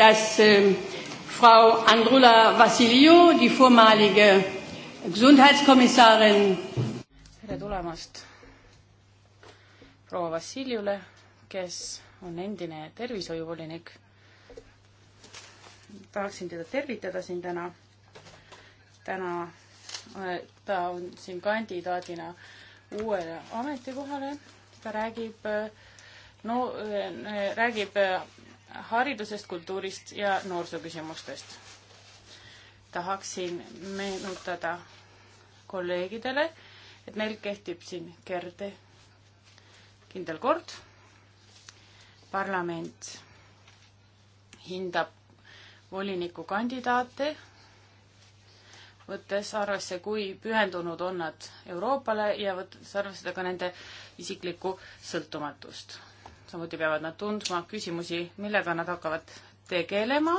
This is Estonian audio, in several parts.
dass äh, Frau Andrula Vassiliou, die vormalige Gesundheitskommissarin, tere tulemast proua Vassiljule, kes on endine tervishoiuvolinik. tahaksin teda tervitada siin täna. täna äh, ta on siin kandidaadina uuele ametikohale. ta räägib äh, no äh, räägib äh, haridusest, kultuurist ja noorsooküsimustest. tahaksin meenutada kolleegidele, et neil kehtib siin kerde kindel kord. parlament hindab volinikukandidaate, võttes arvesse, kui pühendunud on nad Euroopale ja võttes arvesse ka nende isiklikku sõltumatust samuti peavad nad tundma küsimusi, millega nad hakkavad tegelema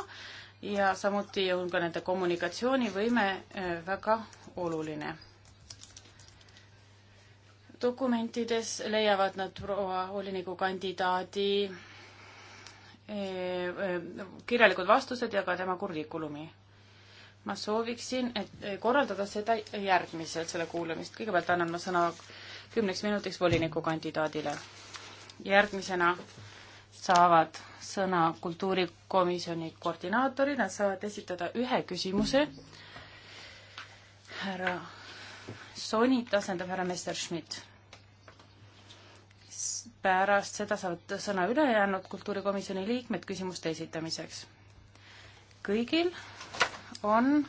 ja samuti on ka nende kommunikatsioonivõime äh, väga oluline. dokumentides leiavad nad proua voliniku kandidaadi äh, äh, kirjalikud vastused ja ka tema kurrikulumi ma sooviksin, et korraldada seda järgmiselt, selle kuulamist. kõigepealt annan ma sõna kümneks minutiks volinikukandidaadile järgmisena saavad sõna kultuurikomisjoni koordinaatorid, nad saavad esitada ühe küsimuse. härra Sonit asendab härra Messerschmidt. pärast seda saavad sõna ülejäänud kultuurikomisjoni liikmed küsimuste esitamiseks. kõigil on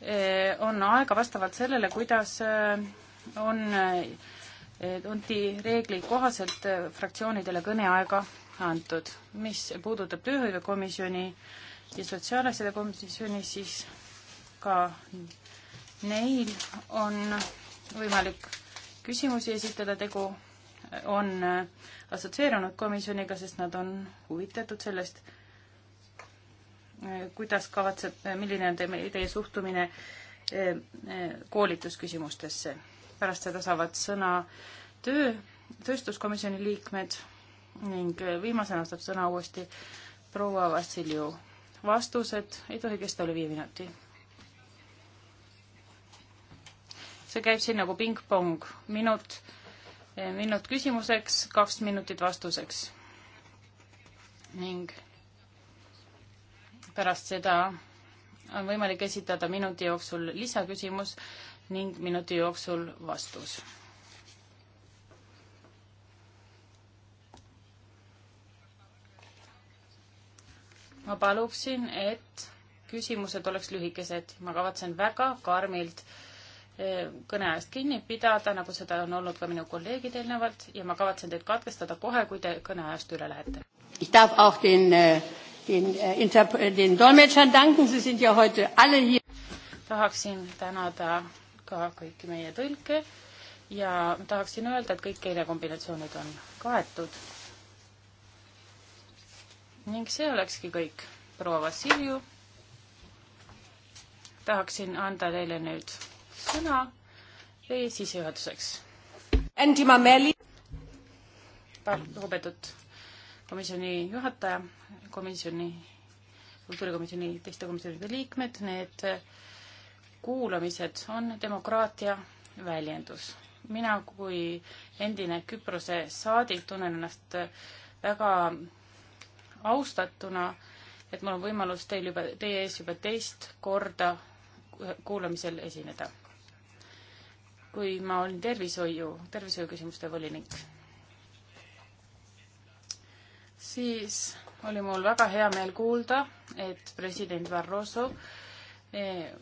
eh, on aega vastavalt sellele, kuidas eh, on eh, tunti reegli kohaselt äh, fraktsioonidele kõneaega antud. mis puudutab tööhõivekomisjoni ja sotsiaalasjade komisjoni, siis ka neil on võimalik küsimusi esitada, tegu on äh, assotsieerunud komisjoniga, sest nad on huvitatud sellest, äh, kuidas kavatseb, milline on teie, teie suhtumine koolitusküsimustesse pärast seda saavad sõna töö, tööstuskomisjoni liikmed ning viimasena saab sõna uuesti proua Vassiljev. vastused ei tohi kesta üle viie minuti. see käib siin nagu pingpong, minut, eh, minut küsimuseks, kaks minutit vastuseks. ning pärast seda on võimalik esitada minuti jooksul lisaküsimus ning minuti jooksul vastus. ma paluksin, et küsimused oleks lühikesed, ma kavatsen väga karmilt eh, kõne ajast kinni pidada, nagu seda on olnud ka minu kolleegid eelnevalt ja ma kavatsen teid katkestada kohe, kui te kõne ajast üle lähete. Ich darf auch den äh, den, äh, Inter den Dolmetschern danken. Sie sind ja heute alle hier. tahaksin tänada ka kõiki meie tõlke ja tahaksin öelda, et kõik keelekombinatsioonid on kaetud. ning see olekski kõik. proua Vassiljev, tahaksin anda teile nüüd sõna teie sissejuhatuseks. Antima Meli. lugupeetud komisjoni juhataja, komisjoni, kultuurikomisjoni, teiste komisjonide liikmed, need kuulamised on demokraatia väljendus. mina kui endine Küprose saadik tunnen ennast väga austatuna, et mul on võimalus teil juba, teie ees juba teist korda kuulamisel esineda. kui ma olin tervishoiu, tervishoiuküsimuste volinik, siis oli mul väga hea meel kuulda, et president Barroso eh,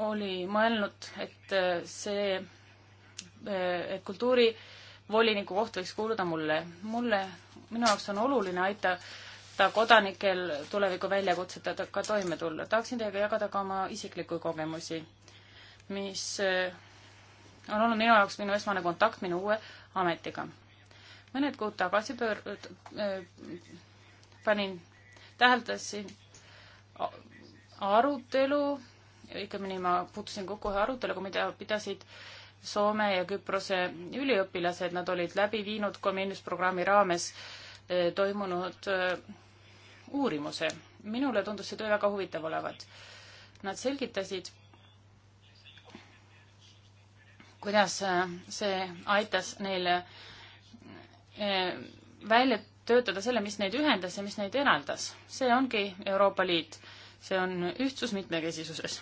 oli mõelnud, et äh, see, äh, et kultuurivoliniku koht võiks kuuluda mulle. mulle, minu jaoks on oluline aidata kodanikel tuleviku väljakutsetega toime tulla. tahaksin teiega jagada ka oma isiklikke kogemusi, mis äh, on olnud minu jaoks minu esmane kontakt minu uue ametiga. mõned kuud tagasi pöör-, panin, täheldasin arutelu õigemini ma puutusin kokku ühe aruteluga, mida pidasid Soome ja Küprose üliõpilased, nad olid läbi viinud komennusprogrammi raames eh, toimunud eh, uurimuse. minule tundus see töö väga huvitav olevat. Nad selgitasid, kuidas eh, see aitas neil välja töötada selle, mis neid ühendas ja mis neid eraldas. see ongi Euroopa Liit. see on ühtsus mitmekesisuses.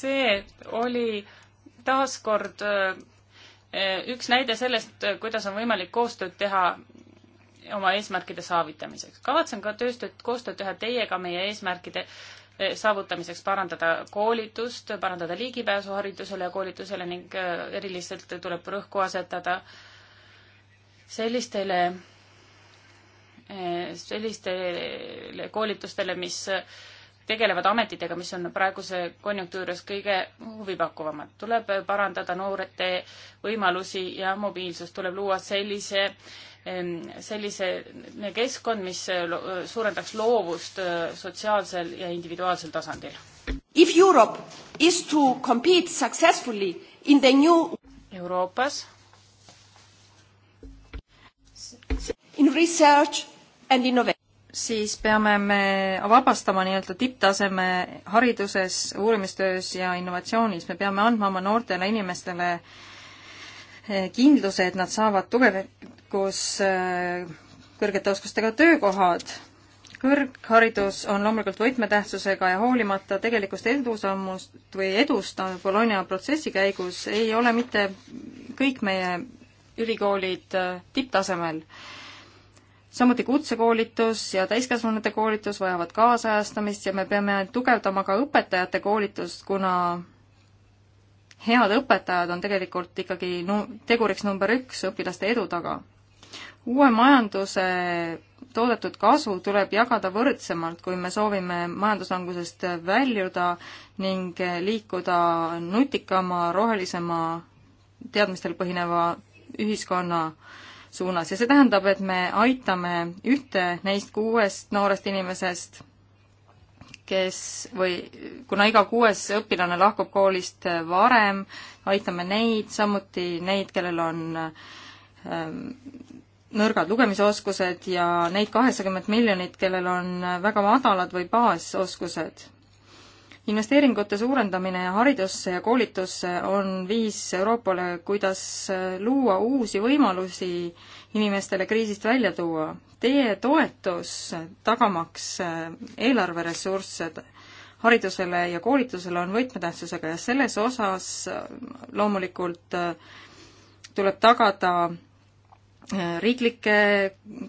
see oli taaskord äh, üks näide sellest, kuidas on võimalik koostööd teha oma eesmärkide saavutamiseks. kavatsen ka tööstööd, koostööd teha teiega meie eesmärkide äh, saavutamiseks parandada koolitust, parandada ligipääsu haridusele ja koolitusele ning äh, eriliselt tuleb rõhku asetada sellistele, sellistele koolitustele, mis tegelevad ametitega, mis on praeguse konjunktuuris kõige huvipakkuvamad. tuleb parandada noorte võimalusi ja mobiilsust, tuleb luua sellise selline keskkond, mis suurendaks loovust sotsiaalsel ja individuaalsel tasandil. If Europe is to compete successfully in the new Euroopas in research and innovation siis peame me vabastama nii-öelda tipptaseme hariduses, uurimistöös ja innovatsioonis, me peame andma oma noortele inimestele eh, kindluse, et nad saavad tulevikus eh, kõrgete oskustega töökohad. kõrgharidus on loomulikult võtmetähtsusega ja hoolimata tegelikust edusammust või edust Bologna protsessi käigus ei ole mitte kõik meie ülikoolid eh, tipptasemel samuti kutsekoolitus ja täiskasvanute koolitus vajavad kaasajastamist ja me peame tugevdama ka õpetajate koolitust, kuna head õpetajad on tegelikult ikkagi nu-, teguriks number üks õpilaste edu taga. uue majanduse toodetud kasu tuleb jagada võrdsemalt, kui me soovime majanduslangusest väljuda ning liikuda nutikama, rohelisema, teadmistel põhineva ühiskonna äh, suunas ja see tähendab, et me aitame ühte neist kuuest noorest inimesest, kes või kuna iga kuues õpilane lahkub koolist varem, aitame neid, samuti neid, kellel on ähm, nõrgad lugemisoskused ja neid kaheksakümmet miljonit, kellel on väga madalad või baasoskused investeeringute suurendamine haridusse ja koolitusse on viis Euroopale, kuidas luua uusi võimalusi inimestele kriisist välja tuua. Teie toetus, tagamaks eelarveressursse haridusele ja koolitusele, on võtmetähtsusega ja selles osas loomulikult tuleb tagada riiklike,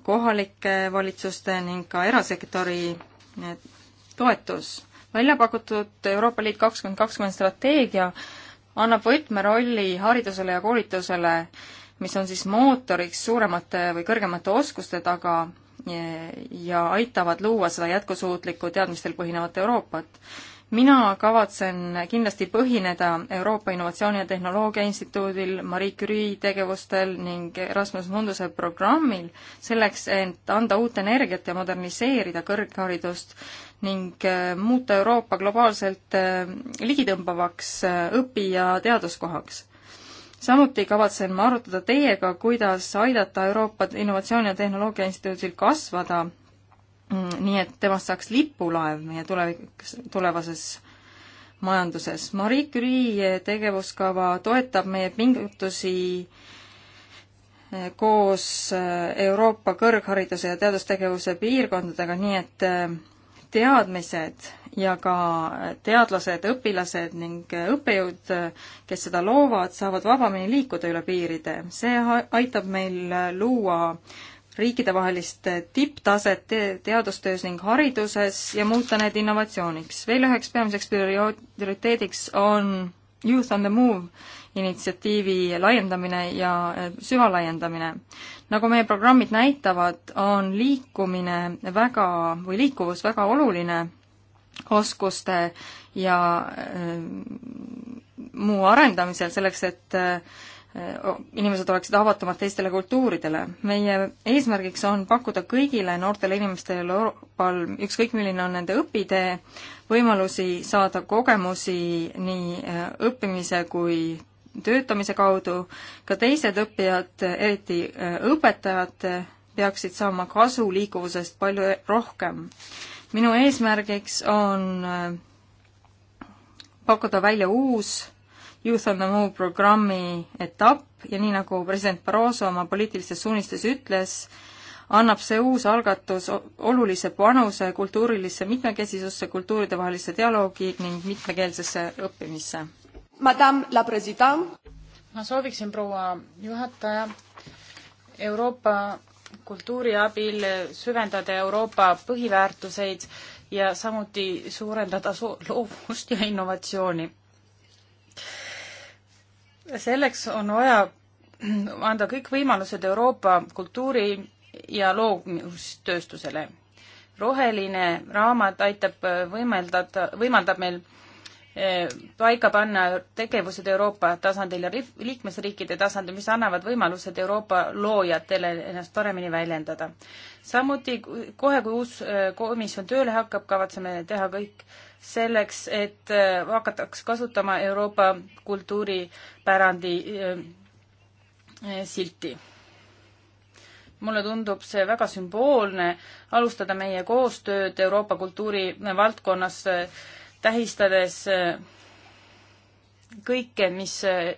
kohalike valitsuste ning ka erasektori toetus välja pakutud Euroopa Liit kakskümmend kakskümmend strateegia annab võtmerolli haridusele ja koolitusele, mis on siis mootoriks suuremate või kõrgemate oskuste taga ja aitavad luua seda jätkusuutlikku teadmistel põhinevat Euroopat. mina kavatsen kindlasti põhineda Euroopa Innovatsiooni ja Tehnoloogia Instituudil, Marie Curie tegevustel ning Erasmus Munduse programmil, selleks et anda uut energiat ja moderniseerida kõrgharidust ning äh, muuta Euroopa globaalselt äh, ligitõmbavaks äh, õpi- ja teaduskohaks. samuti kavatsen ma arutada teiega, kuidas aidata Euroopa Innovatsiooni ja Tehnoloogia Instituudil kasvada, mm, nii et temast saaks lipulaev meie tulevikus, tulevases majanduses. Marie Curie tegevuskava toetab meie pingutusi koos Euroopa kõrghariduse ja teadustegevuse piirkondadega, nii et teadmised ja ka teadlased, õpilased ning õppejõud, kes seda loovad, saavad vabamini liikuda üle piiride. see aitab meil luua riikidevahelist tipptaset te teadustöös ning hariduses ja muuta need innovatsiooniks. veel üheks peamiseks prioriteediks on Youth on the Move initsiatiivi laiendamine ja süvalaiendamine nagu meie programmid näitavad, on liikumine väga, või liikuvus väga oluline oskuste ja äh, muu arendamisel, selleks et äh, inimesed oleksid avatumad teistele kultuuridele. meie eesmärgiks on pakkuda kõigile noortele inimestele Euroopal, ükskõik milline on nende õpitee, võimalusi saada kogemusi nii äh, õppimise kui töötamise kaudu, ka teised õppijad, eriti äh, õpetajad, äh, peaksid saama kasu liikuvusest palju rohkem. minu eesmärgiks on äh, pakkuda välja uus Youth on the Move programmi etapp ja nii, nagu president Barroso oma poliitilistes suunistes ütles, annab see uus algatus olulise panuse kultuurilisse mitmekesisusse, kultuuridevahelisse dialoogi ning mitmekeelsesse õppimisse Madame la President. ma sooviksin, proua juhataja, Euroopa kultuuri abil süvendada Euroopa põhiväärtuseid ja samuti suurendada loovust ja innovatsiooni. selleks on vaja anda kõik võimalused Euroopa kultuuri ja loovustööstusele. roheline raamat aitab võimeldada, võimaldab meil paika panna tegevused Euroopa tasandil ja liikmesriikide tasandil, mis annavad võimalused Euroopa loojatele ennast paremini väljendada. samuti kohe, kui uus äh, komisjon tööle hakkab, kavatseme teha kõik selleks, et äh, hakataks kasutama Euroopa kultuuripärandi äh, silti mulle tundub see väga sümboolne alustada meie koostööd Euroopa kultuuri valdkonnas äh, tähistades äh, kõike, mis, äh,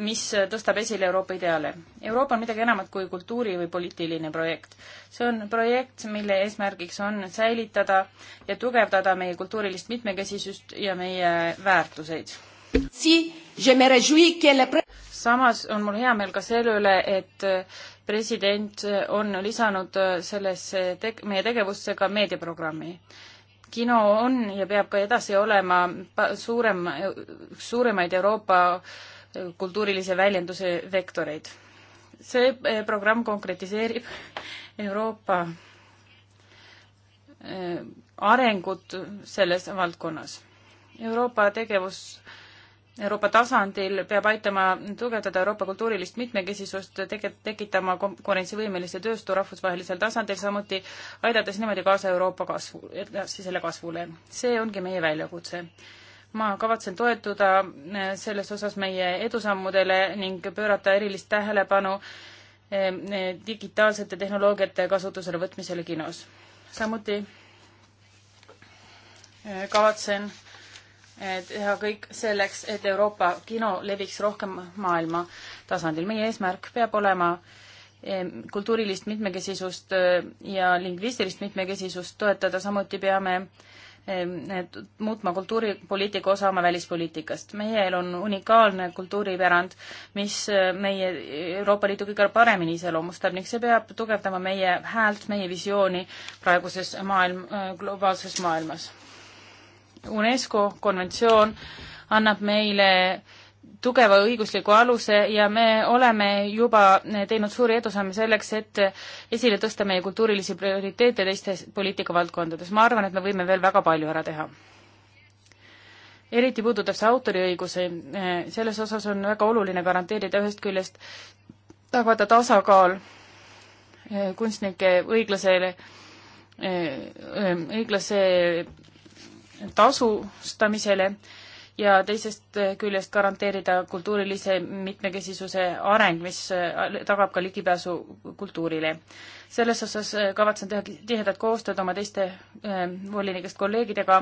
mis tõstab esile Euroopa ideaale. Euroopa on midagi enamat kui kultuuri- või poliitiline projekt. see on projekt, mille eesmärgiks on säilitada ja tugevdada meie kultuurilist mitmekesisust ja meie väärtuseid. samas on mul hea meel ka selle üle, et äh, president on lisanud sellesse teg-, meie tegevusse ka meediaprogrammi kino on ja peab ka edasi olema suurem, suuremaid Euroopa kultuurilise väljenduse vektoreid. see eh, programm konkretiseerib Euroopa eh, arengut selles valdkonnas. Euroopa tegevus Euroopa tasandil peab aitama tugevdada Euroopa kultuurilist mitmekesisust, tege-, tekitama konkurentsivõimelise tööstu rahvusvahelisel tasandil, samuti aidates niimoodi kaasa Euroopa kasvu, edasisele kasvule. see ongi meie väljakutse. ma kavatsen toetuda äh, selles osas meie edusammudele ning pöörata erilist tähelepanu ähm, äh, digitaalsete tehnoloogiate kasutusele võtmisele kinos. samuti äh, kavatsen Eh, teha kõik selleks, et Euroopa kino leviks rohkem maailma tasandil. meie eesmärk peab olema eh, kultuurilist mitmekesisust eh, ja lingvistilist mitmekesisust toetada, samuti peame need muutma kultuuripoliitika osa oma välispoliitikast. meie on unikaalne kultuuripärand, mis meie Euroopa Liidu kõige paremini iseloomustab ning see peab tugevdama meie häält, meie visiooni praeguses maailm, globaalses maailmas UNESCO konventsioon annab meile tugeva õigusliku aluse ja me oleme juba teinud suuri edusamme selleks, et esile tõsta meie kultuurilisi prioriteete teistes poliitikavaldkondades. ma arvan, et me võime veel väga palju ära teha. eriti puudutab see autoriõigusi, selles osas on väga oluline garanteerida ühest küljest tagada tasakaal kunstnike õiglasele, õiglase tasustamisele ja teisest küljest garanteerida kultuurilise mitmekesisuse areng, mis äh, tagab ka ligipääsu kultuurile. selles osas äh, kavatsen teha tihedat koostööd oma teiste äh, volinikest kolleegidega,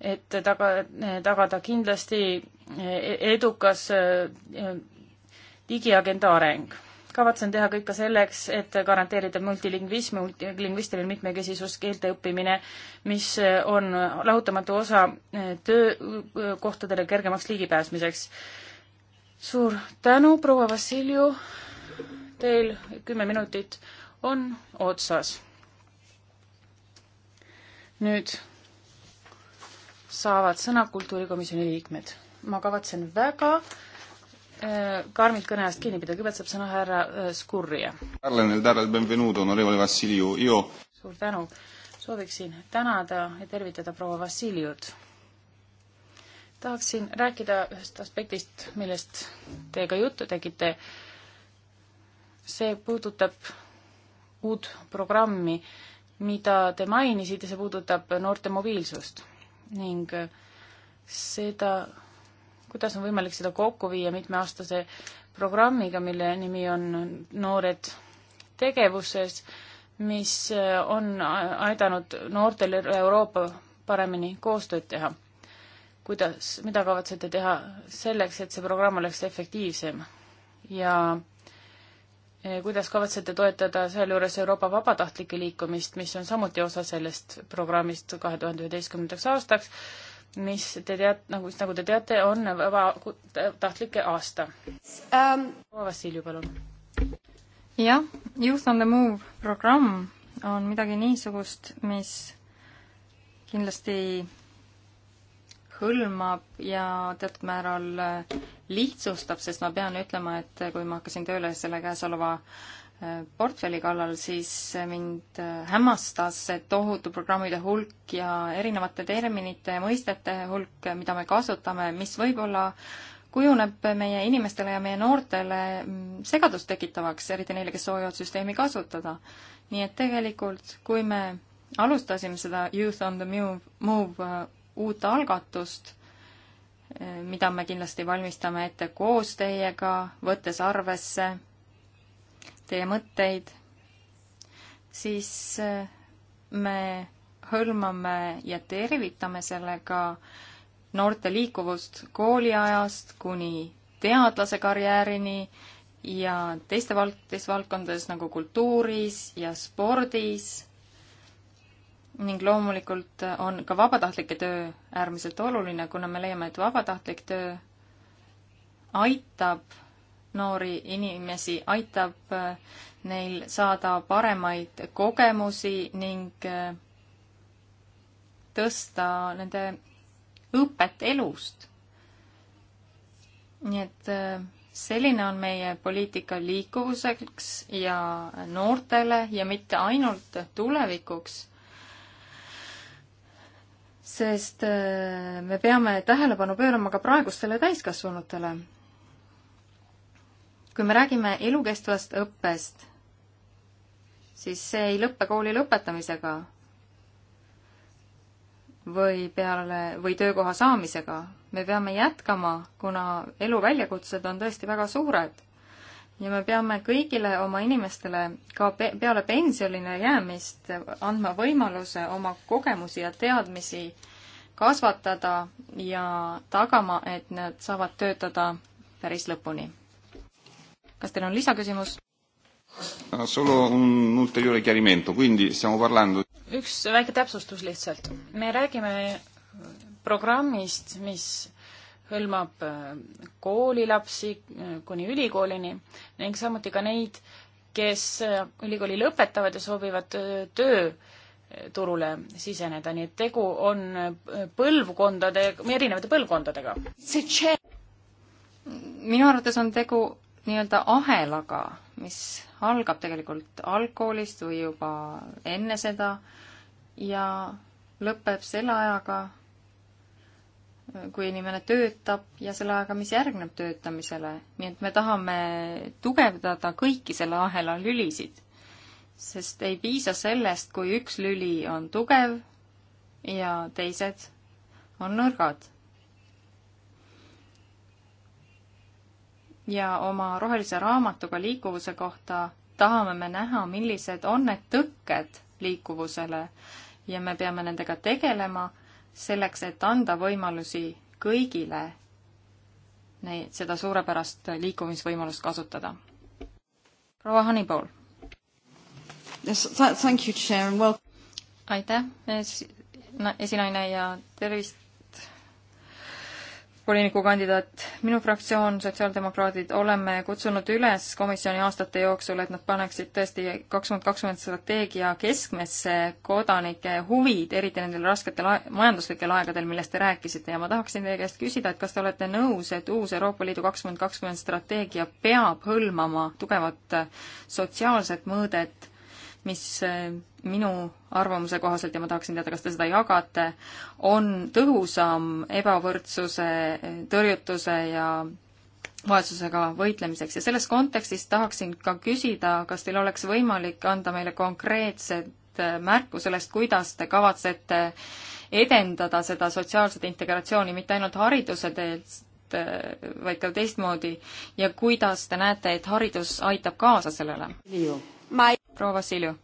et taga, tagada kindlasti edukas digiagenda areng kavatsen teha kõik ka selleks, et garanteerida multilingvism, multilingvistiline mitmekesisus, keelte õppimine, mis on lahutamatu osa eh, töökohtadele kergemaks ligipääsmiseks. suur tänu, proua Vassiljev, teil kümme minutit on otsas. nüüd saavad sõna kultuurikomisjoni liikmed. ma kavatsen väga Eh, karmilt kõne ajast kinni pidada, kõigepealt saab sõna härra eh, Skurria. suur tänu, sooviksin tänada ja tervitada proua Vassiljut. tahaksin rääkida ühest aspektist, millest te ka juttu tegite. see puudutab uut programmi, mida te mainisite, see puudutab noorte mobiilsust ning seda kuidas on võimalik seda kokku viia mitmeaastase programmiga, mille nimi on Noored tegevuses, mis äh, on aidanud noortel Euroopa paremini koostööd teha. kuidas, mida kavatsete teha selleks, et see programm oleks efektiivsem ja äh, kuidas kavatsete toetada sealjuures Euroopa vabatahtlike liikumist, mis on samuti osa sellest programmist kahe tuhande üheteistkümnendaks aastaks mis te teate, nagu, nagu te teate, on vabatahtlike aasta um.... proua Vassiljev, palun. jah, Youth on the Move programm on midagi niisugust, mis kindlasti hõlmab ja teatud määral lihtsustab, sest ma pean ütlema, et kui ma hakkasin tööle selle käesoleva portfelli kallal, siis mind hämmastas see tohutu programmide hulk ja erinevate terminite ja mõistete hulk, mida me kasutame, mis võib-olla kujuneb meie inimestele ja meie noortele segadust tekitavaks, eriti neile, kes soovivad süsteemi kasutada. nii et tegelikult, kui me alustasime seda Youth on the Move, move äh, uut algatust, äh, mida me kindlasti valmistame ette koos teiega, võttes arvesse teie mõtteid, siis äh, me hõlmame ja tervitame sellega noorte liikuvust kooliajast kuni teadlase karjäärini ja teiste vald-, teistes valdkondades nagu kultuuris ja spordis ning loomulikult on ka vabatahtlike töö äärmiselt oluline, kuna me leiame, et vabatahtlik töö aitab noori inimesi, aitab äh, neil saada paremaid kogemusi ning äh, tõsta nende õpet elust. nii et äh, selline on meie poliitika liikuvuseks ja noortele ja mitte ainult tulevikuks, sest me peame tähelepanu pöörama ka praegustele täiskasvanutele kui me räägime elukestvast õppest, siis see ei lõppe kooli lõpetamisega või peale, või töökoha saamisega. me peame jätkama, kuna elu väljakutsed on tõesti väga suured. ja me peame kõigile oma inimestele ka pe peale pensionile jäämist andma võimaluse oma kogemusi ja teadmisi kasvatada ja tagama, et nad saavad töötada päris lõpuni kas teil on lisaküsimus? Ah, solo un ulteriore chiarimento, quindi stiamo parlando üks väike täpsustus lihtsalt. me räägime programmist, mis hõlmab äh, koolilapsi äh, kuni ülikoolini ning samuti ka neid, kes äh, ülikooli lõpetavad ja soovivad tööturule siseneda, nii et tegu on põlvkondade, erinevate põlvkondadega. minu arvates on tegu nii-öelda ahelaga, mis algab tegelikult algkoolist või juba enne seda ja lõpeb selle ajaga, kui inimene töötab ja selle ajaga, mis järgneb töötamisele. nii et me tahame tugevdada kõiki selle ahela lülisid, sest ei piisa sellest, kui üks lüli on tugev ja teised on nõrgad ja oma rohelise raamatuga liikuvuse kohta tahame me näha, millised on need tõkked liikuvusele ja me peame nendega tegelema selleks, et anda võimalusi kõigile neid, seda suurepärast liikumisvõimalust kasutada. proua Hanipool yes,. aitäh, esinaine ja tervist volinikukandidaat, minu fraktsioon, sotsiaaldemokraadid, oleme kutsunud üles komisjoni aastate jooksul, et nad paneksid tõesti kakskümmend kakskümmend strateegia keskmesse kodanike huvid, eriti nendel rasketel majanduslikel aegadel, millest te rääkisite ja ma tahaksin teie käest küsida, et kas te olete nõus, et uus Euroopa Liidu kakskümmend kakskümmend strateegia peab hõlmama tugevat sotsiaalset mõõdet mis eh, minu arvamuse kohaselt ja ma tahaksin teada, kas te seda jagate, on tõhusam ebavõrdsuse, eh, tõrjutuse ja vaesusega võitlemiseks ja selles kontekstis tahaksin ka küsida, kas teil oleks võimalik anda meile konkreetsed eh, märku sellest, kuidas te kavatsete edendada seda sotsiaalset integratsiooni mitte ainult hariduse teelt, vaid ka teistmoodi ja kuidas te näete, et haridus aitab kaasa sellele? Ma proua Vassiljev,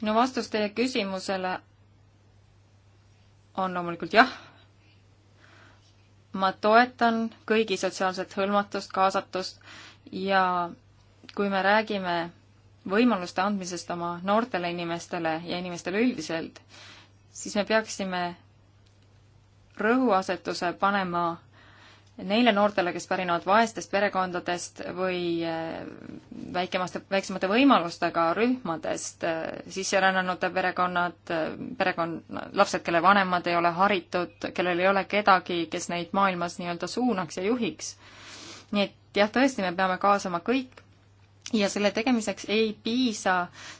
minu vastus teie küsimusele on loomulikult jah. ma toetan kõigi sotsiaalset hõlmatust, kaasatust ja kui me räägime võimaluste andmisest oma noortele inimestele ja inimestele üldiselt, siis me peaksime rõhuasetuse panema neile noortele, kes pärinevad vaestest perekondadest või äh, väikemaste, väiksemate võimalustega rühmadest, äh, sisserännanute perekonnad, äh, perekond, lapsed, kelle vanemad ei ole haritud, kellel ei ole kedagi, kes neid maailmas nii-öelda suunaks ja juhiks. nii et jah, tõesti, me peame kaasama kõik ja selle tegemiseks ei piisa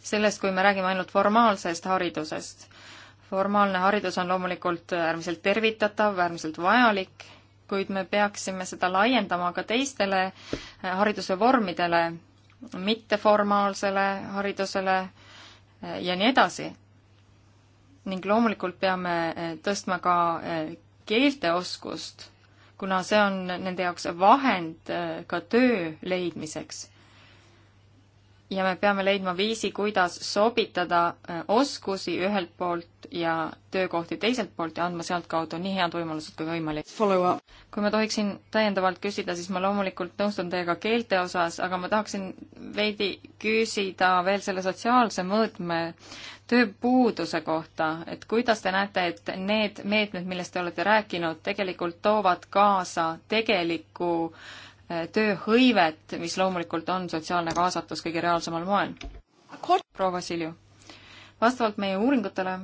sellest, kui me räägime ainult formaalsest haridusest formaalne haridus on loomulikult äärmiselt tervitatav, äärmiselt vajalik kuid me peaksime seda laiendama ka teistele eh, hariduse vormidele, mitteformaalsele haridusele eh, ja nii edasi. ning loomulikult peame eh, tõstma ka keelteoskust, kuna see on nende jaoks vahend ka töö leidmiseks ja me peame leidma viisi, kuidas sobitada äh, oskusi ühelt poolt ja töökohti teiselt poolt ja andma sealtkaudu nii head võimalused kui võimalik. kui ma tohiksin täiendavalt küsida, siis ma loomulikult nõustun teiega keelte osas, aga ma tahaksin veidi küsida veel selle sotsiaalse mõõtme tööpuuduse kohta, et kuidas te näete, et need meetmed, millest te olete rääkinud, tegelikult toovad kaasa tegeliku äh, tööhõivet, mis loomulikult on sotsiaalne kaasatus kõige reaalsemal moel. proua Vassiljev, vastavalt meie uuringutele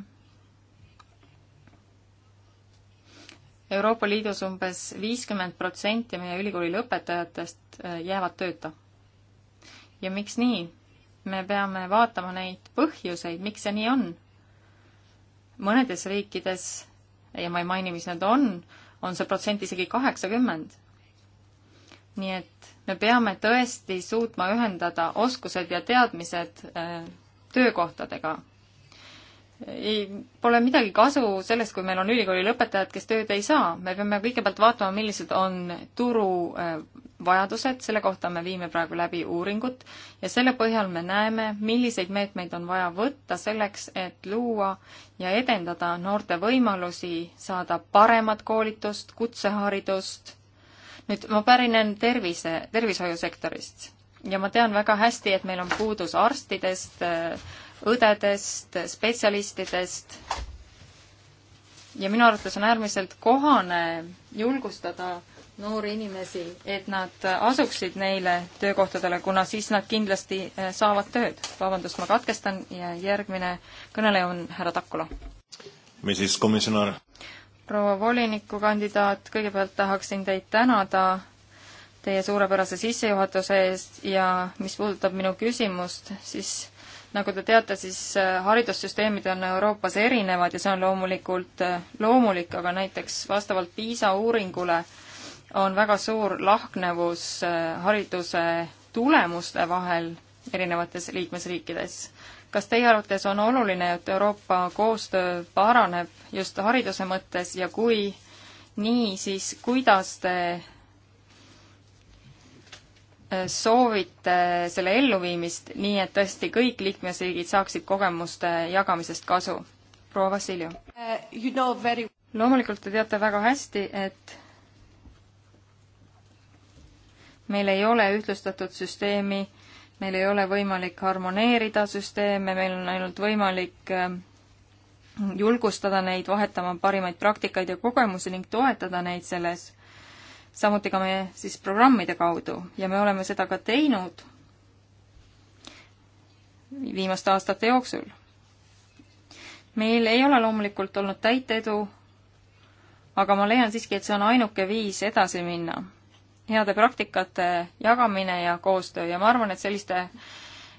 Euroopa Liidus umbes viiskümmend protsenti meie ülikooli lõpetajatest äh, jäävad tööta. ja miks nii? me peame vaatama neid põhjuseid, miks see nii on. mõnedes riikides, ja ma ei maini, mis need on, on see protsent isegi kaheksakümmend nii et me peame tõesti suutma ühendada oskused ja teadmised äh, töökohtadega. ei, pole midagi kasu sellest, kui meil on ülikooli lõpetajad, kes tööd ei saa. me peame kõigepealt vaatama, millised on turu äh, vajadused, selle kohta me viime praegu läbi uuringut ja selle põhjal me näeme, milliseid meetmeid on vaja võtta selleks, et luua ja edendada noorte võimalusi saada paremat koolitust, kutseharidust nüüd ma pärinen tervise, tervishoiusektorist ja ma tean väga hästi, et meil on puudus arstidest, õdedest, spetsialistidest ja minu arvates on äärmiselt kohane julgustada noori inimesi, et nad asuksid neile töökohtadele, kuna siis nad kindlasti eh, saavad tööd. vabandust, ma katkestan ja järgmine kõneleja on härra Takula. mis siis komisjonär? proua volinikukandidaat, kõigepealt tahaksin teid tänada teie suurepärase sissejuhatuse eest ja mis puudutab minu küsimust, siis nagu te teate, siis äh, haridussüsteemid on Euroopas erinevad ja see on loomulikult äh, loomulik, aga näiteks vastavalt PISA uuringule on väga suur lahknevus äh, hariduse tulemuste vahel erinevates liikmesriikides kas teie arvates on oluline, et Euroopa koostöö paraneb just hariduse mõttes ja kui nii, siis kuidas te äh, soovite selle elluviimist, nii et tõesti kõik liikmesriigid saaksid kogemuste jagamisest kasu? proua Vassiljev uh,. You know very... loomulikult te teate väga hästi, et meil ei ole ühtlustatud süsteemi meil ei ole võimalik harmoneerida süsteeme, meil on ainult võimalik ähm, julgustada neid vahetama parimaid praktikaid ja kogemusi ning toetada neid selles, samuti ka meie siis programmide kaudu ja me oleme seda ka teinud viimaste aastate jooksul. meil ei ole loomulikult olnud täitedu, aga ma leian siiski, et see on ainuke viis edasi minna heade praktikate jagamine ja koostöö ja ma arvan, et selliste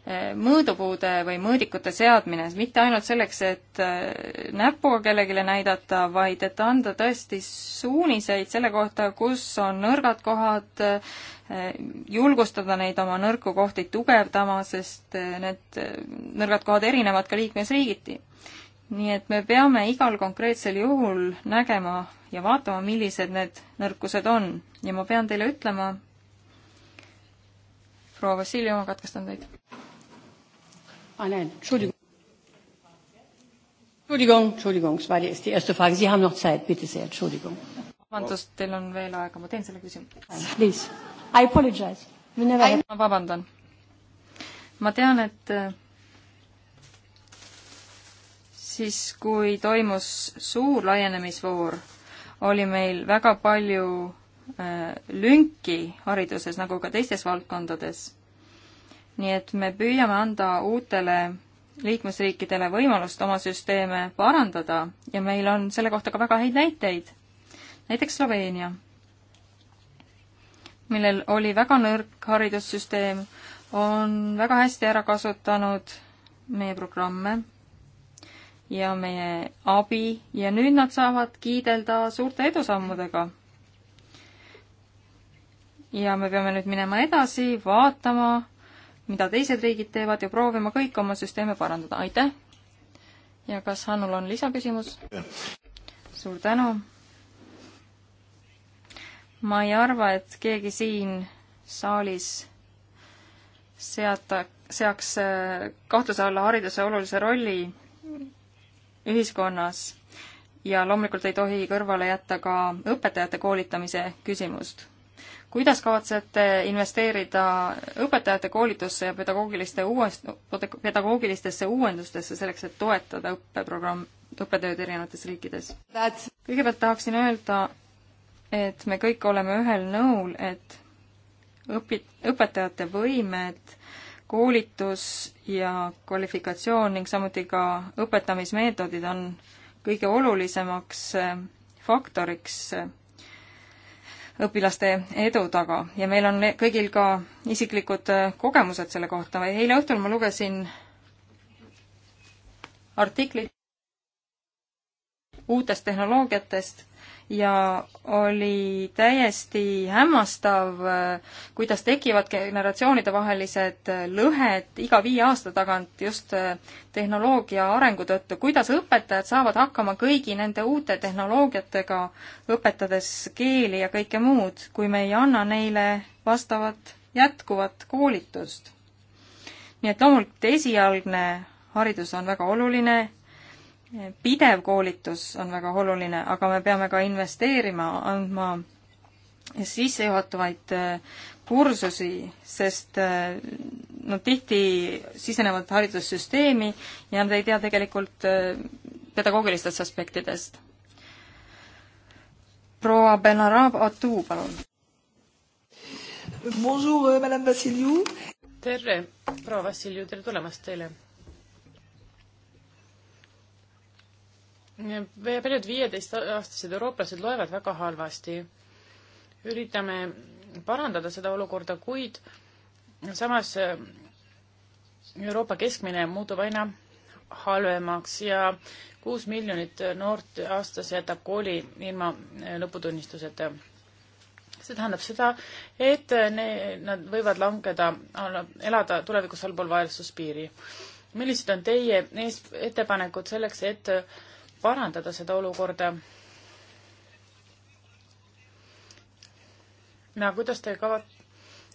eh, mõõdupuude või mõõdikute seadmine, mitte ainult selleks, et eh, näpuga kellelegi näidata, vaid et anda tõesti suuniseid selle kohta, kus on nõrgad kohad, eh, julgustada neid oma nõrku kohti tugevdama, sest need nõrgad kohad erinevad ka liikmesriigiti nii et me peame igal konkreetsel juhul nägema ja vaatama, millised need nõrkused on ja ma pean teile ütlema, proua Vassiljev, ma katkestan teid. Ah nein, Entschuldigung. Entschuldigung, Entschuldigung, es war die, ist die erste Frage. Sie haben noch Zeit, bitte sehr, Entschuldigung. vabandust, teil on veel aega, ma teen selle küsimuse. Please, I apologize. ma vabandan. ma tean, et äh, siis, kui toimus suur laienemisvoor, oli meil väga palju äh, lünki hariduses, nagu ka teistes valdkondades. nii et me püüame anda uutele liikmesriikidele võimalust oma süsteeme parandada ja meil on selle kohta ka väga häid näiteid. näiteks Sloveenia, millel oli väga nõrk haridussüsteem, on väga hästi ära kasutanud meie programme ja meie abi ja nüüd nad saavad kiidelda suurte edusammudega. ja me peame nüüd minema edasi, vaatama, mida teised riigid teevad ja proovima kõik oma süsteeme parandada, aitäh! ja kas Hannul on lisaküsimus? suur tänu! ma ei arva, et keegi siin saalis seata, seaks äh, kahtluse alla hariduse olulise rolli ühiskonnas ja loomulikult ei tohi kõrvale jätta ka õpetajate koolitamise küsimust. kuidas kavatsete investeerida õpetajate koolitusse ja pedagoogiliste uues-, pedagoogilistesse uuendustesse selleks, et toetada õppeprogramm, õppetööd erinevates riikides? kõigepealt tahaksin öelda, et me kõik oleme ühel nõul, et õpi-, õpetajate võimed koolitus ja kvalifikatsioon ning samuti ka õpetamismeetodid on kõige olulisemaks äh, faktoriks äh, õpilaste edu taga ja meil on kõigil ka isiklikud äh, kogemused selle kohta. eile õhtul ma lugesin artiklit uutest tehnoloogiatest ja oli täiesti hämmastav, kuidas tekivad generatsioonidevahelised lõhed iga viie aasta tagant just äh, tehnoloogia arengu tõttu, kuidas õpetajad saavad hakkama kõigi nende uute tehnoloogiatega, õpetades keeli ja kõike muud, kui me ei anna neile vastavat jätkuvat koolitust. nii et loomulikult esialgne haridus on väga oluline pidev koolitus on väga oluline, aga me peame ka investeerima, andma sissejuhatavaid äh, kursusi, sest äh, nad tihti sisenevad haridussüsteemi ja nad ei tea tegelikult äh, pedagoogilistest aspektidest. proua Benarab Atuu, palun. Bonjour, euh, madame Vassiljou. tere, proua Vassiljou, tere tulemast teile paljud viieteistaastased eurooplased loevad väga halvasti. üritame parandada seda olukorda, kuid samas eh, Euroopa keskmine muutub aina halvemaks ja kuus miljonit noort aastas jätab kooli ilma eh, lõputunnistuseta. see tähendab seda, et eh, ne, nad võivad langeda, elada tulevikus allpool vaesuspiiri. millised on teie ettepanekud selleks, et parandada seda olukorda. no kuidas te kavat-,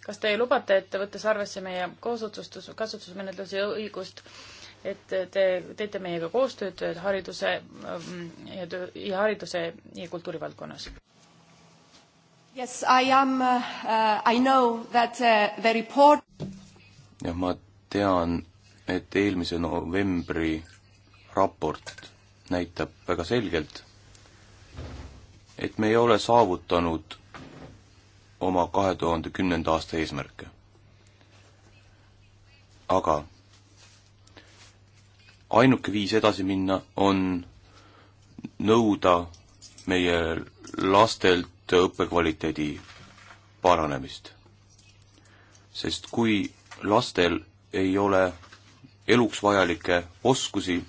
kas te lubate, et võttes arvesse meie koosotsustus, kasutusmenetluse õigust, et te teete meiega koostööd hariduse mm, ja töö ja hariduse ja kultuuri valdkonnas? Yes, I am uh,, I know that uh, the report jah, ma tean, et eelmise novembri raport näitab väga selgelt, et me ei ole saavutanud oma kahe tuhande kümnenda aasta eesmärke. aga ainuke viis edasi minna on nõuda meie lastelt õppekvaliteedi paranemist. sest kui lastel ei ole eluks vajalikke oskusi,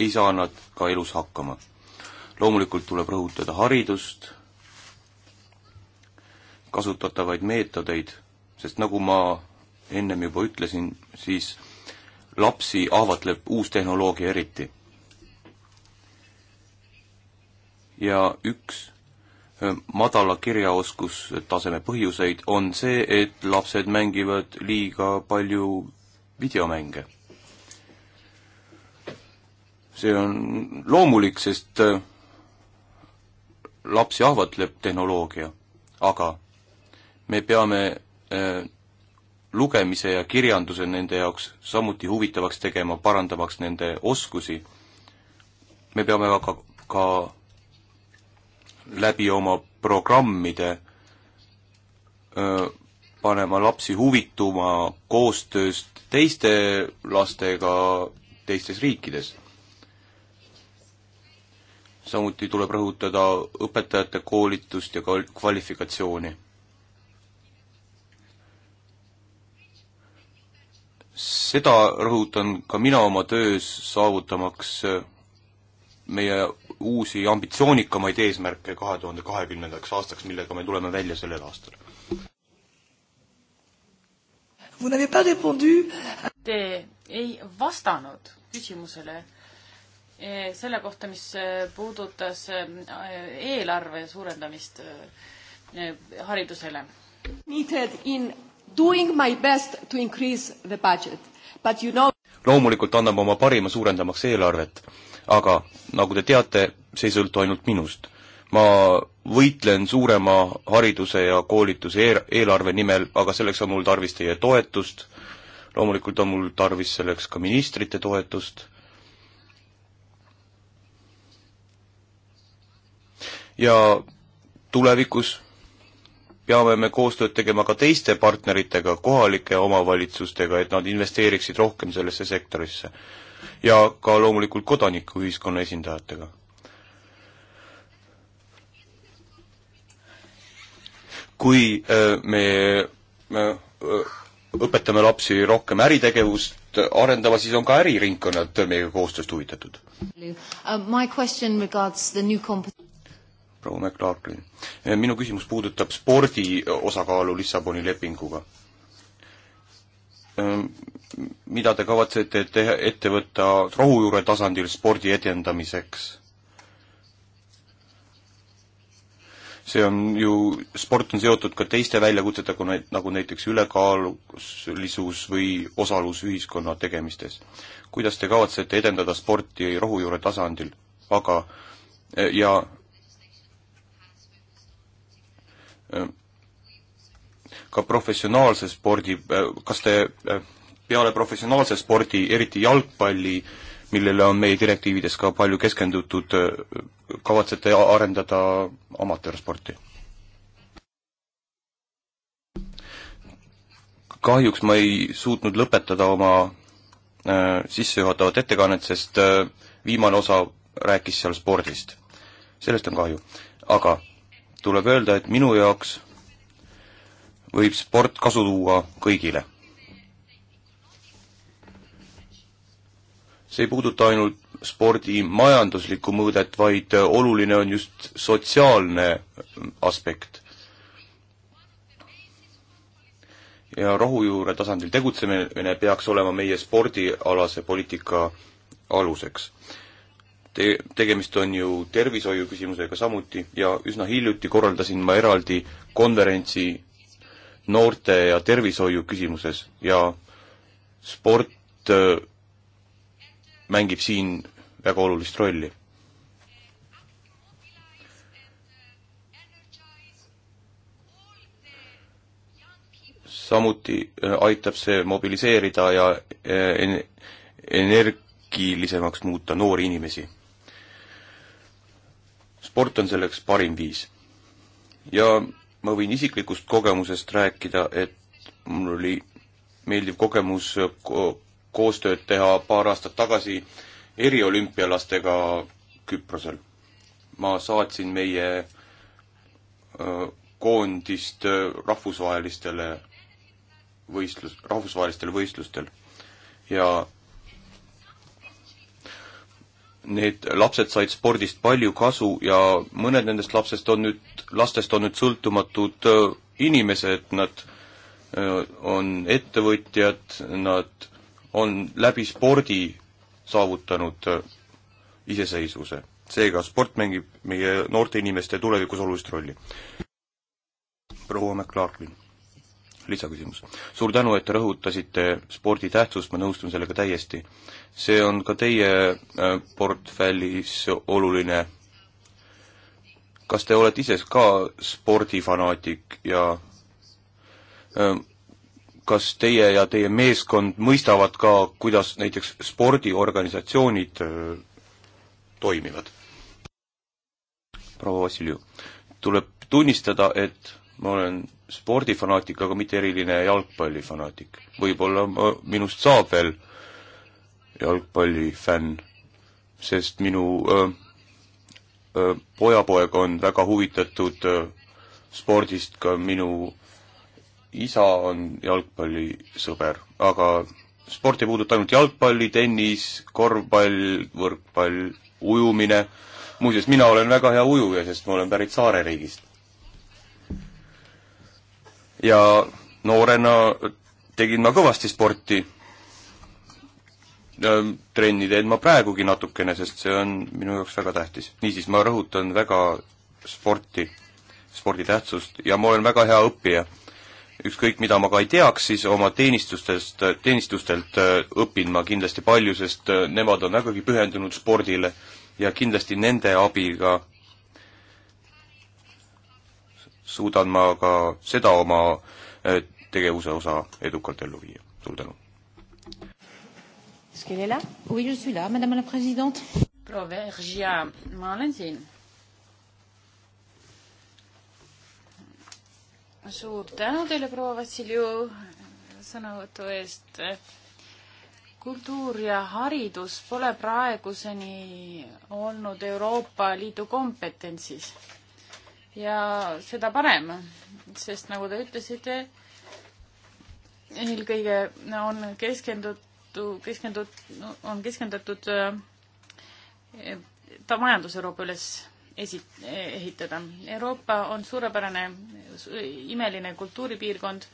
ei saa nad ka elus hakkama. loomulikult tuleb rõhutada haridust, kasutatavaid meetodeid, sest nagu ma ennem juba ütlesin, siis lapsi ahvatleb uus tehnoloogia eriti. ja üks madala kirjaoskustaseme põhjuseid on see, et lapsed mängivad liiga palju videomänge see on loomulik, sest äh, lapsi ahvatleb tehnoloogia, aga me peame äh, lugemise ja kirjanduse nende jaoks samuti huvitavaks tegema, parandavaks nende oskusi. me peame aga ka läbi oma programmide öö, äh, panema lapsi huvituma koostööst teiste lastega teistes riikides samuti tuleb rõhutada õpetajate koolitust ja kvalifikatsiooni. seda rõhutan ka mina oma töös, saavutamaks meie uusi ambitsioonikamaid eesmärke kahe tuhande kahekümnendaks aastaks, millega me tuleme välja sellel aastal. Te ei vastanud küsimusele Eh, selle kohta, mis eh, puudutas eh, eelarve suurendamist haridusele. You know... loomulikult annab oma parima suurendamaks eelarvet, aga nagu te teate, see ei sõltu ainult minust. ma võitlen suurema hariduse ja koolituse eel eelarve nimel, aga selleks on mul tarvis teie toetust, loomulikult on mul tarvis selleks ka ministrite toetust ja tulevikus peame me koostööd tegema ka teiste partneritega, kohalike omavalitsustega, et nad investeeriksid rohkem sellesse sektorisse. ja ka loomulikult kodanikuühiskonna esindajatega. kui äh, me äh, äh õpetame lapsi rohkem äritegevust arendama, siis on ka äriringkonnad meiega koostööst huvitatud. Uh, my question regards the new comp- proua McLaughlin. Eh, minu küsimus puudutab spordi eh, osakaalu Lissaboni lepinguga. Eh, mida te kavatsete teha, ette võtta rohujuure tasandil spordi edendamiseks? see on ju, sport on seotud ka teiste väljakutsetega, nagu näiteks ülekaalulisus või osalus ühiskonna tegemistes. kuidas te kavatsete edendada sporti rohujuure tasandil, aga ja ka professionaalse spordi, äh, kas te äh, peale professionaalse spordi, eriti jalgpalli, millele on meie direktiivides ka palju keskendutud, äh, kavatsete arendada amatöörsporti? kahjuks ma ei suutnud lõpetada oma äh, sissejuhatavat ettekannet, sest äh, viimane osa rääkis seal spordist. sellest on kahju. aga tuleb öelda, et minu jaoks võib sport kasu tuua kõigile. see ei puuduta ainult spordi majanduslikku mõõdet, vaid oluline on just sotsiaalne aspekt. ja rohujuure tasandil tegutsemine peaks olema meie spordialase poliitika aluseks. Te-, tegemist on ju tervishoiu küsimusega samuti ja üsna hiljuti korraldasin ma eraldi konverentsi noorte ja tervishoiu küsimuses ja sport äh, mängib siin väga olulist rolli. samuti äh, aitab see mobiliseerida ja äh, energilisemaks muuta noori inimesi sport on selleks parim viis. ja ma võin isiklikust kogemusest rääkida, et mul oli meeldiv kogemus ko koostööd teha paar aastat tagasi eriolümpialastega Küprosel. ma saatsin meie koondist rahvusvahelistele võistlus, rahvusvahelistel võistlustel ja need lapsed said spordist palju kasu ja mõned nendest lapsest on nüüd, lastest on nüüd sõltumatud äh, inimesed, nad äh, on ettevõtjad, nad on läbi spordi saavutanud äh, iseseisvuse. seega sport mängib meie noorte inimeste tulevikus olulist rolli. proua McLaughlin lisaküsimus. suur tänu, et te rõhutasite spordi tähtsust, ma nõustun sellega täiesti. see on ka teie äh, portfellis oluline. kas te olete ise ka spordifanaatik ja äh, kas teie ja teie meeskond mõistavad ka, kuidas näiteks spordiorganisatsioonid äh, toimivad? proua Vassiljev, tuleb tunnistada, et ma olen spordifanaatik, aga mitte eriline jalgpallifanaatik. võib-olla äh, minust saab veel jalgpallifänn, sest minu öö, äh, öö, äh, pojapoeg on väga huvitatud öö, spordist, ka minu isa on jalgpallisõber, aga sport ei puuduta ainult jalgpalli, tennis, korvpall, võrkpall, ujumine, muuseas, mina olen väga hea ujuja, sest ma olen pärit saareriigist ja noorena tegin ma kõvasti sporti. trenni teen ma praegugi natukene, sest see on minu jaoks väga tähtis. niisiis, ma rõhutan väga sporti, spordi tähtsust ja ma olen väga hea õppija. ükskõik, mida ma ka ei teaks, siis oma teenistustest, teenistustelt äh, õpin ma kindlasti palju, sest äh, nemad on vägagi pühendunud spordile ja kindlasti nende abiga suudan ma ka seda oma äh, tegevuse osa edukalt ellu viia. suur tänu. proua Vergia, ma olen siin. suur tänu teile, proua Vassiljev, sõnavõtu eest. kultuur ja haridus pole praeguseni olnud Euroopa Liidu kompetentsis ja seda parem, sest nagu te ütlesite, eelkõige on keskendutu, keskendut-, on keskendatud äh, ta majandus Euroopa üles esi-, ehitada. Euroopa on suurepärane imeline kultuuripiirkond,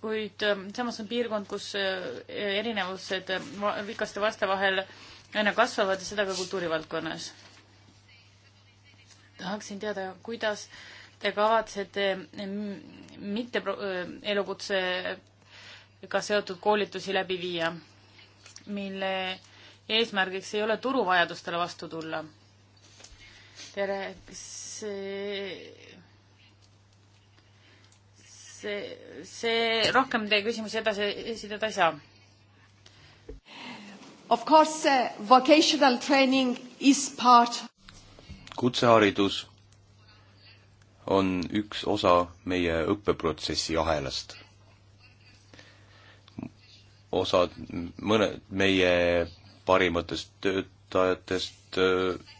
kuid äh, samas on piirkond, kus äh, erinevused rikaste vaste vahel aina kasvavad ja seda ka kultuurivaldkonnas tahaksin teada, kuidas te kavatsete mm, mitte äh, elukutsega seotud koolitusi läbi viia, mille eesmärgiks ei ole turuvajadustele vastu tulla. tere, see, see, see rohkem teie küsimusi edasi esitada ei saa. Of course uh, vocational training is part kutseharidus on üks osa meie õppeprotsessi ahelast. osad, mõned meie parimatest töötajatest, äh,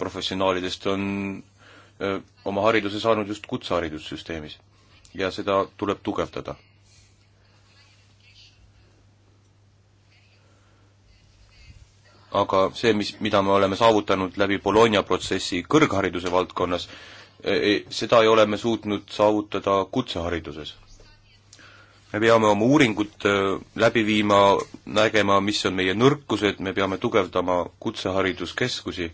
professionaalidest on öö, äh, oma hariduse saanud just kutseharidussüsteemis ja seda tuleb tugevdada. aga see, mis, mida me oleme saavutanud läbi Bologna protsessi kõrghariduse valdkonnas, e, e, seda ei ole me suutnud saavutada kutsehariduses. me peame oma uuringut e, läbi viima, nägema, mis on meie nõrkused, me peame tugevdama kutsehariduskeskusi,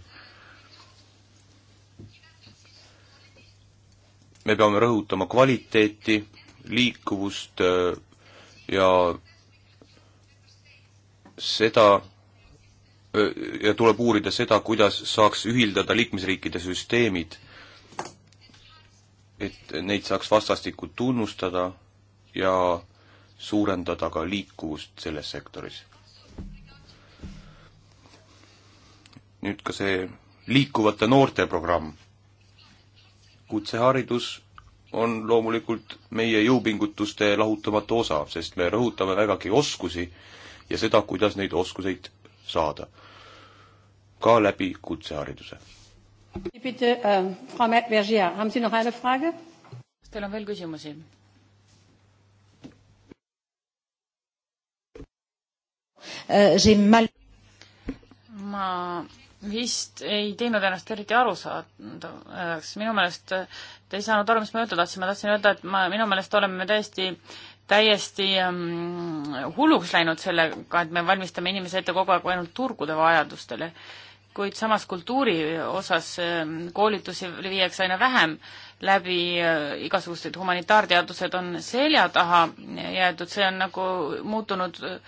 me peame rõhutama kvaliteeti, liikuvust ja seda, ja tuleb uurida seda, kuidas saaks ühildada liikmesriikide süsteemid, et neid saaks vastastikku tunnustada ja suurendada ka liikuvust selles sektoris. nüüd ka see liikuvate noorte programm. kutseharidus on loomulikult meie jõupingutuste lahutamatu osa, sest me rõhutame vägagi oskusi ja seda, kuidas neid oskuseid saada, ka läbi kutsehariduse. Äh, kas teil on veel küsimusi? Äh, ma vist ei teinud ennast eriti arusaadavaks, minu meelest te ei saanud aru, mis ma öelda tahtsin, ma tahtsin öelda, et ma, minu meelest oleme me täiesti äh, täiesti ähm, hulluks läinud sellega, et me valmistame inimesi ette kogu aeg ainult turgude vajadustele. kuid samas kultuuri osas ähm, koolitusi viiakse aina vähem läbi äh,, igasugused humanitaarteadused on selja taha jäetud, see on nagu muutunud äh,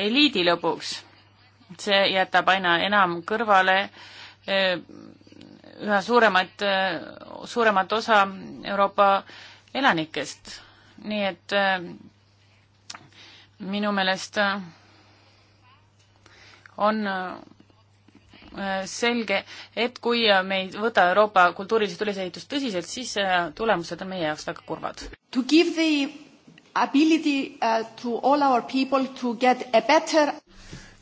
eliidi lõbuks. see jätab aina enam kõrvale äh, üha suuremat äh,, suuremat osa Euroopa elanikest. nii et äh, minu meelest äh, on äh, selge, et kui me ei võta Euroopa kultuurilist ülesehitust tõsiselt, siis äh, tulemused on meie jaoks väga kurvad. To give the ability to all our people to get a better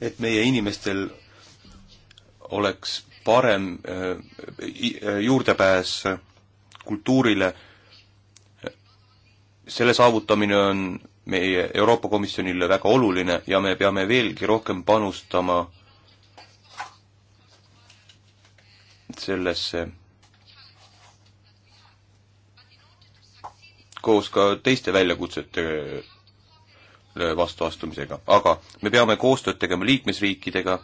et meie inimestel oleks parem juurdepääs kultuurile, selle saavutamine on meie Euroopa Komisjonile väga oluline ja me peame veelgi rohkem panustama sellesse koos ka teiste väljakutsete vastuastumisega, aga me peame koostööd tegema liikmesriikidega,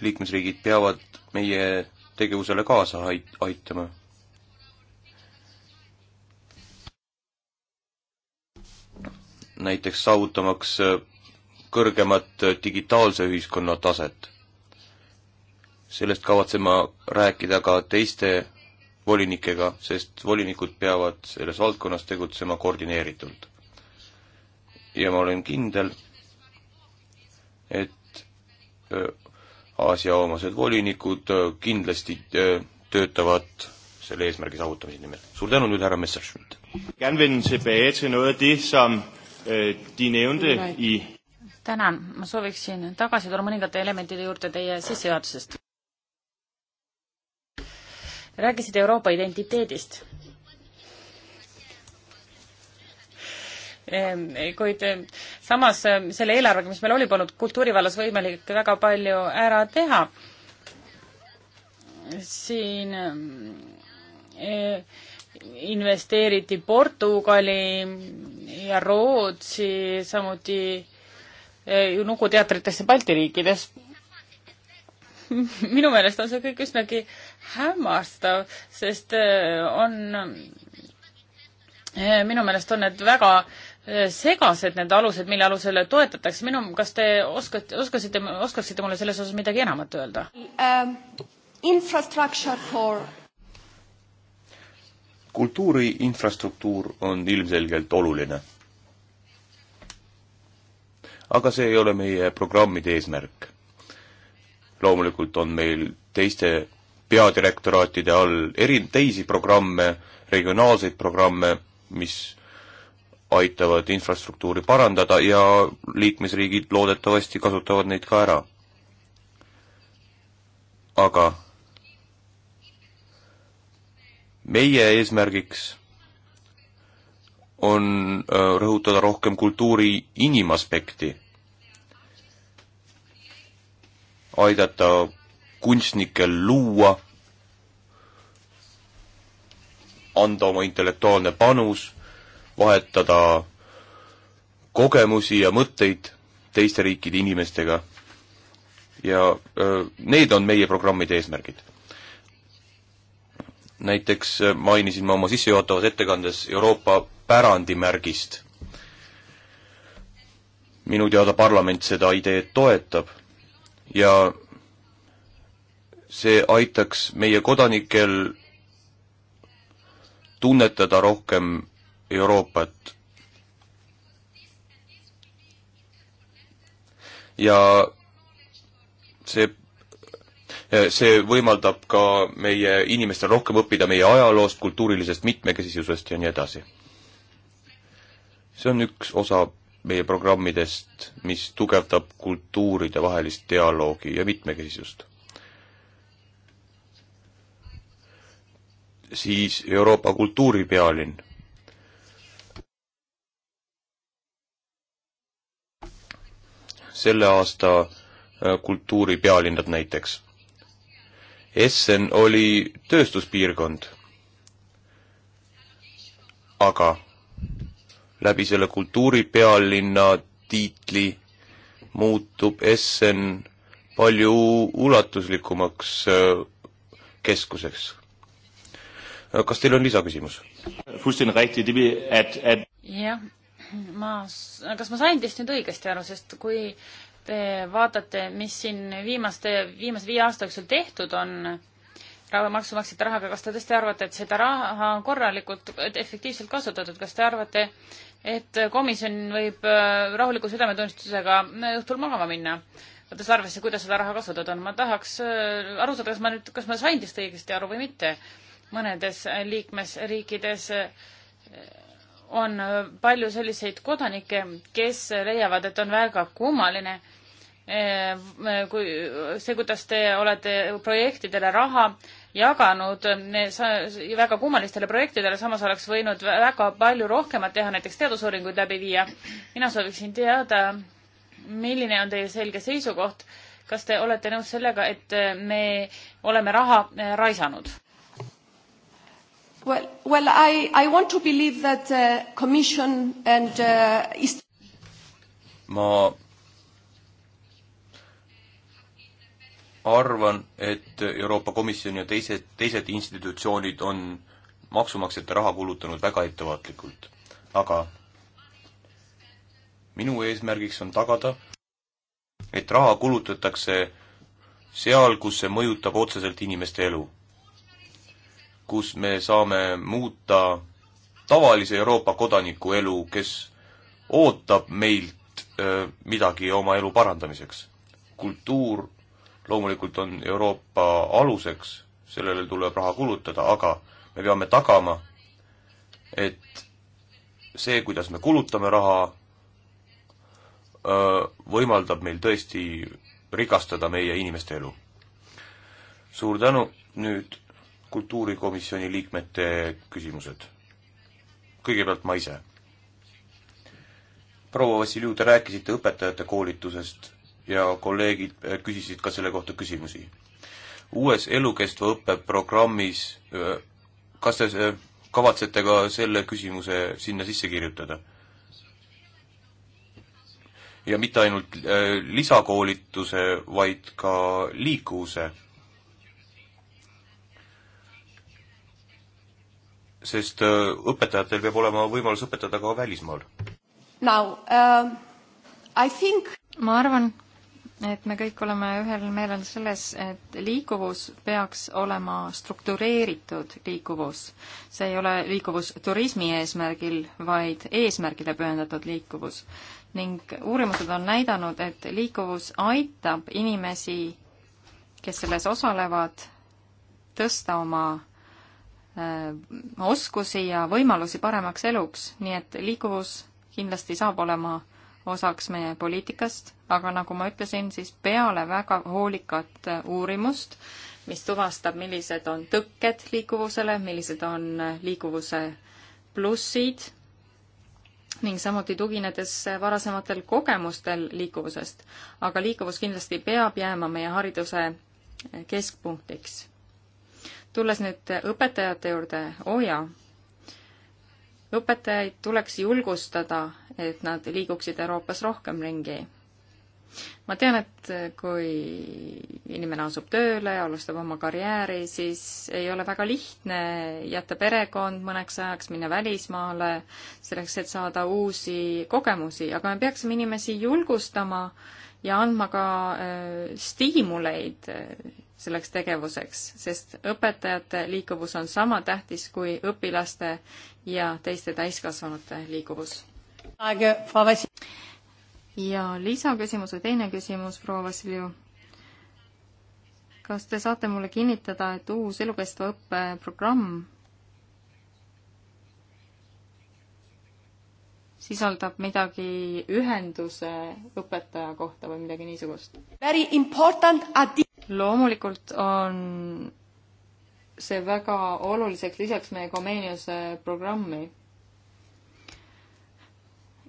liikmesriigid peavad meie tegevusele kaasa ait-, aitama näiteks saavutamaks äh, kõrgemat äh, digitaalse ühiskonna taset. sellest kavatsen ma rääkida ka teiste volinikega, sest volinikud peavad selles valdkonnas tegutsema koordineeritult. ja ma olen kindel, et äh, Aasia-omased volinikud kindlasti töötavad selle eesmärgi saavutamise nimel. suur tänu nüüd, härra Messerschmidt! Eh, de nævnte i tänan, ma sooviksin tagasi tulla mõningate elementide juurde teie sissejuhatusest. rääkisid Euroopa identiteedist. Ehm, kuid ehm, samas ehm, selle eelarvega, mis meil oli, polnud kultuuri vallas võimalik väga palju ära teha. siin eh, investeeriti Portugali ja Rootsi, samuti eh, nukuteatritesse Balti riikides. minu meelest on see kõik üsnagi hämmastav, sest eh, on, eh, minu meelest on need väga segased, need alused, mille alusel toetatakse. minu, kas te oskate, oskasite, oskaksite mulle selles osas midagi enamat öelda um,? Infrastructure for kultuuri infrastruktuur on ilmselgelt oluline. aga see ei ole meie programmide eesmärk. loomulikult on meil teiste peadirektoraatide all eri, teisi programme, regionaalseid programme, mis aitavad infrastruktuuri parandada ja liikmesriigid loodetavasti kasutavad neid ka ära. aga meie eesmärgiks on äh, rõhutada rohkem kultuuri inimaspekti, aidata kunstnikel luua, anda oma intellektuaalne panus, vahetada kogemusi ja mõtteid teiste riikide inimestega ja öö, äh, need on meie programmide eesmärgid näiteks äh, mainisin ma oma sissejuhatavas ettekandes Euroopa pärandimärgist. minu teada parlament seda ideed toetab ja see aitaks meie kodanikel tunnetada rohkem Euroopat. ja see Eh, see võimaldab ka meie inimestel rohkem õppida meie ajaloost, kultuurilisest mitmekesisusest ja nii edasi. see on üks osa meie programmidest, mis tugevdab kultuuride vahelist dialoogi ja mitmekesisust. siis Euroopa kultuuripealinn selle aasta eh, kultuuripealinnad näiteks. Essen oli tööstuspiirkond. aga läbi selle kultuuripealinna tiitli muutub Essen palju ulatuslikumaks äh, keskuseks. kas teil on lisaküsimus? Äh, äh, jah, ma, kas ma sain teist nüüd õigesti aru, sest kui te vaatate, mis siin viimaste, viimase viie aasta jooksul tehtud on maksumaksjate rahaga, kas te tõesti arvate, et seda raha on korralikult, efektiivselt kasutatud, kas te arvate, et komisjon võib äh, rahuliku südametunnistusega äh, õhtul magama minna? võttes arvesse, kuidas seda raha kasutada on, ma tahaks äh, aru saada, kas ma nüüd, kas ma sain teist õigesti aru või mitte. mõnedes liikmesriikides on äh, palju selliseid kodanikke, kes leiavad, et on väga kummaline, äh, äh, kui see, kuidas te olete projektidele raha jaganud väga kummalistele projektidele, samas oleks võinud väga palju rohkemat teha, näiteks teadusuuringuid läbi viia. mina sooviksin teada, milline on teie selge seisukoht, kas te olete nõus sellega, et me oleme raha raisanud? Well, well I, I want to believe that uh, Commission and uh, is ma arvan, et Euroopa Komisjon ja teised, teised institutsioonid on maksumaksjate raha kulutanud väga ettevaatlikult. aga minu eesmärgiks on tagada, et raha kulutatakse seal, kus see mõjutab otseselt inimeste elu kus me saame muuta tavalise Euroopa kodaniku elu, kes ootab meilt öö, midagi oma elu parandamiseks. kultuur loomulikult on Euroopa aluseks, sellele tuleb raha kulutada, aga me peame tagama, et see, kuidas me kulutame raha, võimaldab meil tõesti rikastada meie inimeste elu. suur tänu, nüüd kultuurikomisjoni liikmete küsimused. kõigepealt ma ise. proua Vassiljev, te rääkisite õpetajate koolitusest ja kolleegid äh, küsisid ka selle kohta küsimusi. uues elukestva õppe programmis, äh, kas te äh, kavatsete ka selle küsimuse sinna sisse kirjutada? ja mitte ainult lisakoolituse, vaid ka liikuvuse sest äh, õpetajatel peab olema võimalus õpetada ka välismaal. Now um, I think ma arvan, et me kõik oleme ühel meelel selles, et liikuvus peaks olema struktureeritud liikuvus. see ei ole liikuvus turismi eesmärgil, vaid eesmärgile pühendatud liikuvus. ning uurimused on näidanud, et liikuvus aitab inimesi, kes selles osalevad, tõsta oma Äh, oskusi ja võimalusi paremaks eluks, nii et liikuvus kindlasti saab olema osaks meie poliitikast, aga nagu ma ütlesin, siis peale väga hoolikat äh, uurimust, mis tuvastab, millised on tõkked liikuvusele, millised on äh, liikuvuse plussid ning samuti tuginedes varasematel kogemustel liikuvusest. aga liikuvus kindlasti peab jääma meie hariduse keskpunktiks tulles nüüd õpetajate juurde, oo oh jaa, õpetajaid tuleks julgustada, et nad liiguksid Euroopas rohkem ringi. ma tean, et kui inimene asub tööle ja alustab oma karjääri, siis ei ole väga lihtne jätta perekond mõneks ajaks, minna välismaale, selleks, et saada uusi kogemusi, aga me peaksime inimesi julgustama ja andma ka äh, stiimuleid selleks tegevuseks, sest õpetajate liikuvus on sama tähtis kui õpilaste ja teiste täiskasvanute liikuvus. ja lisaküsimus või teine küsimus, proua Vassiljev kas te saate mulle kinnitada, et uus elukestva õppe programm sisaldab midagi ühenduse õpetaja kohta või midagi niisugust? Very important at the loomulikult on see väga oluliseks lisaks meie Komeeniuse programmi.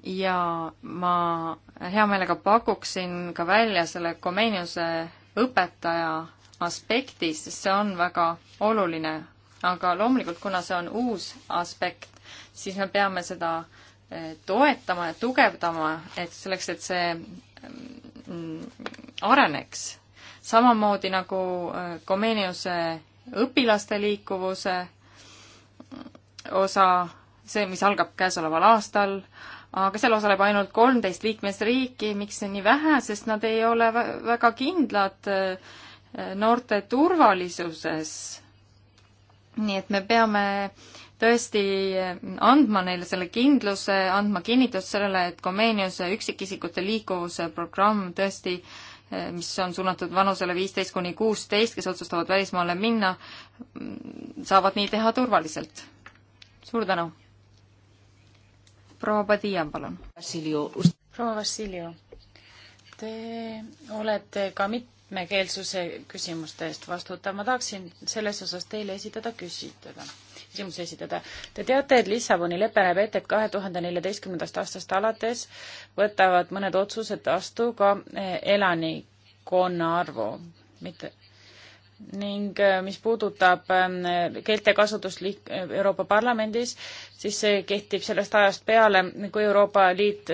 ja ma hea meelega pakuksin ka välja selle Komeeniuse õpetaja aspektist, sest see on väga oluline. aga loomulikult, kuna see on uus aspekt, siis me peame seda eh, toetama ja tugevdama, et selleks, et see mm, areneks samamoodi nagu Komeeniuse äh, õpilaste liikuvuse osa, see, mis algab käesoleval aastal, aga seal osaleb ainult kolmteist liikmesriiki, miks see nii vähe, sest nad ei ole väga kindlad äh, noorte turvalisuses. nii et me peame tõesti äh, andma neile selle kindluse, andma kinnitust sellele, et Komeeniuse üksikisikute liikuvuse programm tõesti äh, mis on suunatud vanusele viisteist kuni kuusteist, kes otsustavad välismaale minna, saavad nii teha turvaliselt. suur tänu! proua Padilla, palun! proua Vassiljev, te olete ka mitmekeelsuse küsimuste eest vastutav, ma tahaksin selles osas teile esitada küsitleda küsimusi esitada. Te teate, et Lissaboni lepe näeb ette, et kahe tuhande neljateistkümnendast aastast alates võtavad mõned otsused vastu ka eh, elanikkonna arvu, mitte ning eh, mis puudutab eh, keeltekasutust liik-, Euroopa Parlamendis, siis see kehtib sellest ajast peale, kui Euroopa Liit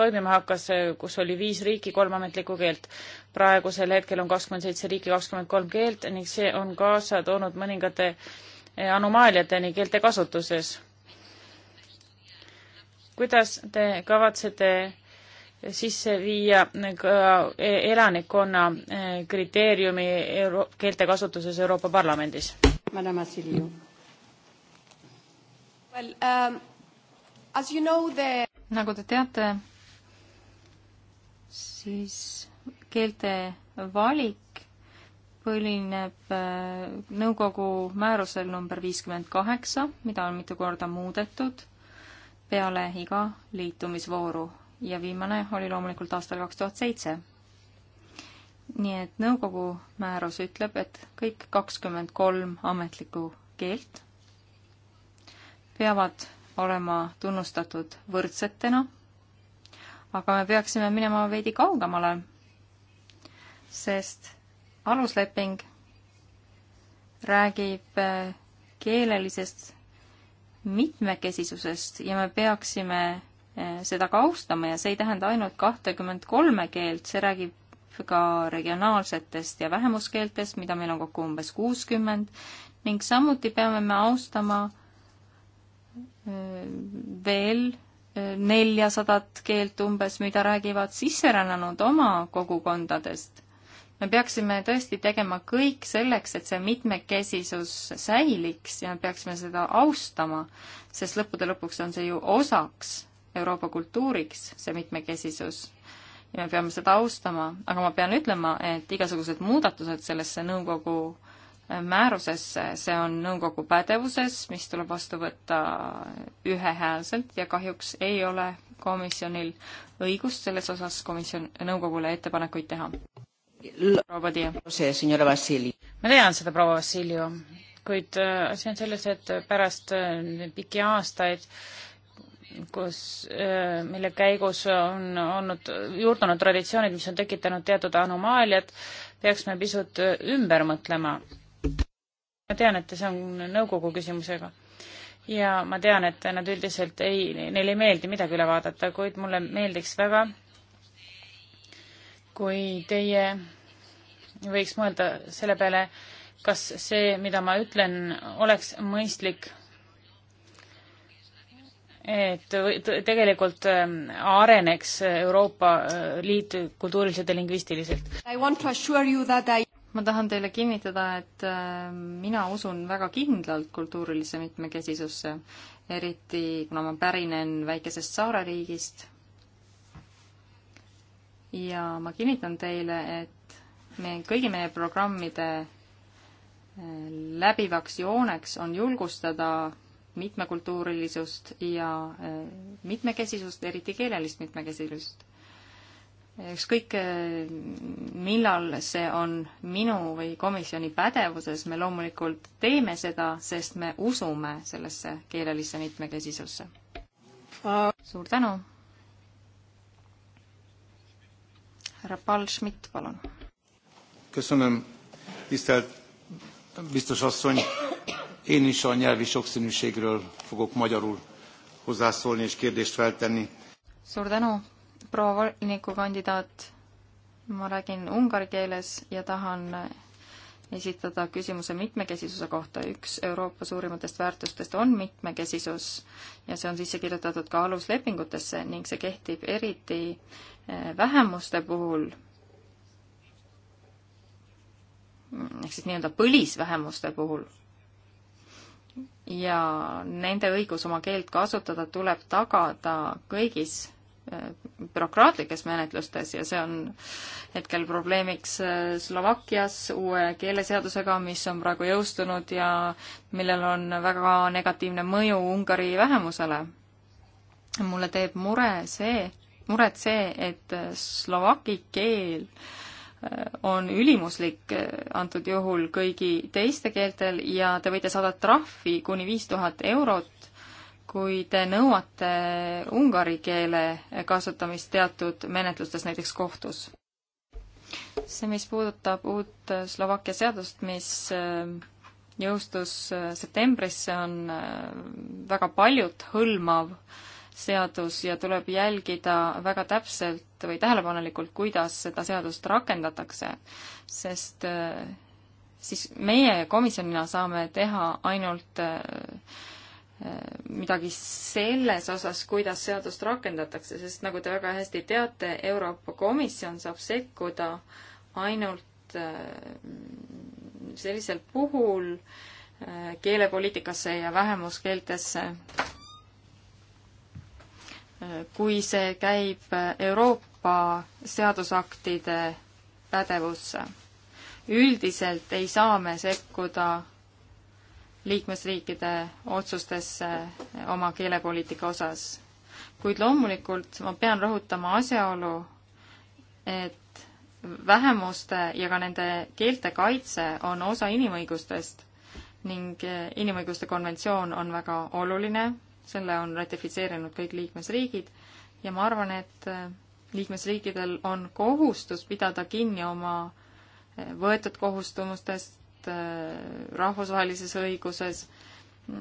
toimima hakkas, kus oli viis riiki, kolm ametlikku keelt. praegusel hetkel on kakskümmend seitse riiki, kakskümmend kolm keelt ning see on kaasa toonud mõningate äh, anomaaliateni keelte kasutuses. kuidas te kavatsete sisse viia ka elanikkonna eh, kriteeriumi euro-, keelte kasutuses Euroopa Parlamendis? Well, um, you know the... nagu te teate, siis keelte valik põlineb äh, nõukogu määrusel number viiskümmend kaheksa, mida on mitu korda muudetud peale iga liitumisvooru ja viimane oli loomulikult aastal kaks tuhat seitse. nii et nõukogu määrus ütleb, et kõik kakskümmend kolm ametlikku keelt peavad olema tunnustatud võrdsetena, aga me peaksime minema veidi kaugemale, sest alusleping räägib äh, keelelisest mitmekesisusest ja me peaksime äh, seda ka austama ja see ei tähenda ainult kahtekümmet kolme keelt, see räägib ka regionaalsetest ja vähemuskeeltest, mida meil on kokku umbes kuuskümmend ning samuti peame me austama äh, veel neljasadat keelt umbes, mida räägivad sisserännanud oma kogukondadest me peaksime tõesti tegema kõik selleks, et see mitmekesisus säiliks ja me peaksime seda austama, sest lõppude lõpuks on see ju osaks Euroopa kultuuriks, see mitmekesisus. ja me peame seda austama, aga ma pean ütlema, et igasugused muudatused sellesse nõukogu äh, määrusesse, see on nõukogu pädevuses, mis tuleb vastu võtta ühehäälselt ja kahjuks ei ole komisjonil õigust selles osas komisjon, nõukogule ettepanekuid teha proua Padija. ma tean seda proua Vassiljev, kuid äh, asi on selles, et pärast äh, pikki aastaid kus, äh, mille käigus on olnud, juurdunud traditsioonid, mis on tekitanud teatud anomaaliad, peaks me pisut ümber mõtlema. ma tean, et see on nõukogu küsimusega. ja ma tean, et nad üldiselt ei, neile ei meeldi midagi üle vaadata, kuid mulle meeldiks väga, kui teie võiks mõelda selle peale, kas see, mida ma ütlen, oleks mõistlik. et tegelikult ähm, areneks Euroopa äh, Liit kultuuriliselt ja lingvistiliselt. I... ma tahan teile kinnitada, et ähm, mina usun väga kindlalt kultuurilise mitmekesisusse, eriti kuna ma pärinen väikesest saareriigist ja ma kinnitan teile, et me, kõigi meie programmide eh, läbivaks jooneks on julgustada mitmekultuurilisust ja eh, mitmekesisust, eriti keelelist mitmekesisust. ükskõik, eh, millal see on minu või komisjoni pädevuses, me loomulikult teeme seda, sest me usume sellesse keelelisse mitmekesisusse. Äh. suur tänu! härra Paul Schmidt, palun. köszönöm, tisztelt biztos asszony. Én is a nyelvi sokszínűségről fogok magyarul hozzászólni és kérdést feltenni. suur tänu, proua volinikukandidaat. ma räägin ungari keeles ja tahan esitada küsimuse mitmekesisuse kohta. üks Euroopa suurimatest väärtustest on mitmekesisus ja see on sisse kirjutatud ka aluslepingutesse ning see kehtib eriti äh, vähemuste puhul ehk siis nii-öelda põlisvähemuste puhul ja nende õigus oma keelt kasutada tuleb tagada kõigis eh, bürokraatlikes menetlustes ja see on hetkel probleemiks eh, Slovakkias uue keeleseadusega, mis on praegu jõustunud ja millel on väga negatiivne mõju Ungari vähemusele. mulle teeb mure see, muret see, et slovaki keel äh, on ülimuslik äh, antud juhul kõigi teiste keeltel ja te võite saada trahvi kuni viis tuhat eurot, kui te nõuate ungari keele kasutamist teatud menetlustes, näiteks kohtus. see, mis puudutab uut äh, Slovakkia seadust, mis jõustus septembris, see on väga paljut hõlmav äh, seadus ja tuleb jälgida väga täpselt või tähelepanelikult, kuidas seda seadust rakendatakse, sest äh, siis meie komisjonina saame teha ainult äh, äh, midagi selles osas, kuidas seadust rakendatakse, sest nagu te väga hästi teate, Euroopa Komisjon saab sekkuda ainult sellisel puhul keelepoliitikasse ja vähemuskeeltesse kui see käib Euroopa seadusaktide pädevusse. üldiselt ei saa me sekkuda liikmesriikide otsustesse oma keelepoliitika osas. kuid loomulikult ma pean rõhutama asjaolu, et vähemuste ja ka nende keelte kaitse on osa inimõigustest ning inimõiguste konventsioon on väga oluline selle on ratifitseerinud kõik liikmesriigid ja ma arvan, et äh, liikmesriikidel on kohustus pidada kinni oma äh, võetud kohustumustest äh, rahvusvahelises õiguses,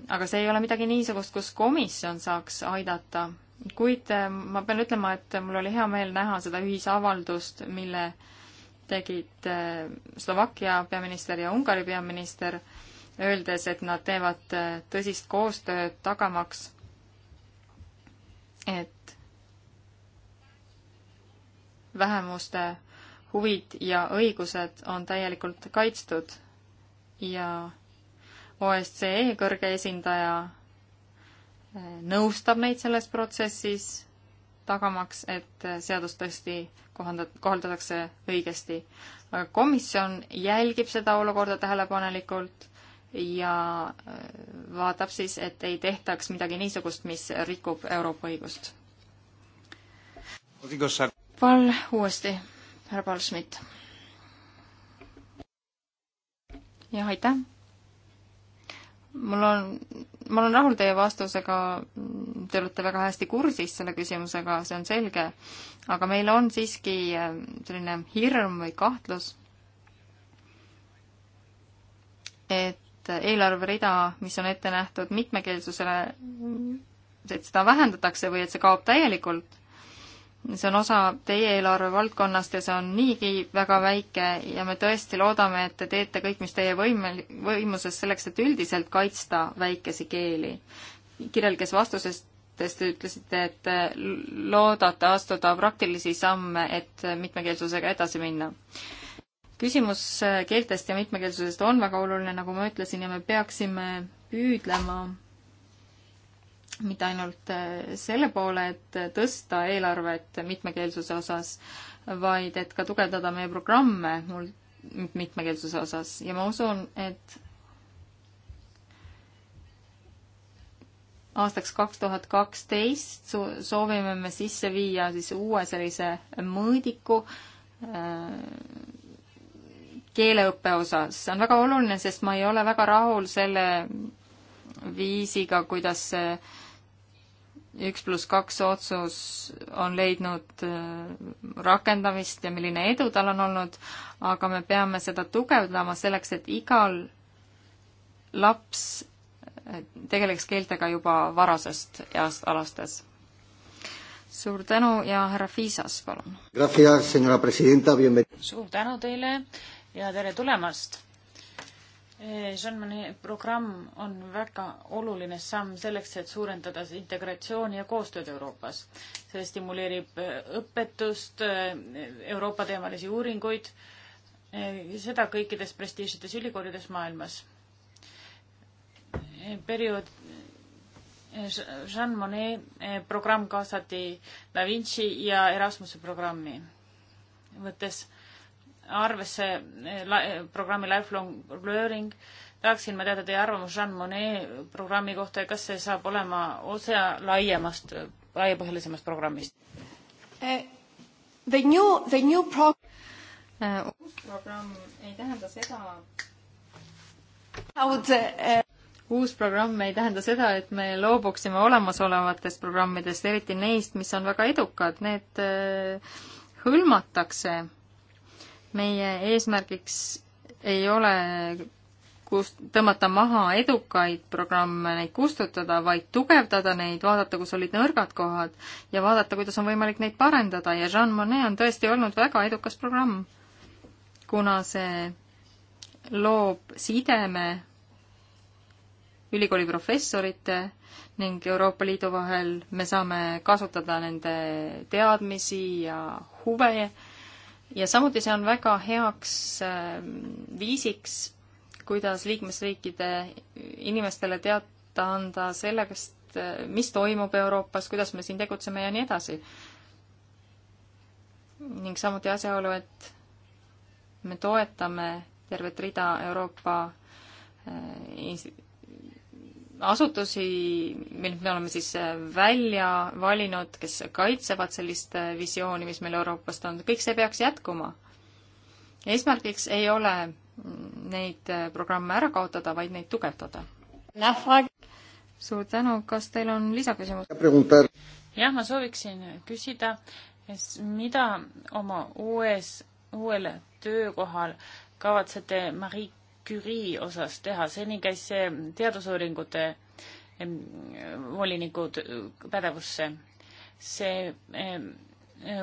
aga see ei ole midagi niisugust, kus komisjon saaks aidata. kuid ma pean ütlema, et mul oli hea meel näha seda ühisavaldust, mille tegid Slovakkia peaminister ja Ungari peaminister öeldes, et nad teevad äh, tõsist koostööd tagamaks, et vähemuste huvid ja õigused on täielikult kaitstud ja OSCE kõrge esindaja äh, nõustab meid selles protsessis, tagamaks, et äh, seadust tõesti kohandat-, kohaldatakse õigesti. aga komisjon jälgib seda olukorda tähelepanelikult ja äh, vaatab siis, et ei tehtaks midagi niisugust, mis rikub Euroopa õigust. Pall uuesti, härra Pall Schmidt. jah, aitäh. mul on, ma olen rahul teie vastusega, te olete väga hästi kursis selle küsimusega, see on selge, aga meil on siiski äh, selline hirm või kahtlus et et eelarverida, mis on ette nähtud mitmekeelsusele, et seda vähendatakse või et see kaob täielikult. see on osa teie eelarve valdkonnast ja see on niigi väga väike ja me tõesti loodame, et te teete kõik, mis teie võime, võimuses selleks, et üldiselt kaitsta väikesi keeli. kirjelges vastuses te ütlesite, et loodate astuda praktilisi samme, et mitmekeelsusega edasi minna küsimus keeltest ja mitmekeelsusest on väga oluline, nagu ma ütlesin, ja me peaksime püüdlema mitte ainult äh, selle poole, et tõsta eelarvet mitmekeelsuse osas, vaid et ka tugevdada meie programme mul mitmekeelsuse osas ja ma usun, et aastaks kaks tuhat kaksteist soovime me sisse viia siis uue sellise mõõdiku äh, keeleõppe osas. see on väga oluline, sest ma ei ole väga rahul selle viisiga, kuidas see üks pluss kaks otsus on leidnud äh, rakendamist ja milline edu tal on olnud, aga me peame seda tugevdama selleks, et igal laps äh, tegeleks keeltega juba varasest east alastes suur tänu ja härra Fiisas, palun. suur tänu teile, ja tere tulemast! Jean-Monnet programm on väga oluline samm selleks, et suurendada integratsiooni ja koostööd Euroopas. see stimuleerib õpetust, Euroopa-teemalisi uuringuid, seda kõikides prestiižides ülikoolides maailmas. periood Jean Monnet programm kaasati Da Vinci ja Erasmuse programmi, võttes arvesse eh, eh, programmi Lifelong Learning. tahaksin ma teada teie arvamust Jean Monnet programmi kohta ja kas see saab olema osa laiemast, laiapõhjalisemast programmist eh,? The new, the new pro-. Eh, uus programm ei tähenda seda. uus programm ei tähenda seda, et me loobuksime olemasolevatest programmidest, eriti neist, mis on väga edukad, need hõlmatakse meie eesmärgiks ei ole kust-, tõmmata maha edukaid programme, neid kustutada, vaid tugevdada neid, vaadata, kus olid nõrgad kohad ja vaadata, kuidas on võimalik neid parendada ja Jean Monnet on tõesti olnud väga edukas programm, kuna see loob sideme ülikooli professorite ning Euroopa Liidu vahel, me saame kasutada nende teadmisi ja huve ja samuti see on väga heaks ähm, viisiks, kuidas liikmesriikide inimestele teada anda sellest, äh, mis toimub Euroopas, kuidas me siin tegutseme ja nii edasi. ning samuti asjaolu, et me toetame tervet rida Euroopa äh, asutusi, mille me oleme siis välja valinud, kes kaitsevad sellist visiooni, mis meil Euroopast on, kõik see peaks jätkuma. eesmärgiks ei ole neid programme ära kaotada, vaid neid tugevdada. suur tänu, kas teil on lisaküsimus? jah, ma sooviksin küsida, mida oma uues, uuel töökohal kavatsete Marie žürii osas teha, seni käis see teadusuuringute voliniku äh, pädevusse. see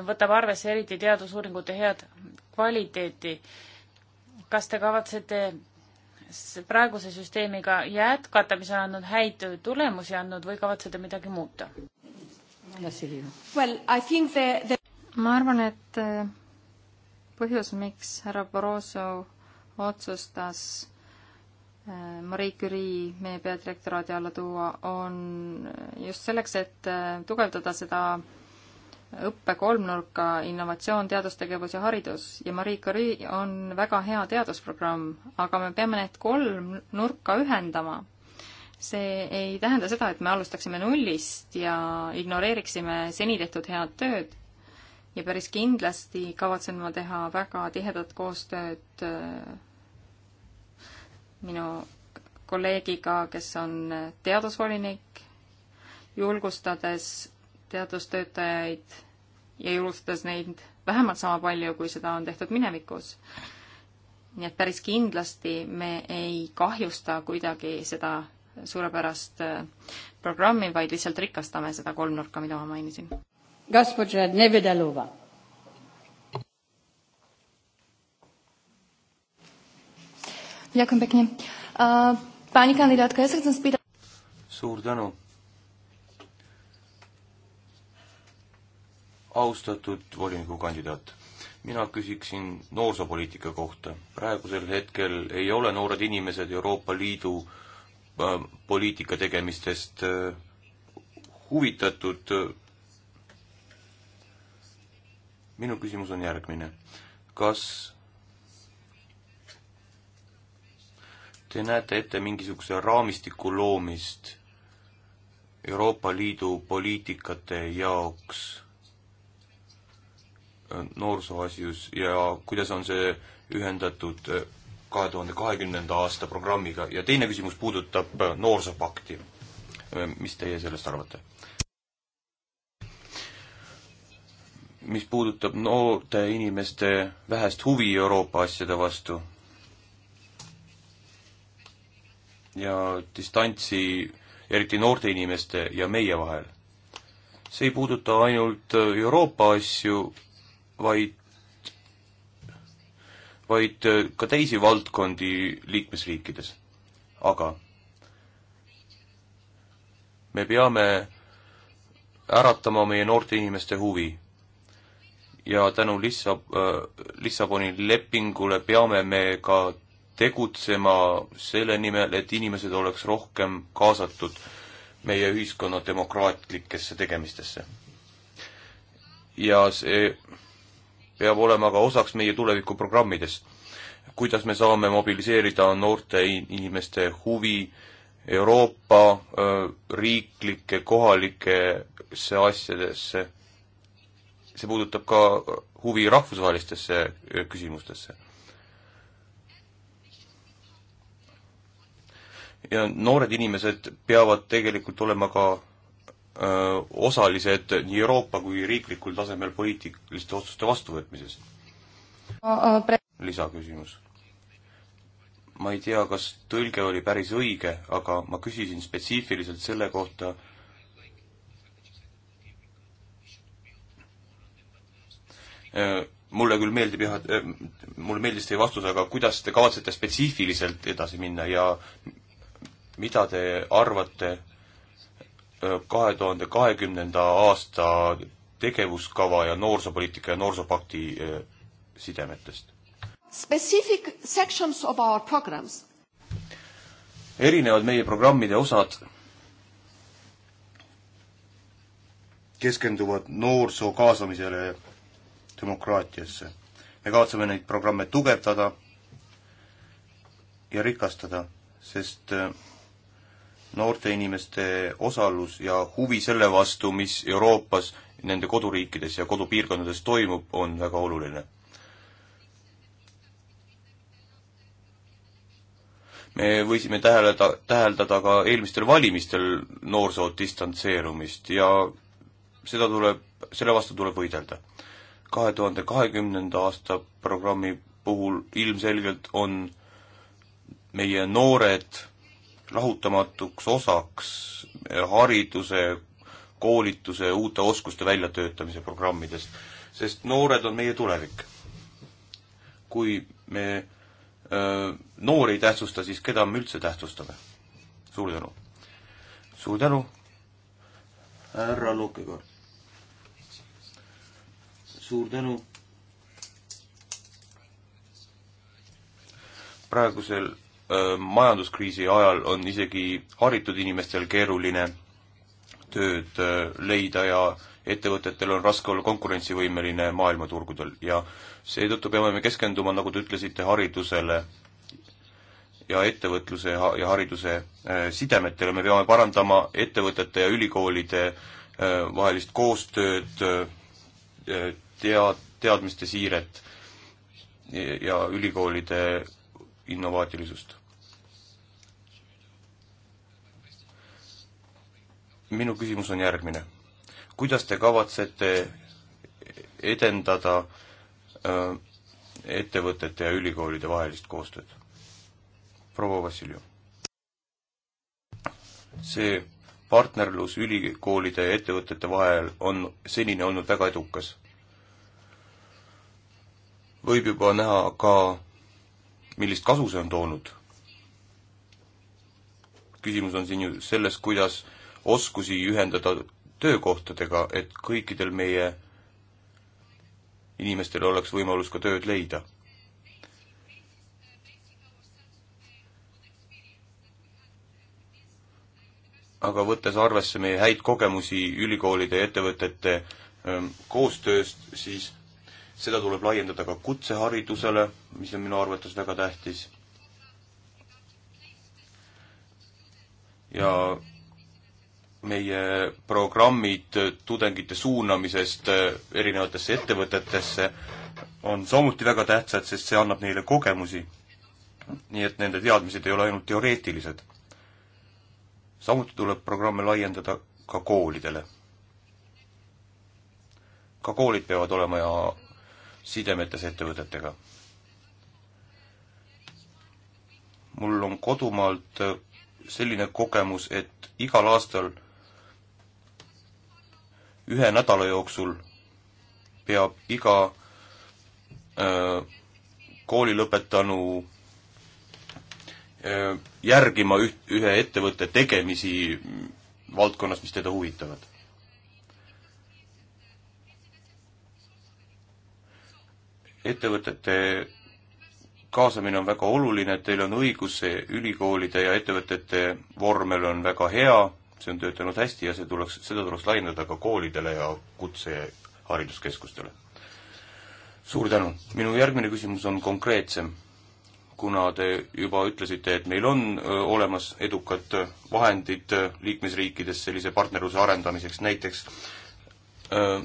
võtab arvesse eriti teadusuuringute head kvaliteeti. kas te kavatsete praeguse süsteemiga jätkata, mis on andnud häid tulemusi andnud või kavatsete midagi muuta? Well, the... ma arvan, et äh, põhjus, miks härra Barroso otsustas äh, Marie Curie meie peadirektoraadi alla tuua, on just selleks, et äh, tugevdada seda õppe kolmnurka innovatsioon, teadustegevus ja haridus ja Marie Curie on väga hea teadusprogramm, aga me peame need kolm nurka ühendama. see ei tähenda seda, et me alustaksime nullist ja ignoreeriksime seni tehtud head tööd ja päris kindlasti kavatsen ma teha väga tihedat koostööd äh, minu kolleegiga, kes on teadusvolinik, julgustades teadustöötajaid ja julgustades neid vähemalt sama palju, kui seda on tehtud minevikus. nii et päris kindlasti me ei kahjusta kuidagi seda suurepärast äh, programmi, vaid lihtsalt rikastame seda kolmnurka, mida ma mainisin. Gospodža Nevedalova Ďakujem pekne. Pani kandidátka, ja sa chcem spýtať... Suur tänu. austatud volinikukandidaat, mina küsiksin noorsoopoliitika kohta. praegusel hetkel ei ole noored inimesed Euroopa Liidu äh, poliitika tegemistest äh, huvitatud. minu küsimus on järgmine. kas te näete ette mingisuguse raamistiku loomist Euroopa Liidu poliitikate jaoks äh, noorsooasjus ja kuidas on see ühendatud äh, kahe tuhande kahekümnenda aasta programmiga ja teine küsimus puudutab äh, noorsoopakti. mis teie sellest arvate? mis puudutab noorte inimeste vähest huvi Euroopa asjade vastu ja distantsi eriti noorte inimeste ja meie vahel. see ei puuduta ainult äh, Euroopa asju, vaid, vaid äh, ka teisi valdkondi liikmesriikides. aga me peame äratama meie noorte inimeste huvi. ja tänu Lissab-, äh, Lissaboni lepingule peame me ka tegutsema selle nimel, et inimesed oleks rohkem kaasatud meie ühiskonna demokraatlikesse tegemistesse. ja see peab olema ka osaks meie tulevikuprogrammidest. kuidas me saame mobiliseerida noorte inimeste huvi Euroopa riiklike, kohalikesse asjadesse, see puudutab ka huvi rahvusvahelistesse küsimustesse ja noored inimesed peavad tegelikult olema ka öö, osalised nii Euroopa kui riiklikul tasemel poliitiliste otsuste vastuvõtmises. lisaküsimus. ma ei tea, kas tõlge oli päris õige, aga ma küsisin spetsiifiliselt selle kohta, mulle küll meeldib jah, mulle meeldis teie vastus, aga kuidas te kavatsete spetsiifiliselt edasi minna ja mida te arvate äh, kahe tuhande kahekümnenda aasta tegevuskava ja noorsoopoliitika ja noorsoopakti äh, sidemetest? Specific sections of our programs. erinevad meie programmide osad keskenduvad noorsoo kaasamisele demokraatiasse. me kavatseme neid programme tugevdada ja rikastada, sest äh, noorte inimeste osalus ja huvi selle vastu, mis Euroopas, nende koduriikides ja kodupiirkondades toimub, on väga oluline. me võisime täheleda, täheldada ka eelmistel valimistel noorsoo distantseerumist ja seda tuleb, selle vastu tuleb võidelda. kahe tuhande kahekümnenda aasta programmi puhul ilmselgelt on meie noored lahutamatuks osaks hariduse, koolituse, uute oskuste väljatöötamise programmidest, sest noored on meie tulevik. kui me öö, noori ei tähtsusta, siis keda me üldse tähtsustame? suur tänu! suur tänu, härra Lukekord! suur tänu! praegusel majanduskriisi ajal on isegi haritud inimestel keeruline tööd leida ja ettevõtetel on raske olla konkurentsivõimeline maailmaturgudel ja seetõttu peame me keskenduma, nagu te ütlesite, haridusele ja ettevõtluse ja hariduse sidemetele, me peame parandama ettevõtete ja ülikoolide vahelist koostööd, tead-, teadmiste siiret ja ülikoolide innovaatilisust. minu küsimus on järgmine. kuidas te kavatsete edendada ettevõtete ja ülikoolide vahelist koostööd? proua Vassiljev. see partnerlus ülikoolide ja ettevõtete vahel on senini olnud väga edukas. võib juba näha ka, millist kasu see on toonud. küsimus on siin ju selles, kuidas oskusi ühendada töökohtadega, et kõikidel meie inimestel oleks võimalus ka tööd leida. aga võttes arvesse meie häid kogemusi ülikoolide ja ettevõtete ähm, koostööst, siis seda tuleb laiendada ka kutseharidusele, mis on minu arvates väga tähtis. ja meie programmid tudengite suunamisest äh, erinevatesse ettevõtetesse on samuti väga tähtsad, sest see annab neile kogemusi. nii et nende teadmised ei ole ainult teoreetilised. samuti tuleb programme laiendada ka koolidele. ka koolid peavad olema ja sidemetes ettevõtetega. mul on kodumaalt selline kogemus, et igal aastal ühe nädala jooksul peab iga öö, kooli lõpetanu öö, järgima üht, ühe ettevõtte tegemisi valdkonnas, mis teda huvitavad. ettevõtete kaasamine on väga oluline, teil on õigus, see ülikoolide ja ettevõtete vormel on väga hea see on töötanud hästi ja see tuleks, seda tuleks laiendada ka koolidele ja kutsehariduskeskustele. suur tänu, minu järgmine küsimus on konkreetsem. kuna te juba ütlesite, et meil on öö, olemas edukad vahendid liikmesriikides sellise partnerluse arendamiseks, näiteks öö,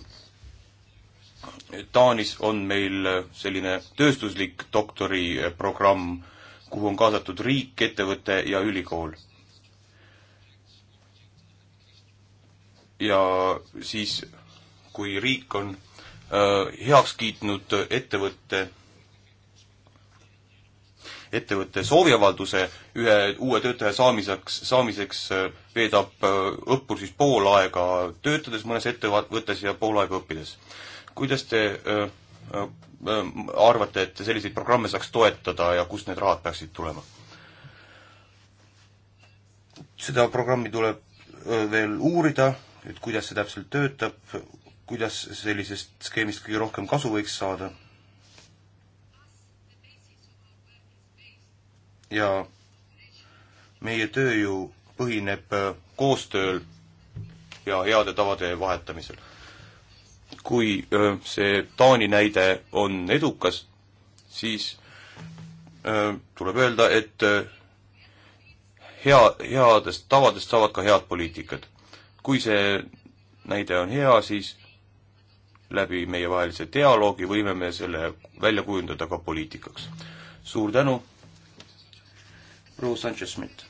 Taanis on meil selline tööstuslik doktoriprogramm, kuhu on kaasatud riik, ettevõte ja ülikool ja siis, kui riik on äh, heaks kiitnud ettevõtte, ettevõtte sooviavalduse ühe uue töötaja saamiseks, saamiseks äh, veedab äh, õppur siis pool aega töötades mõnes ettevõttes ja pool aega õppides. kuidas te öö, öö, arvate, et selliseid programme saaks toetada ja kust need rahad peaksid tulema? seda programmi tuleb veel uurida et kuidas see täpselt töötab, kuidas sellisest skeemist kõige rohkem kasu võiks saada. ja meie töö ju põhineb äh, koostööl ja heade tavade vahetamisel. kui äh, see Taani näide on edukas, siis äh, tuleb öelda, et hea, headest tavadest saavad ka head poliitikad kui see näide on hea, siis läbi meievahelise dialoogi võime me selle välja kujundada ka poliitikaks. suur tänu, proua Sanchez-Smith!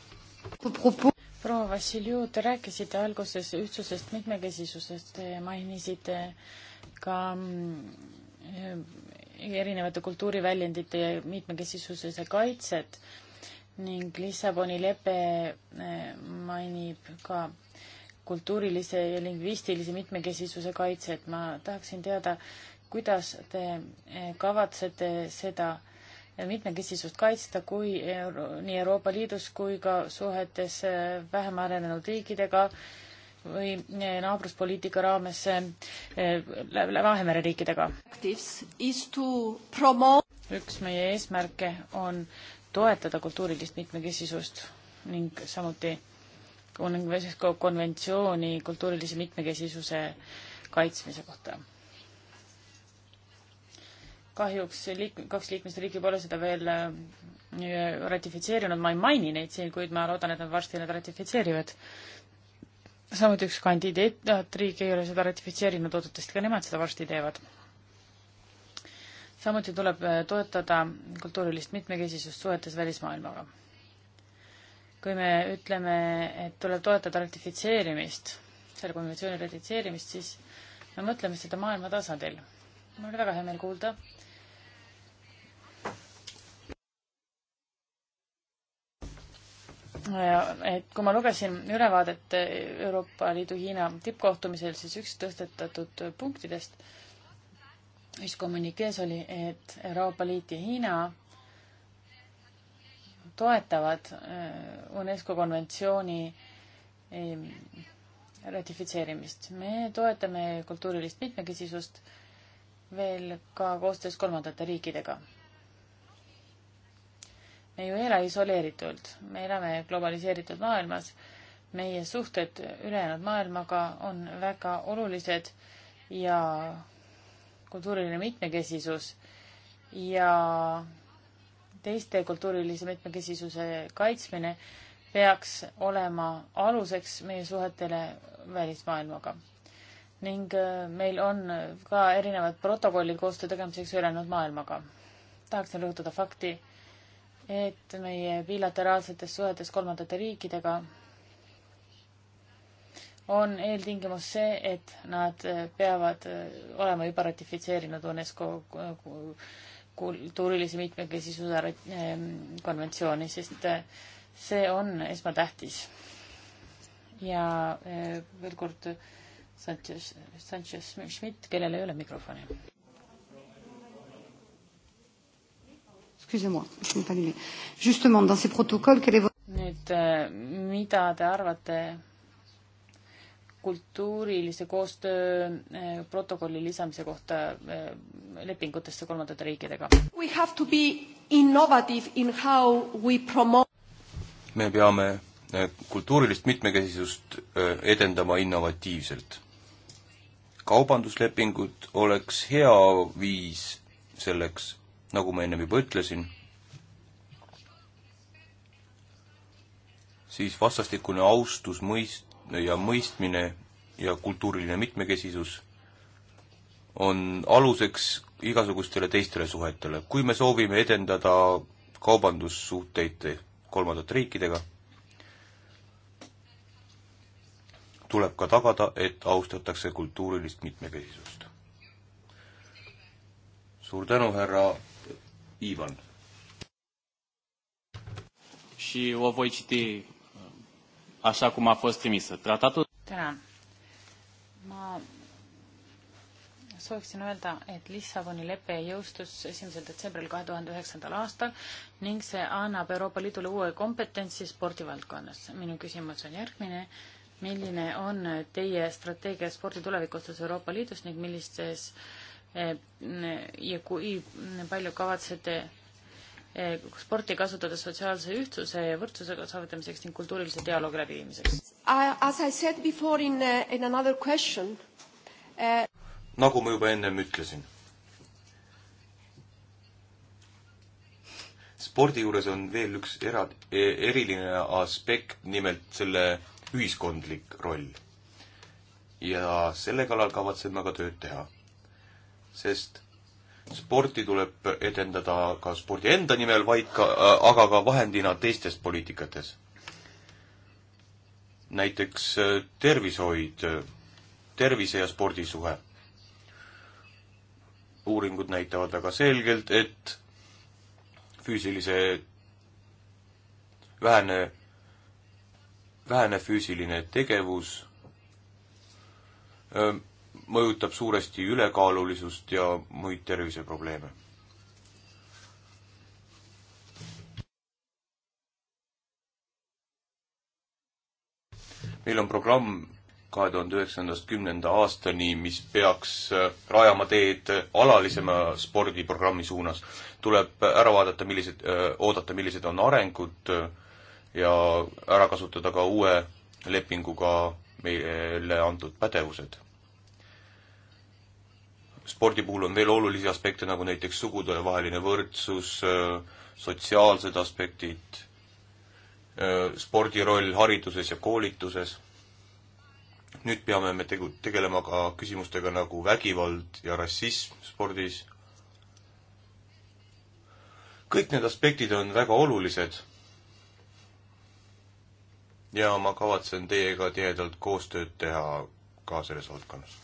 proua Vassiljev, te rääkisite alguses ühtsusest, mitmekesisusest, mainisite ka mm, erinevate kultuuriväljendite mitmekesisuse kaitset ning Lissaboni lepe eh, mainib ka kultuurilise ja lingvistilise mitmekesisuse kaitset. ma tahaksin teada, kuidas te eh, kavatsete seda eh, mitmekesisust kaitsta, kui Euro nii Euroopa Liidus kui ka suhetes eh, vähem arenenud riikidega või naabruspoliitika raames Vahemere riikidega. üks meie eesmärke on toetada kultuurilist mitmekesisust ning samuti konventsiooni kultuurilise mitmekesisuse kaitsmise kohta. kahjuks liik-, kaks liikmesriiki pole seda veel äh, ratifitseerinud, ma ei maini neid siin, kuid ma loodan, et nad varsti need ratifitseerivad. samuti üks kandidaatriik ei ole seda ratifitseerinud, oodatavasti ka nemad seda varsti teevad. samuti tuleb äh, toetada kultuurilist mitmekesisust suhetes välismaailmaga kui me ütleme, et tuleb toetada ratifitseerimist, selle konventsiooni ratifitseerimist, siis me mõtleme seda maailma tasandil. mul oli väga hea meel kuulda. et kui ma lugesin ülevaadet Euroopa Liidu Hiina tippkohtumisel, siis üks tõstetatud punktidest ühiskommunikees oli, et Euroopa Liit ja Hiina toetavad äh, UNESCO konventsiooni ähm, ratifitseerimist. me toetame kultuurilist mitmekesisust veel ka koostöös kolmandate riikidega. me ju ei ela isoleeritult, me elame globaliseeritud maailmas. meie suhted ülejäänud maailmaga on väga olulised ja kultuuriline mitmekesisus ja teiste kultuurilise mitmekesisuse kaitsmine peaks olema aluseks meie suhetele välismaailmaga. ning äh, meil on ka erinevad protokollid koostöö tegemiseks ülejäänud maailmaga. tahaksin rõhutada fakti, et meie bilateraalsetes suhetes kolmandate riikidega on eeltingimus see, et nad peavad äh, olema juba ratifitseerinud UNESCO äh, kultuurilise mitmekesisuse konventsiooni, sest eh, see on esmatähtis. ja eh, veel kord Sanchez, Sanchez Schmidt, kellel ei ole mikrofoni. nüüd, eh, mida te arvate kultuurilise koostöö eh, protokolli lisamise kohta eh, lepingutesse kolmandate riikidega? me peame eh, kultuurilist mitmekesisust edendama innovatiivselt. kaubanduslepingud oleks hea viis selleks, nagu ma ennem juba ütlesin siis vastastikune austus mõist-, ja mõistmine ja kultuuriline mitmekesisus on aluseks igasugustele teistele suhetele. kui me soovime edendada kaubandussuhteid kolmandate riikidega, tuleb ka tagada, et austatakse kultuurilist mitmekesisust. suur tänu, härra Ivan! Și o voi citi așa cum a fost trimisă. Tratatul... Tänan. Ma sooviksin öelda, et Lissaboni lepe jõustus esimesel detsembril kahe tuhande üheksandal aastal ning see annab Euroopa Liidule uue kompetentsi spordivaldkonnas. minu küsimus on järgmine. milline on teie strateegia spordi tuleviku osas Euroopa Liidus ning millistes eh, ja kui palju kavatsete Eh, sporti kasutada sotsiaalse ühtsuse ja võrdsuse saavutamiseks ning kultuurilise dialoogi läbiviimiseks? Uh... nagu ma juba ennem ütlesin, spordi juures on veel üks era-, e, eriline aspekt, nimelt selle ühiskondlik roll. ja selle kallal kavatsen ma ka tööd teha. sest sporti tuleb edendada ka spordi enda nimel, vaid ka, äh, aga ka vahendina teistes poliitikates. näiteks äh, tervishoid, tervise ja spordi suhe. uuringud näitavad väga selgelt, et füüsilise, vähene, vähene füüsiline tegevus öö, ähm, mõjutab suuresti ülekaalulisust ja muid terviseprobleeme. meil on programm kahe tuhande üheksandast kümnenda aastani, mis peaks äh, rajama teed alalisema spordiprogrammi suunas. tuleb ära vaadata, millised, äh, oodata, millised on arengud äh, ja ära kasutada ka uue lepinguga meile antud pädevused spordi puhul on veel olulisi aspekte, nagu näiteks sugudevaheline võrdsus, äh, sotsiaalsed aspektid, äh, spordi roll hariduses ja koolituses. nüüd peame me tegu-, tegelema ka küsimustega nagu vägivald ja rassism spordis. kõik need aspektid on väga olulised. ja ma kavatsen teiega tihedalt koostööd teha ka selles valdkonnas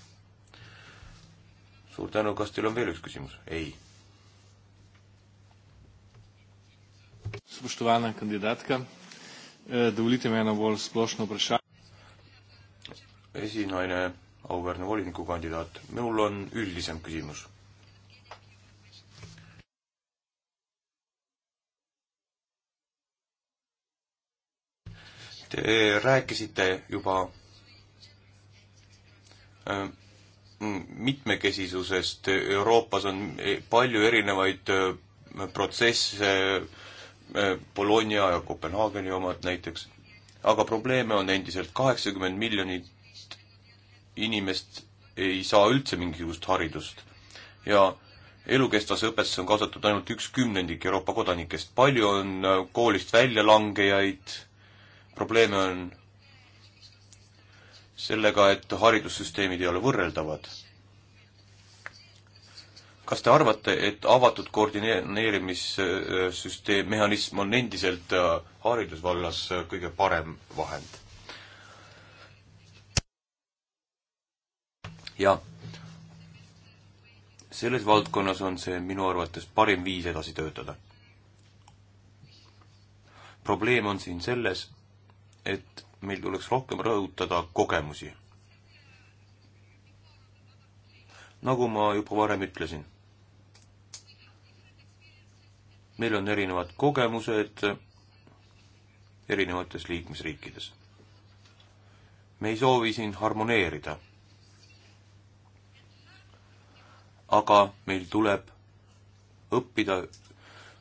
suur tänu, kas teil on veel üks küsimus? ei. Spoštovana kandidatka, eh, dovolite mi eno bolj splošno vprašanje. esinaine, auväärne volinikukandidaat, minul on üldisem küsimus Te rääkisite juba eh, mitmekesisusest, Euroopas on palju erinevaid äh, protsesse, äh, Bologna ja Kopenhaageni omad näiteks, aga probleeme on endiselt, kaheksakümmend miljonit inimest ei saa üldse mingisugust haridust. ja elukestvasse õpetusse on kaasatud ainult üks kümnendik Euroopa kodanikest, palju on äh, koolist väljalangejaid, probleeme on sellega, et haridussüsteemid ei ole võrreldavad. kas te arvate, et avatud koordineerimissüsteem, mehhanism on endiselt äh, haridusvallas äh, kõige parem vahend? jah, selles valdkonnas on see minu arvates parim viis edasi töötada. probleem on siin selles, et meil tuleks rohkem rõhutada kogemusi. nagu ma juba varem ütlesin, meil on erinevad kogemused erinevates liikmesriikides. me ei soovi siin harmoneerida. aga meil tuleb õppida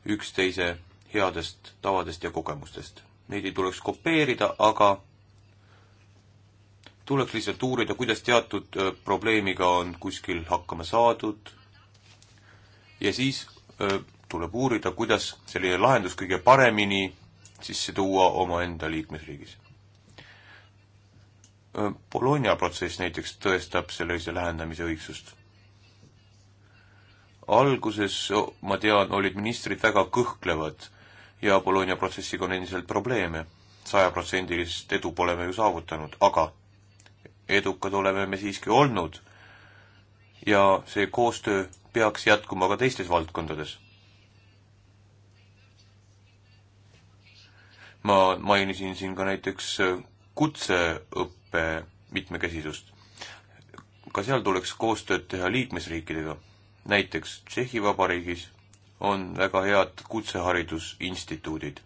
üksteise headest tavadest ja kogemustest. Neid ei tuleks kopeerida, aga tuleks lihtsalt uurida, kuidas teatud äh, probleemiga on kuskil hakkama saadud ja siis äh, tuleb uurida, kuidas selline lahendus kõige paremini sisse tuua omaenda liikmesriigis. Äh, Bologna protsess näiteks tõestab sellise lähendamise õigsust. alguses, ma tean, olid ministrid väga kõhklevad ja Bologna protsessiga on endiselt probleeme. sajaprotsendilist edu pole me ju saavutanud, aga edukad oleme me siiski olnud ja see koostöö peaks jätkuma ka teistes valdkondades. ma mainisin siin ka näiteks kutseõppe mitmekesisust. ka seal tuleks koostööd teha liikmesriikidega. näiteks Tšehhi Vabariigis on väga head kutseharidusinstituudid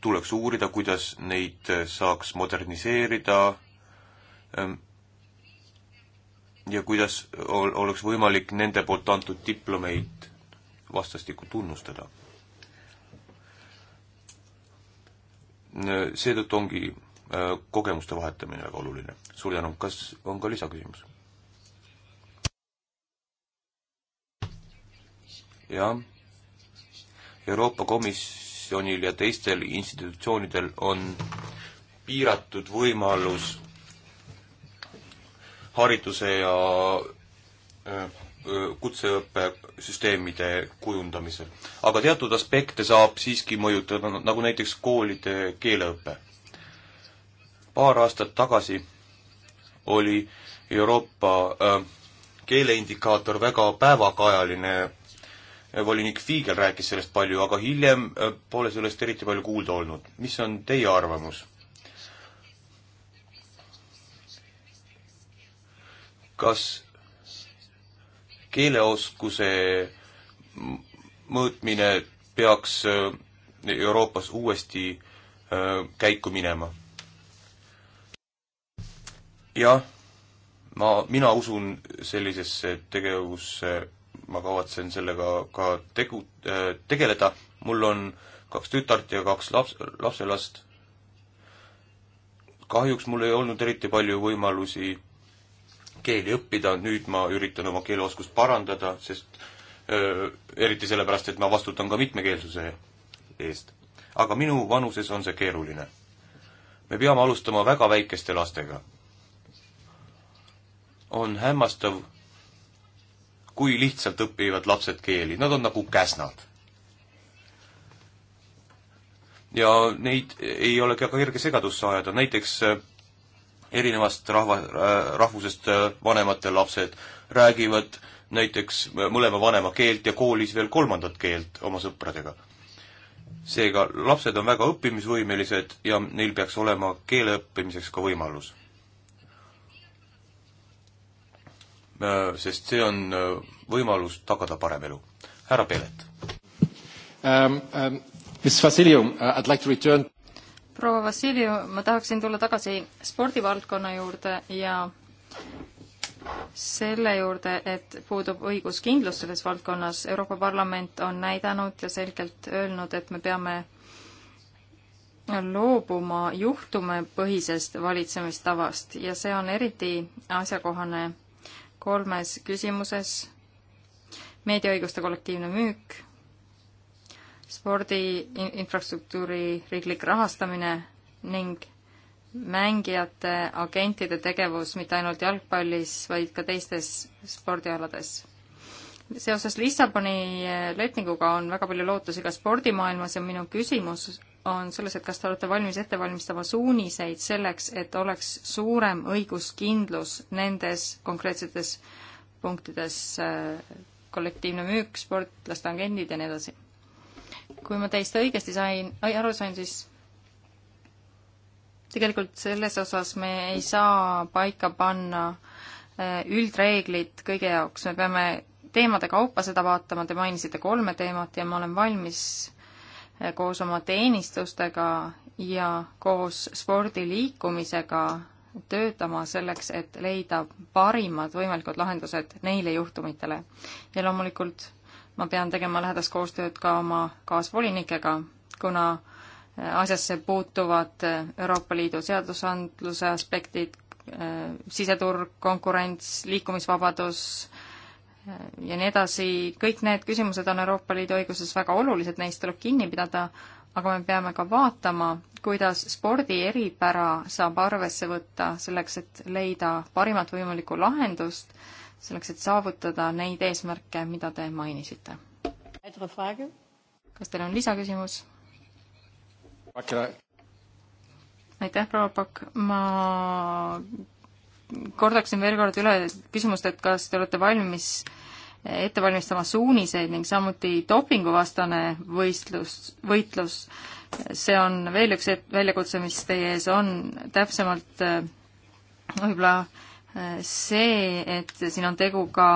tuleks uurida, kuidas neid äh, saaks moderniseerida ähm, ja kuidas ol-, oleks võimalik nende poolt antud diplomeid vastastikku tunnustada. seetõttu ongi äh, kogemuste vahetamine väga oluline. suur tänu, kas on ka lisaküsimus? jah, Euroopa Komis-, komisjonil ja teistel institutsioonidel on piiratud võimalus hariduse ja äh, kutseõppesüsteemide kujundamisel. aga teatud aspekte saab siiski mõjutada, nagu näiteks koolide keeleõpe. paar aastat tagasi oli Euroopa äh, keeleindikaator väga päevakajaline Eh, volinik Fiigel rääkis sellest palju, aga hiljem eh, pole sellest eriti palju kuulda olnud. mis on teie arvamus? kas keeleoskuse mõõtmine peaks eh, Euroopas uuesti käiku minema? jah, ma, mina usun sellisesse tegevusse ma kavatsen sellega ka tegu, äh, tegeleda, mul on kaks tütart ja kaks laps, lapselast. kahjuks mul ei olnud eriti palju võimalusi keeli õppida, nüüd ma üritan oma keeleoskust parandada, sest öö, äh, eriti sellepärast, et ma vastutan ka mitmekeelsuse eest. aga minu vanuses on see keeruline. me peame alustama väga väikeste lastega. on hämmastav kui lihtsalt õpivad lapsed keeli, nad on nagu käsnad. ja neid ei ole ka kerge segadusse ajada, näiteks äh, erinevast rahva, äh, rahvusest äh, vanemate lapsed räägivad näiteks mõlema vanema keelt ja koolis veel kolmandat keelt oma sõpradega seega lapsed on väga õppimisvõimelised ja neil peaks olema keele õppimiseks ka võimalus. Äh, sest see on äh, võimalus tagada parem elu. härra Pelet um,. Ähm, um, ähm, Miss Vassiljev uh,, äh, I'd like to return proua Vassiljev, ma tahaksin tulla tagasi spordivaldkonna juurde ja selle juurde, et puudub õiguskindlus selles valdkonnas. Euroopa Parlament on näidanud ja selgelt öelnud, et me peame loobuma juhtumepõhisest valitsemistavast ja see on eriti asjakohane kolmes küsimuses meediaõiguste kollektiivne müük, spordi infrastruktuuri riiklik rahastamine ning mängijate, agentide tegevus mitte ainult jalgpallis, vaid ka teistes spordialades. seoses Lissaboni eh, lepinguga on väga palju lootusi ka spordimaailmas ja minu küsimus on selles, et kas te olete valmis ette valmistama suuniseid selleks, et oleks suurem õiguskindlus nendes konkreetsetes punktides äh, kollektiivne müük, sportlaste agendid ja nii edasi. kui ma teist õigesti sain, aru sain, siis tegelikult selles osas me ei saa paika panna äh, üldreeglid kõige jaoks, me peame teemade kaupa seda vaatama, te mainisite kolme teemat ja ma olen valmis koos oma teenistustega ja koos spordiliikumisega töötama selleks, et leida parimad võimalikud lahendused neile juhtumitele. ja loomulikult ma pean tegema lähedast koostööd ka oma kaasvolinikega, kuna äh, asjasse puutuvad äh, Euroopa Liidu seadusandluse aspektid, äh, siseturg, konkurents, liikumisvabadus, ja nii edasi, kõik need küsimused on Euroopa Liidu õiguses väga olulised, neist tuleb kinni pidada, aga me peame ka vaatama, kuidas spordi eripära saab arvesse võtta selleks, et leida parimat võimalikku lahendust, selleks, et saavutada neid eesmärke, mida te mainisite. kas teil on lisaküsimus? aitäh, proua Pakk, ma kordaksin veel kord üle küsimust, et kas te olete valmis ette valmistama suuniseid ning samuti dopinguvastane võistlus, võitlus. see on veel üks väljakutse, mis teie ees on, täpsemalt äh, võib-olla äh, see, et siin on tegu ka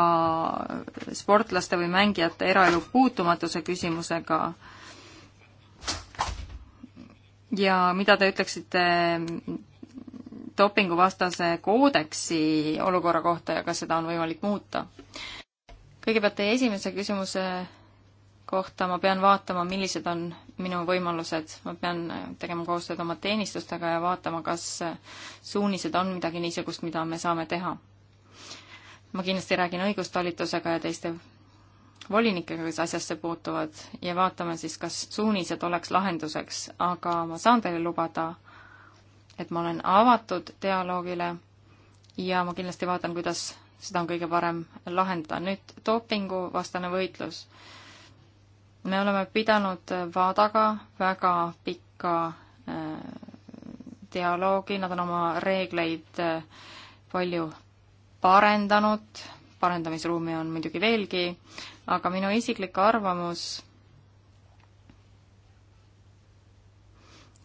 sportlaste või mängijate eraelu puutumatuse küsimusega ja mida te ütleksite dopinguvastase koodeksi olukorra kohta ja kas seda on võimalik muuta? kõigepealt teie esimese küsimuse kohta ma pean vaatama, millised on minu võimalused, ma pean tegema koostööd oma teenistustega ja vaatama, kas suunised on midagi niisugust, mida me saame teha. ma kindlasti räägin õigustalitusega ja teiste volinikega, kes asjasse puutuvad ja vaatame siis, kas suunised oleks lahenduseks, aga ma saan teile lubada, et ma olen avatud dialoogile ja ma kindlasti vaatan, kuidas seda on kõige parem lahendada. nüüd dopinguvastane võitlus. me oleme pidanud WADA-ga väga pika äh, dialoogi, nad on oma reegleid äh, palju parendanud, parendamisruumi on muidugi veelgi, aga minu isiklik arvamus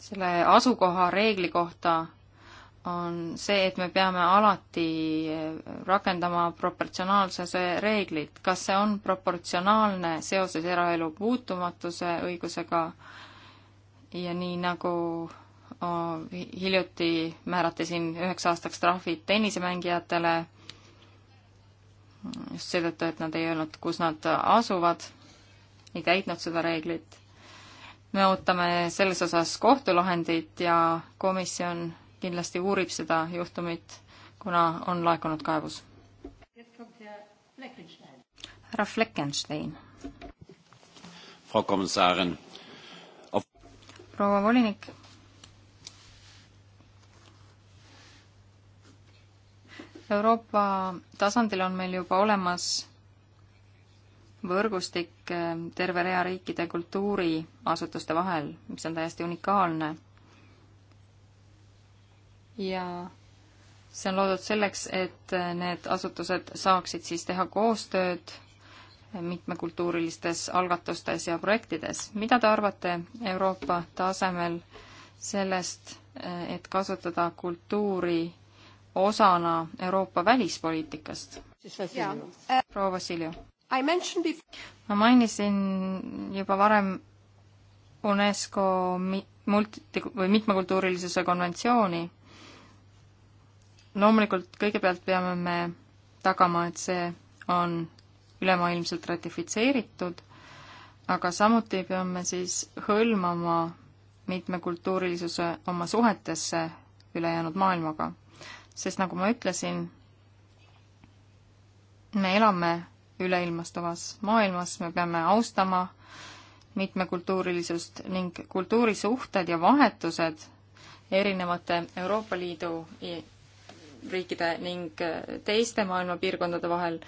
selle asukoha reegli kohta on see, et me peame alati rakendama proportsionaalsuse reeglit, kas see on proportsionaalne seoses eraelu puutumatuse õigusega ja nii nagu oh, hiljuti määrati siin üheks aastaks trahvid tennisemängijatele just seetõttu, et nad ei öelnud, kus nad asuvad, ei täitnud seda reeglit me ootame selles osas kohtulahendit ja komisjon kindlasti uurib seda juhtumit, kuna on laekunud kaebus. härra Fleckenstein. proua volinik. Euroopa tasandil on meil juba olemas võrgustik eh, terve rea riikide kultuuriasutuste vahel, mis on täiesti unikaalne. ja see on loodud selleks, et eh, need asutused saaksid siis teha koostööd eh, mitmekultuurilistes algatustes ja projektides. mida te arvate Euroopa tasemel sellest, et kasutada kultuuri osana Euroopa välispoliitikast? proua Vassiljev ma mainisin juba varem UNESCO multi- või mitmekultuurilisuse konventsiooni. loomulikult kõigepealt peame me tagama, et see on ülemaailmselt ratifitseeritud, aga samuti peame siis hõlmama mitmekultuurilisuse oma suhetesse ülejäänud maailmaga. sest nagu ma ütlesin, me elame üleilmastuvas maailmas, me peame austama mitmekultuurilisust ning kultuurisuhted ja vahetused erinevate Euroopa Liidu riikide ning äh, teiste maailma piirkondade vahel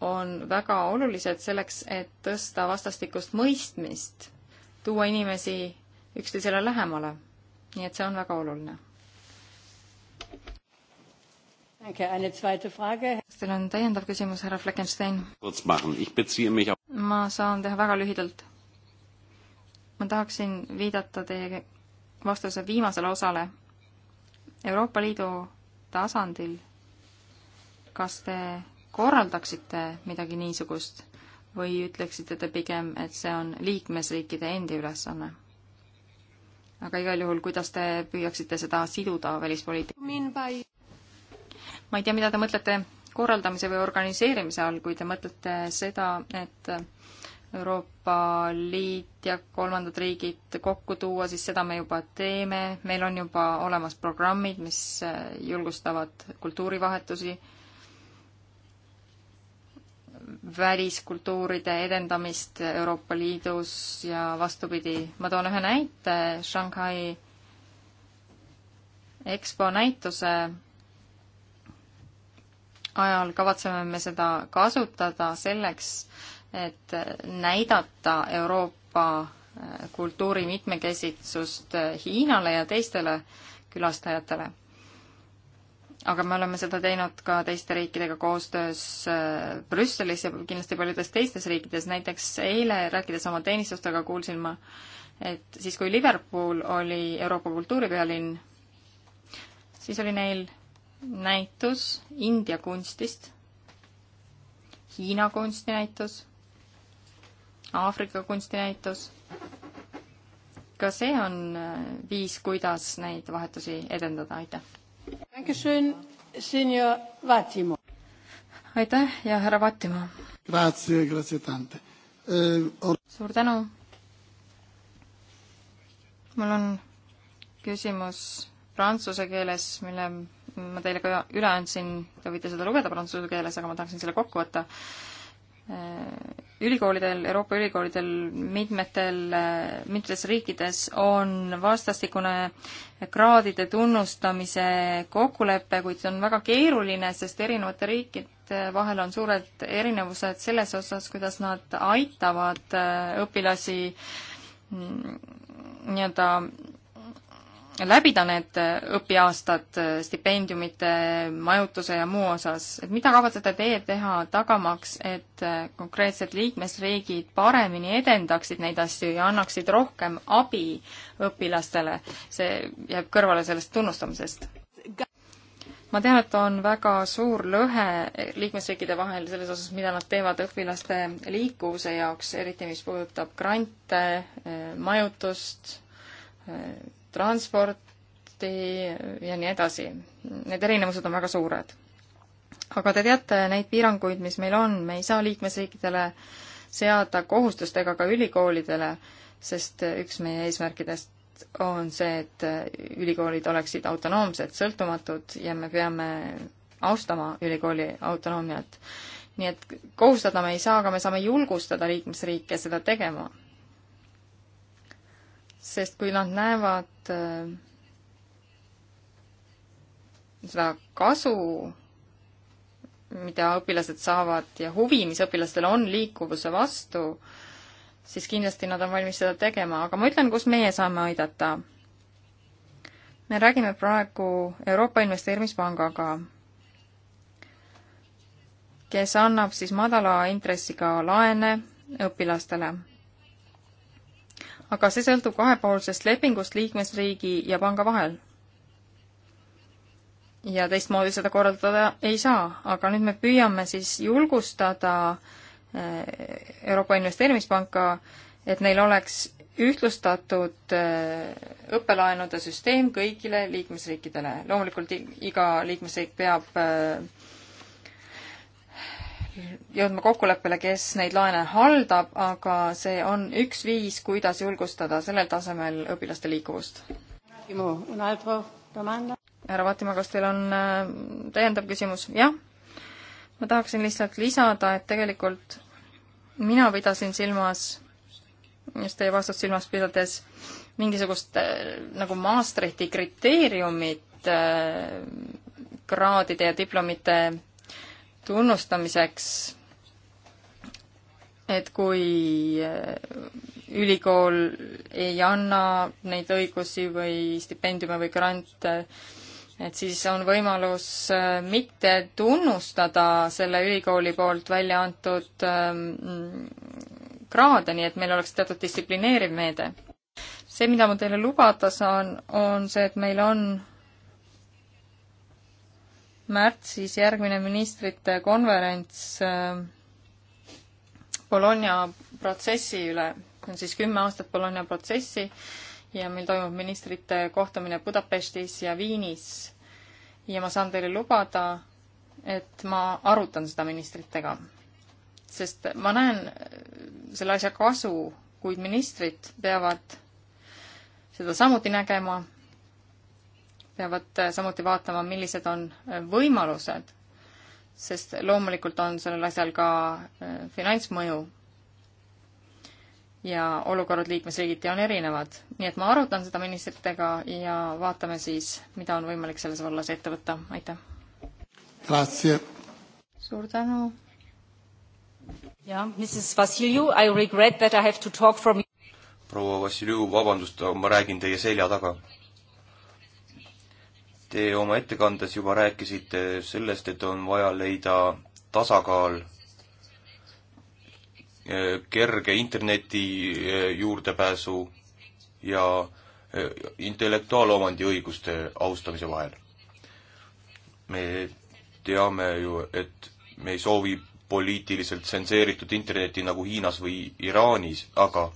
on väga olulised selleks, et tõsta vastastikust mõistmist, tuua inimesi üksteisele lähemale. nii et see on väga oluline kas teil on täiendav küsimus, härra Fleckenstein? ma saan teha väga lühidalt. ma tahaksin viidata teie vastuse viimasele osale. Euroopa Liidu tasandil, kas te korraldaksite midagi niisugust või ütleksite te pigem, et see on liikmesriikide endi ülesanne? aga igal juhul, kuidas te püüaksite seda siduda välispoliitikaga? ma ei tea, mida te mõtlete korraldamise või organiseerimise all, kui te mõtlete seda, et Euroopa Liit ja kolmandad riigid kokku tuua, siis seda me juba teeme, meil on juba olemas programmid, mis julgustavad kultuurivahetusi, väliskultuuride edendamist Euroopa Liidus ja vastupidi. ma toon ühe näite, Shanghai EXPO näituse ajal kavatseme me seda kasutada selleks, et näidata Euroopa äh, kultuuri mitmekesitsust äh, Hiinale ja teistele külastajatele. aga me oleme seda teinud ka teiste riikidega koostöös äh, Brüsselis ja kindlasti paljudes teistes riikides, näiteks eile rääkides oma teenistustega kuulsin ma, et siis, kui Liverpool oli Euroopa kultuuripealinn, siis oli neil näitus India kunstist, Hiina kunstinäitus, Aafrika kunstinäitus. ka see on äh, viis, kuidas neid vahetusi edendada, aitäh. aitäh ja härra Vatimo. Eh, suur tänu. mul on küsimus prantsuse keeles, mille ma teile ka üle andsin, te võite seda lugeda prantsuse keeles, aga ma tahaksin selle kokku võtta. Äh, ülikoolidel, Euroopa ülikoolidel mitmetel, äh, mitmetes riikides on vastastikune kraadide tunnustamise kokkulepe, kuid see on väga keeruline, sest erinevate riikide vahel on suured erinevused selles osas, kuidas nad aitavad äh, õpilasi mm, nii-öelda läbida need äh, õpiaastad äh, stipendiumite, majutuse ja muu osas, et mida kavatsete teie teha tagamaks, et äh, konkreetsed liikmesriigid paremini edendaksid neid asju ja annaksid rohkem abi õpilastele? see jääb kõrvale sellest tunnustamisest. ma tean, et on väga suur lõhe liikmesriikide vahel selles osas, mida nad teevad õpilaste liikuvuse jaoks, eriti mis puudutab grante, majutust, transporti ja nii edasi. Need erinevused on väga suured. aga te teate neid piiranguid, mis meil on, me ei saa liikmesriikidele seada kohustust ega ka ülikoolidele, sest üks meie eesmärkidest on see, et ülikoolid oleksid autonoomsed, sõltumatud ja me peame austama ülikooli autonoomiat. nii et kohustada me ei saa, aga me saame julgustada liikmesriike seda tegema sest kui nad näevad äh, seda kasu, mida õpilased saavad ja huvi, mis õpilastel on liikuvuse vastu, siis kindlasti nad on valmis seda tegema, aga ma ütlen, kus meie saame aidata. me räägime praegu Euroopa Investeerimispangaga, kes annab siis madala intressiga laene õpilastele aga see sõltub kahepoolsest lepingust liikmesriigi ja panga vahel. ja teistmoodi seda korraldada ei saa, aga nüüd me püüame siis julgustada eh, Euroopa Investeerimispanka, et neil oleks ühtlustatud eh, õppelaenude süsteem kõigile liikmesriikidele. loomulikult iga liikmesriik peab eh, jõudma kokkuleppele, kes neid laene haldab, aga see on üks viis, kuidas julgustada sellel tasemel õpilaste liikuvust. härra Vatimaa, kas teil on äh, täiendav küsimus? jah? ma tahaksin lihtsalt lisada, et tegelikult mina pidasin silmas, just teie vastust silmas pidades, mingisugust äh, nagu Maastrichti kriteeriumit äh, kraadide ja diplomite tunnustamiseks, et kui äh, ülikool ei anna neid õigusi või stipendiume või grante, et siis on võimalus äh, mitte tunnustada selle ülikooli poolt välja antud ähm, kraade, nii et meil oleks teatud distsiplineeriv meede. see, mida ma teile lubada saan, on see, et meil on märtsis järgmine ministrite konverents äh, Bologna protsessi üle, on siis kümme aastat Bologna protsessi ja meil toimub ministrite kohtumine Budapestis ja Viinis. ja ma saan teile lubada, et ma arutan seda ministritega. sest ma näen äh, selle asja kasu, kuid ministrid peavad seda samuti nägema peavad äh, samuti vaatama, millised on äh, võimalused, sest loomulikult on sellel asjal ka äh, finantsmõju. ja olukorrad liikmesriigiti on erinevad, nii et ma arutan seda ministritega ja vaatame siis, mida on võimalik selles vallas ette võtta, aitäh. suur tänu. jah, Mrs Vassiljev, I regret that I have to talk from proua Vassiljev, vabandust, ma räägin teie selja taga Te oma ettekandes juba rääkisite sellest, et on vaja leida tasakaal e, kerge interneti e, juurdepääsu ja e, intellektuaalomandi õiguste austamise vahel. me teame ju, et me ei soovi poliitiliselt tsenseeritud internetti nagu Hiinas või Iraanis, aga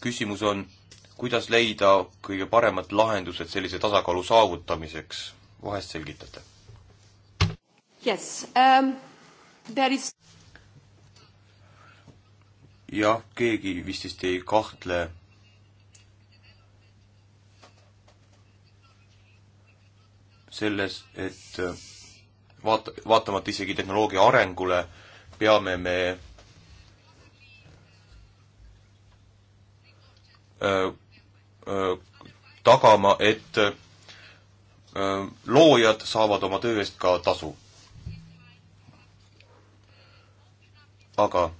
küsimus on, kuidas leida kõige paremad lahendused sellise tasakaalu saavutamiseks, vahest selgitate? Yes um,, there is jah, keegi vist vist ei kahtle selles, et äh, vaata, vaatamata isegi tehnoloogia arengule, peame me öö, äh, tagama, et äh, loojad saavad oma töö eest ka tasu. aga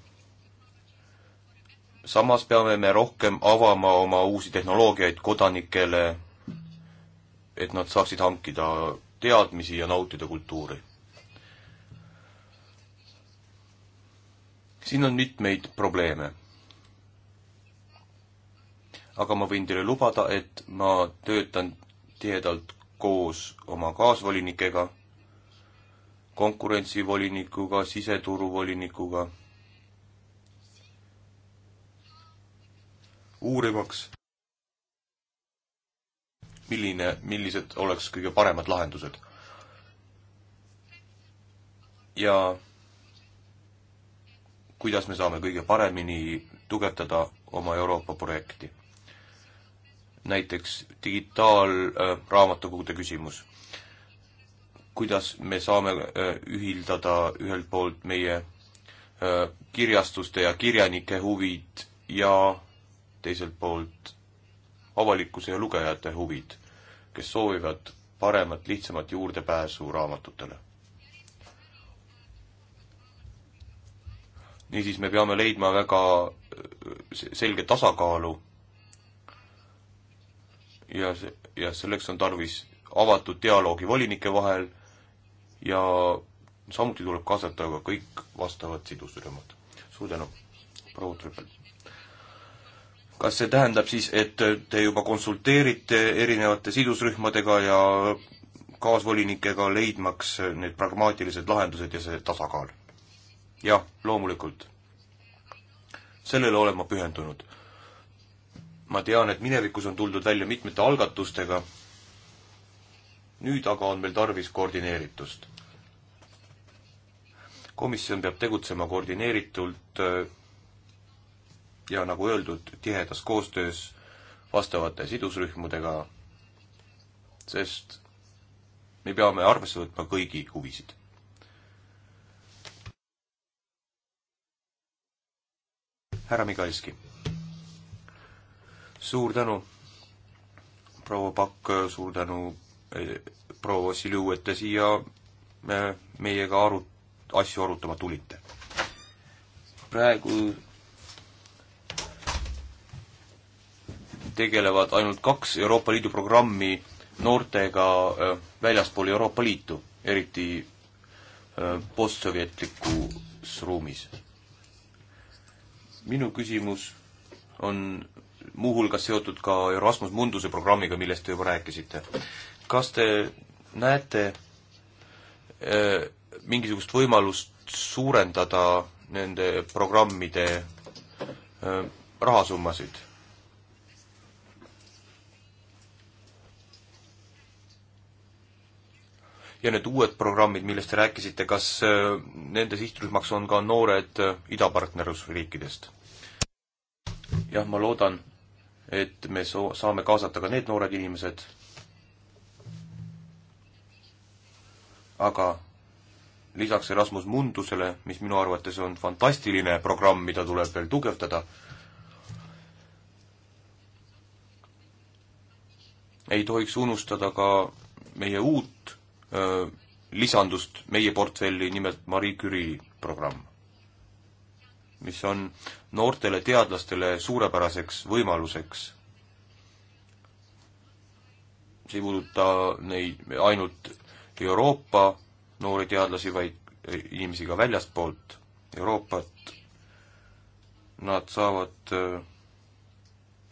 samas peame me rohkem avama oma uusi tehnoloogiaid kodanikele, et nad saaksid hankida teadmisi ja nautida kultuuri. siin on mitmeid probleeme aga ma võin teile lubada, et ma töötan tihedalt koos oma kaasvolinikega, konkurentsivolinikuga, siseturuvolinikuga, uurimaks, milline, millised oleks kõige paremad lahendused. ja kuidas me saame kõige paremini tugevdada oma Euroopa projekti näiteks digitaalraamatukogude äh, küsimus. kuidas me saame äh, ühildada ühelt poolt meie äh, kirjastuste ja kirjanike huvid ja teiselt poolt avalikkuse ja lugejate huvid, kes soovivad paremat, lihtsamat juurdepääsu raamatutele. niisiis, me peame leidma väga selge tasakaalu ja see, ja selleks on tarvis avatud dialoogi volinike vahel ja samuti tuleb kaasata ka kõik vastavad sidusrühmad. suur tänu, proua Trüppel. kas see tähendab siis, et te juba konsulteerite erinevate sidusrühmadega ja kaasvolinikega, leidmaks need pragmaatilised lahendused ja see tasakaal? jah, loomulikult. sellele olen ma pühendunud ma tean, et minevikus on tuldud välja mitmete algatustega, nüüd aga on meil tarvis koordineeritust. komisjon peab tegutsema koordineeritult äh, ja nagu öeldud, tihedas koostöös vastavate sidusrühmadega, sest me peame arvesse võtma kõigi huvisid. härra Mikalski suur tänu, proua Pakk, suur tänu, eh, proua Ossilu, et te siia eh, meiega aru, asju arutama tulite. praegu tegelevad ainult kaks Euroopa Liidu programmi noortega eh, väljaspool Euroopa Liitu, eriti postsovjetlikus ruumis. minu küsimus on muuhulgas seotud ka Erasmus Munduse programmiga, millest te juba rääkisite. kas te näete äh, mingisugust võimalust suurendada nende programmide äh, rahasummasid? ja need uued programmid, millest te rääkisite, kas äh, nende sihtrühmaks on ka noored äh, idapartnerlusriikidest? jah, ma loodan, et me so-, saame kaasata ka need noored inimesed, aga lisaks Erasmus Mundusele, mis minu arvates on fantastiline programm, mida tuleb veel tugevdada, ei tohiks unustada ka meie uut öö, lisandust meie portfelli, nimelt Marie Curie programm mis on noortele teadlastele suurepäraseks võimaluseks. see ei puuduta neid ainult Euroopa noori teadlasi, vaid inimesi ka väljastpoolt Euroopat. Nad saavad eh,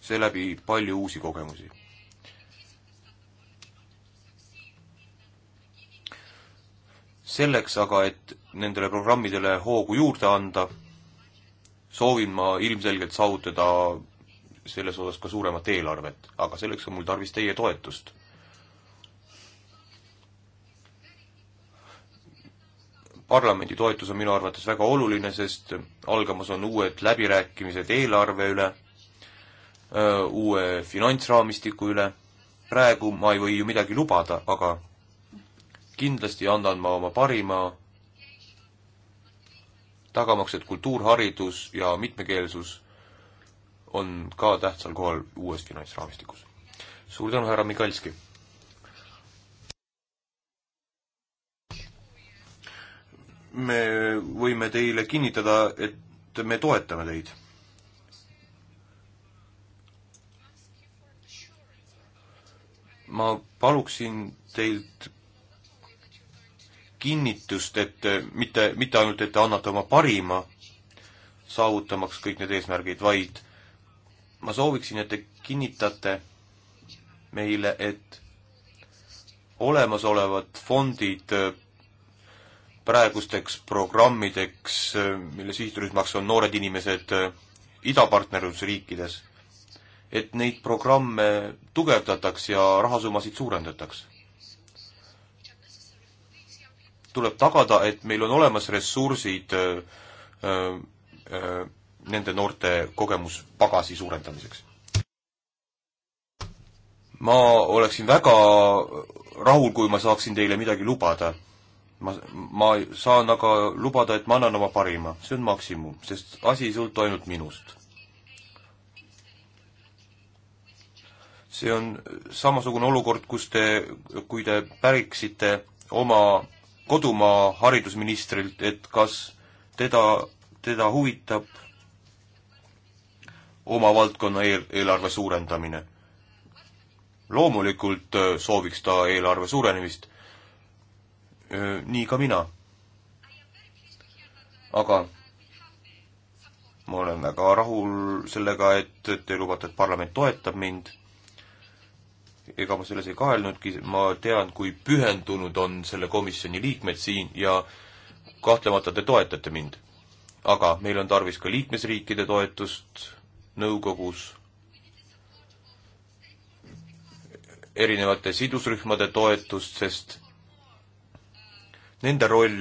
seeläbi palju uusi kogemusi. selleks aga, et nendele programmidele hoogu juurde anda, soovin ma ilmselgelt saavutada selles osas ka suuremat eelarvet, aga selleks on mul tarvis teie toetust. parlamendi toetus on minu arvates väga oluline, sest algamas on uued läbirääkimised eelarve üle, uue finantsraamistiku üle. praegu ma ei või ju midagi lubada, aga kindlasti annan ma oma parima tagamaks, et kultuurharidus ja mitmekeelsus on ka tähtsal kohal uues finantsraamistikus. suur tänu, härra Mikalski! me võime teile kinnitada, et me toetame teid. ma paluksin teilt kinnitust, et eh, mitte, mitte ainult, et te annate oma parima, saavutamaks kõik need eesmärgid, vaid ma sooviksin, et te kinnitate meile, et olemasolevad fondid eh, praegusteks programmideks, eh, mille sihtrühmaks on noored inimesed idapartnerlusriikides, et neid programme tugevdataks ja rahasummasid suurendataks tuleb tagada, et meil on olemas ressursid öö, äh, öö, äh, äh, nende noorte kogemuspagasi suurendamiseks. ma oleksin väga rahul, kui ma saaksin teile midagi lubada. ma, ma saan aga lubada, et ma annan oma parima, see on maksimum, sest asi ei sõltu ainult minust. see on samasugune olukord, kus te, kui te päriksite oma kodumaa haridusministrilt, et kas teda, teda huvitab oma valdkonna eel, eelarve suurendamine. loomulikult äh, sooviks ta eelarve suurenemist, äh, nii ka mina. aga ma olen väga rahul sellega, et te lubate, et parlament toetab mind ega ma selles ei kaelnudki, ma tean, kui pühendunud on selle komisjoni liikmed siin ja kahtlemata te toetate mind. aga meil on tarvis ka liikmesriikide toetust nõukogus, erinevate sidusrühmade toetust, sest nende roll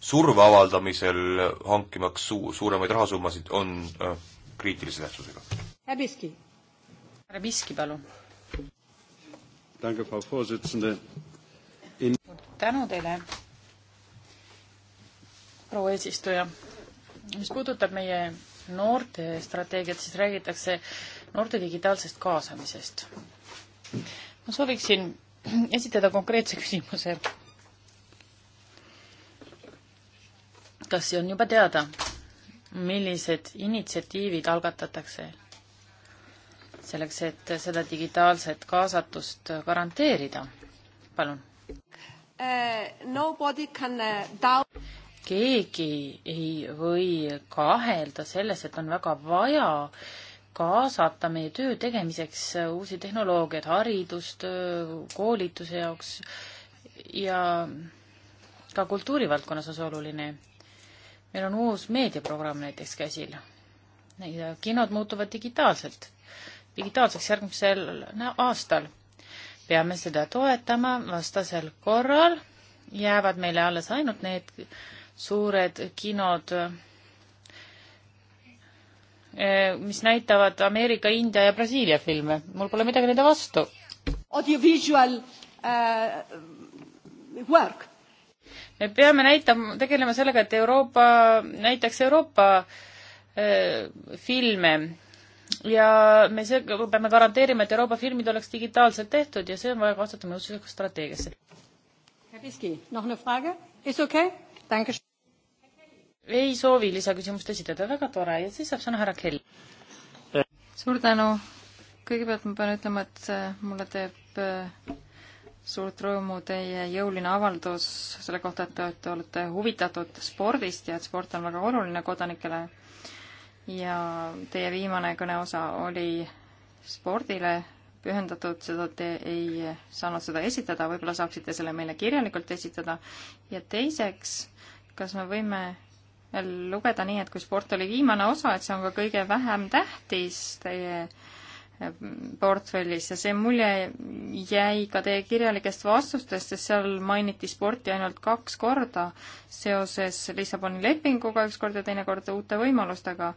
surve avaldamisel hankimaks su-, suuremaid rahasummasid on äh, kriitilise tähtsusega. härra Biski. härra Biski, palun Danke, Frau Vorsitzende. In... tänu teile, proua eesistuja. mis puudutab meie noortestrateegiat, siis räägitakse noorte digitaalsest kaasamisest. ma sooviksin esitada konkreetse küsimuse. kas on juba teada, millised initsiatiivid algatatakse selleks, et seda digitaalset kaasatust garanteerida. palun uh,. keegi ei või kahelda selles, et on väga vaja kaasata meie töö tegemiseks uusi tehnoloogiaid, haridust, koolituse jaoks ja ka kultuurivaldkonnas on see oluline. meil on uus meediaprogramm näiteks käsil. kinod muutuvad digitaalselt digitaalseks järgmisel aastal. peame seda toetama, vastasel korral jäävad meile alles ainult need suured kinod, eh, mis näitavad Ameerika, India ja Brasiilia filme. mul pole midagi nende vastu. Audiovisual uh, work me peame näitama, tegelema sellega, et Euroopa, näiteks Euroopa öö, eh, filme ja me see, peame garanteerima, et Euroopa filmid oleks digitaalselt tehtud ja see on vaja kaasata mõjustuslikku strateegiasse. ei soovi lisaküsimust esitada, väga tore ja siis saab sõna härra Kell. suur tänu. kõigepealt ma pean ütlema, et äh, mulle teeb äh, suurt rõõmu teie jõuline avaldus selle kohta, et te olete huvitatud spordist ja et sport on väga oluline kodanikele ja teie viimane kõneosa oli spordile pühendatud, seda te ei saanud seda esitada, võib-olla saaksite selle meile kirjalikult esitada. ja teiseks, kas me võime lugeda nii, et kui sport oli viimane osa, et see on ka kõige vähem tähtis teie äh, portfellis ja see mulje jäi ka teie kirjalikest vastustest, sest seal mainiti sporti ainult kaks korda seoses Lissaboni lepinguga üks kord ja teine kord uute võimalustega,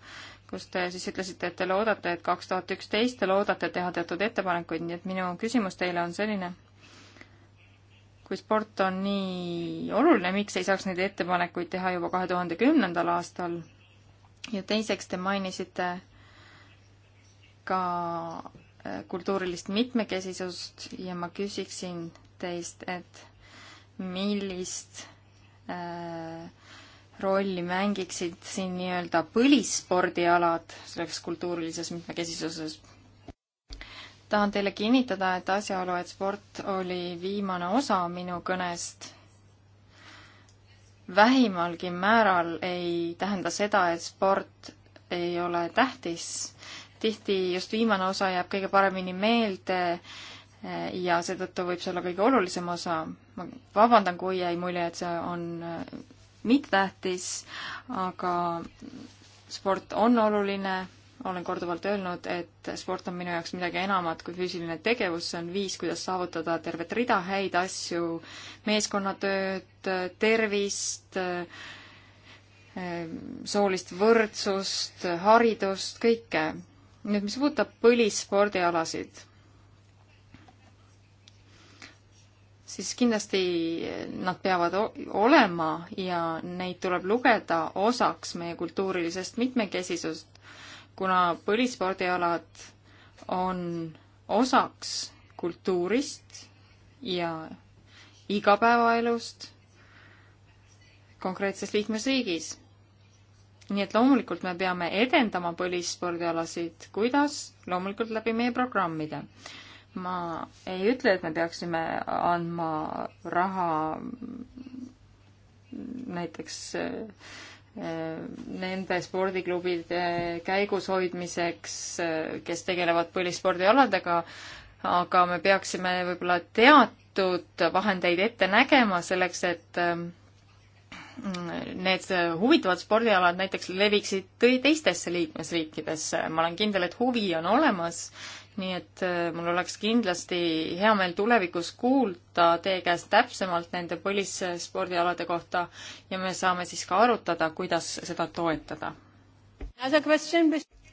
kus te siis ütlesite, et te loodate, et kaks tuhat üksteist te loodate teha teatud ettepanekuid, nii et minu küsimus teile on selline. kui sport on nii oluline, miks ei saaks neid ettepanekuid teha juba kahe tuhande kümnendal aastal? ja teiseks te mainisite ka äh, kultuurilist mitmekesisust ja ma küsiksin teist, et millist äh, rolli mängiksid siin nii-öelda põlisspordialad selles kultuurilises mitmekesisuses? tahan teile kinnitada, et asjaolu, et sport oli viimane osa minu kõnest, vähimalgi määral ei tähenda seda, et sport ei ole tähtis tihti just viimane osa jääb kõige paremini meelde eh, ja seetõttu võib see olla kõige olulisem osa. ma vabandan, kui jäi mulje, et see on eh, mittetähtis, aga sport on oluline, olen korduvalt öelnud, et sport on minu jaoks midagi enamat kui füüsiline tegevus, see on viis, kuidas saavutada tervet rida häid asju, meeskonnatööd, tervist, eh, soolist võrdsust, haridust, kõike nüüd, mis puudutab põlisspordialasid, siis kindlasti nad peavad olema ja neid tuleb lugeda osaks meie kultuurilisest mitmekesisusest, kuna põlispordialad on osaks kultuurist ja igapäevaelust konkreetses liikmesriigis nii et loomulikult me peame edendama põlisspordialasid, kuidas? loomulikult läbi meie programmide. ma ei ütle, et me peaksime andma raha näiteks äh, nende spordiklubide äh, käigus hoidmiseks, äh, kes tegelevad põlispordialadega, aga me peaksime võib-olla teatud vahendeid ette nägema selleks, et need huvitavad spordialad näiteks leviksid teistesse liikmesriikidesse. ma olen kindel, et huvi on olemas, nii et äh, mul oleks kindlasti hea meel tulevikus kuulda teie käest täpsemalt nende põlisspordialade kohta ja me saame siis ka arutada, kuidas seda toetada.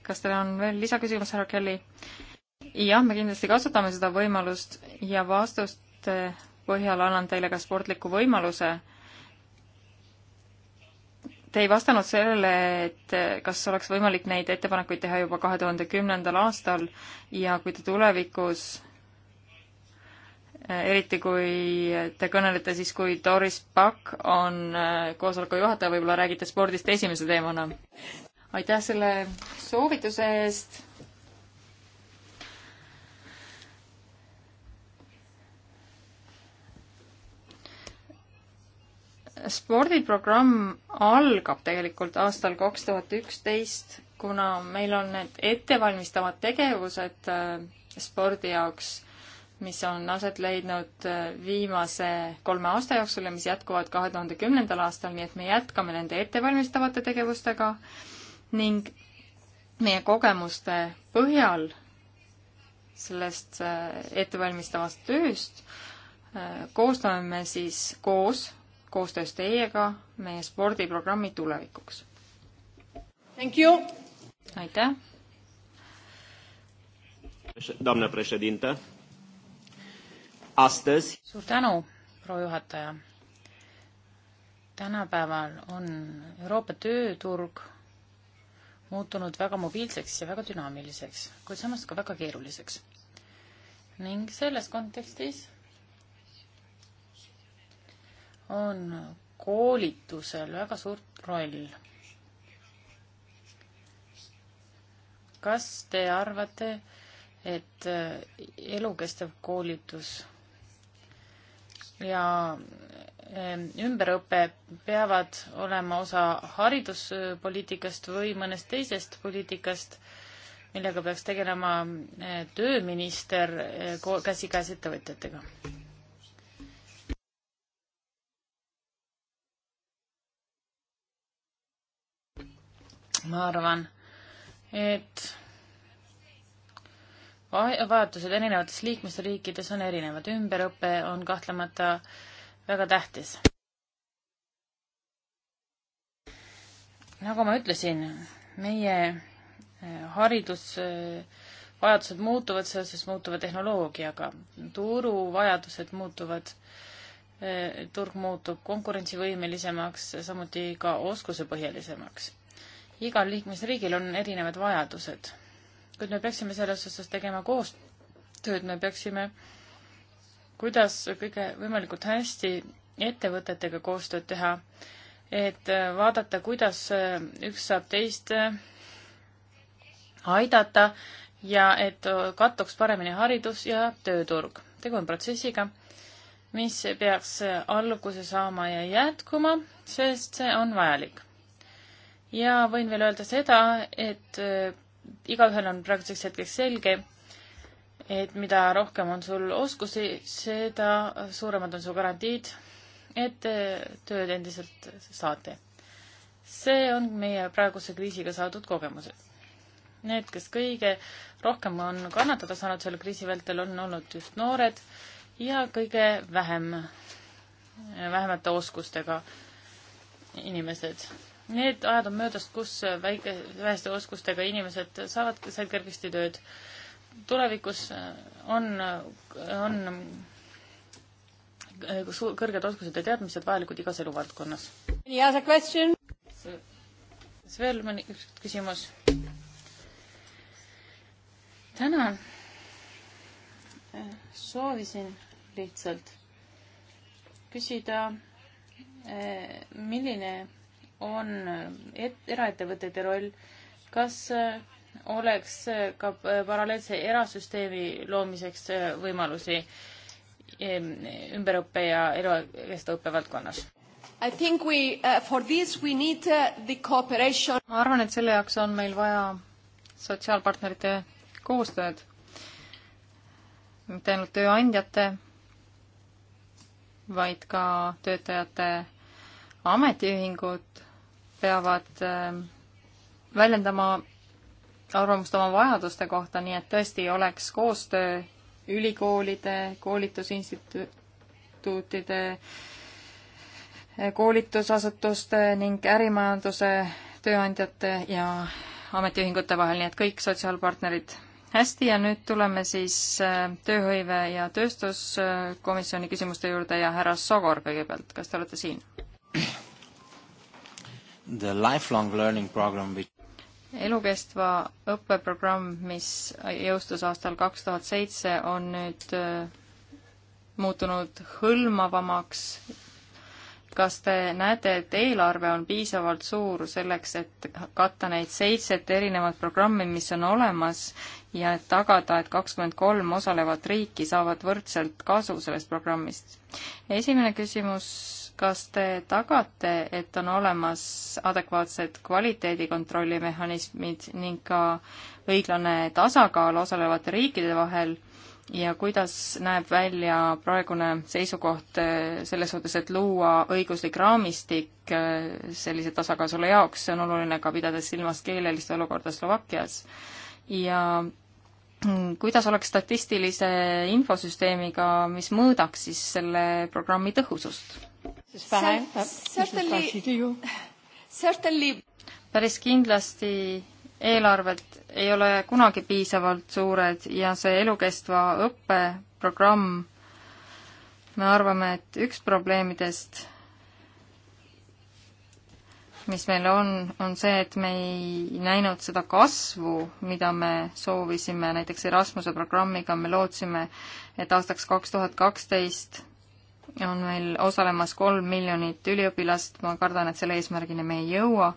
kas teil on veel lisaküsimus, härra Kelly? jah, me kindlasti kasutame seda võimalust ja vastust põhjal annan teile ka sportliku võimaluse Te ei vastanud sellele, et kas oleks võimalik neid ettepanekuid teha juba kahe tuhande kümnendal aastal ja kui te tulevikus, eriti kui te kõnelete siis, kui Doris Pakk on äh, koosoleku juhataja, võib-olla räägite spordist esimese teemana. aitäh selle soovituse eest spordiprogramm algab tegelikult aastal kaks tuhat üksteist, kuna meil on need ettevalmistavad tegevused äh, spordi jaoks, mis on aset leidnud äh, viimase kolme aasta jooksul ja mis jätkuvad kahe tuhande kümnendal aastal, nii et me jätkame nende ettevalmistavate tegevustega ning meie kogemuste põhjal sellest äh, ettevalmistavast tööst koostame me siis koos koostöös teiega meie spordiprogrammi tulevikuks. aitäh! doamnă președintă. Astăzi... Suur tänu, proua juhataja. Tänapäeval on Euroopa tööturg muutunud väga mobiilseks ja väga dünaamiliseks, kuid samas ka väga keeruliseks. Ning selles kontekstis on koolitusel väga suurt roll. kas te arvate, et äh, elukestev koolitus ja ähm, ümberõpe peavad olema osa hariduspoliitikast või mõnest teisest poliitikast, millega peaks tegelema äh, tööminister äh, käsikäes ettevõtjatega? ma arvan, et vajadused erinevates liikmesriikides on erinevad, ümberõpe on kahtlemata väga tähtis. nagu ma ütlesin, meie eh, haridusvajadused eh, muutuvad seoses muutuva tehnoloogiaga, turuvajadused muutuvad, eh, turg muutub konkurentsivõimelisemaks, samuti ka oskusepõhjalisemaks igal liikmesriigil on erinevad vajadused. kuid me peaksime selles osas tegema koostööd, me peaksime, kuidas kõige võimalikult hästi ettevõtetega koostööd teha, et vaadata, kuidas üks saab teist aidata ja et kattuks paremini haridus ja tööturg. tegu on protsessiga, mis peaks alguse saama ja jätkuma, sest see on vajalik ja võin veel öelda seda, et äh, igaühel on praeguseks hetkeks selge, et mida rohkem on sul oskusi, seda suuremad on su garantiid, et äh, tööd endiselt saate. see on meie praeguse kriisiga saadud kogemused. Need, kes kõige rohkem on kannatada saanud selle kriisi vältel, on olnud just noored ja kõige vähem, vähemate oskustega inimesed Need ajad on möödas, kus väike, väheste oskustega inimesed saavad, said kergesti tööd. tulevikus äh, on, äh, on äh, kõrged oskused ja teadmised vajalikud igas eluvaldkonnas. Any other question? veel mõni üks küsimus? tänan. soovisin lihtsalt küsida, eh, milline on et, eraettevõtete roll, kas äh, oleks äh, ka äh, paralleelse erasüsteemi loomiseks võimalusi ähm, ümberõppe ja elukestva õppe valdkonnas? I think we uh,, for this we need uh, the cooperation. ma arvan, et selle jaoks on meil vaja sotsiaalpartnerite koostööd, mitte ainult tööandjate, vaid ka töötajate ametiühingud peavad ähm, väljendama arvamust oma vajaduste kohta, nii et tõesti oleks koostöö ülikoolide, koolitusinstituutide, koolitusasutuste ning ärimajanduse, tööandjate ja ametiühingute vahel, nii et kõik sotsiaalpartnerid. hästi, ja nüüd tuleme siis äh, tööhõive ja tööstuskomisjoni küsimuste juurde ja härra Sogor kõigepealt, kas te olete siin? the lifelong learning program which elukestva õppeprogramm, mis jõustus aastal kaks tuhat seitse, on nüüd äh, muutunud hõlmavamaks. kas te näete, et eelarve on piisavalt suur selleks, et katta neid seitset erinevat programmi, mis on olemas ja et tagada, et kakskümmend kolm osalevat riiki saavad võrdselt kasu sellest programmist? esimene küsimus kas te tagate, et on olemas adekvaatsed kvaliteedikontrolli mehhanismid ning ka õiglane tasakaal osalevate riikide vahel ja kuidas näeb välja praegune seisukoht eh, selles suhtes, et luua õiguslik raamistik eh, sellise tasakaalu jaoks, see on oluline ka pidades silmas keelelist olukorda Slovakkias ja kuidas oleks statistilise infosüsteemiga, mis mõõdaks siis selle programmi tõhusust? päris kindlasti eelarved ei ole kunagi piisavalt suured ja see elukestva õppe programm, me arvame, et üks probleemidest mis meil on, on see, et me ei näinud seda kasvu, mida me soovisime, näiteks Erasmuse programmiga me lootsime, et aastaks kaks tuhat kaksteist on meil osalemas kolm miljonit üliõpilast, ma kardan, et selle eesmärgini me ei jõua,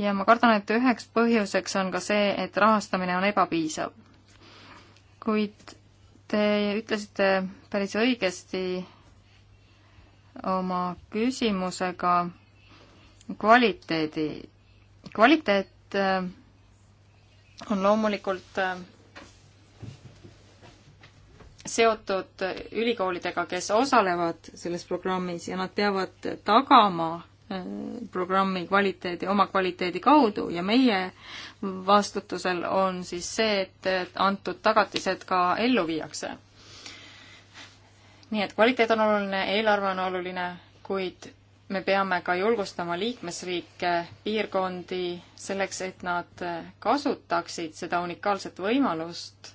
ja ma kardan, et üheks põhjuseks on ka see, et rahastamine on ebapiisav. kuid te ütlesite päris õigesti oma küsimusega, kvaliteedi, kvaliteet äh, on loomulikult äh, seotud ülikoolidega, kes osalevad selles programmis ja nad peavad tagama äh, programmi kvaliteedi, oma kvaliteedi kaudu ja meie vastutusel on siis see, et antud tagatised ka ellu viiakse. nii et kvaliteet on oluline, eelarve on oluline, kuid me peame ka julgustama liikmesriike, piirkondi selleks, et nad kasutaksid seda unikaalset võimalust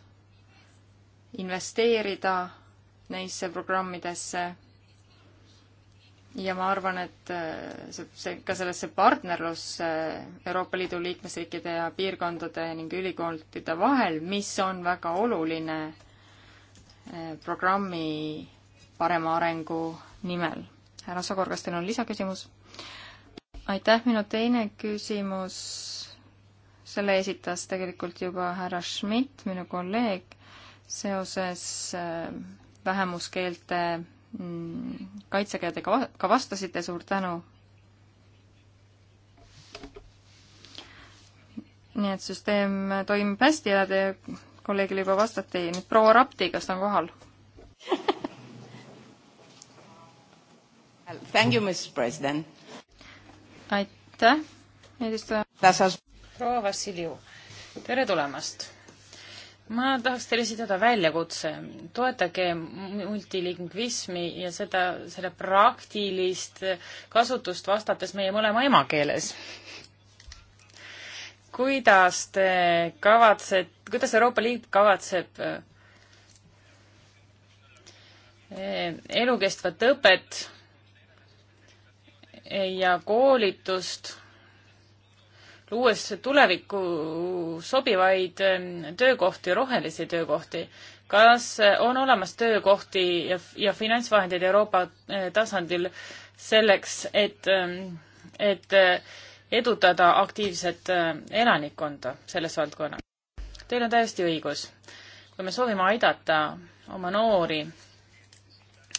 investeerida neisse programmidesse. ja ma arvan, et äh, see, see, ka sellesse partnerlusse Euroopa Liidu liikmesriikide ja piirkondade ning ülikoolide vahel, mis on väga oluline äh, programmi parema arengu nimel härra Sogor, kas teil on lisaküsimus? aitäh, minu teine küsimus, selle esitas tegelikult juba härra Schmidt, minu kolleeg, seoses äh, vähemuskeelte mm, kaitsekeelde ka, ka vastasite, suur tänu. nii et süsteem toimib hästi ja te kolleegile juba vastati, nüüd proua Rapti, kas ta on kohal Thank you, Mrs President. aitäh, eesistuja. proua Vassiljev, tere tulemast. ma tahaks teile esitada väljakutse, toetage multilingvismi ja seda, selle praktilist kasutust vastates meie mõlema emakeeles kuidas te kavatsed, kuidas Euroopa Liit kavatseb eh, elukestvat õpet ja koolitust, luues tulevikku sobivaid ähm, töökohti, rohelisi töökohti. kas äh, on olemas töökohti ja, ja finantsvahendeid Euroopa äh, tasandil selleks, et, ähm, et äh, edutada aktiivset elanikkonda selles valdkonnas? Teil on täiesti õigus. kui me soovime aidata oma noori,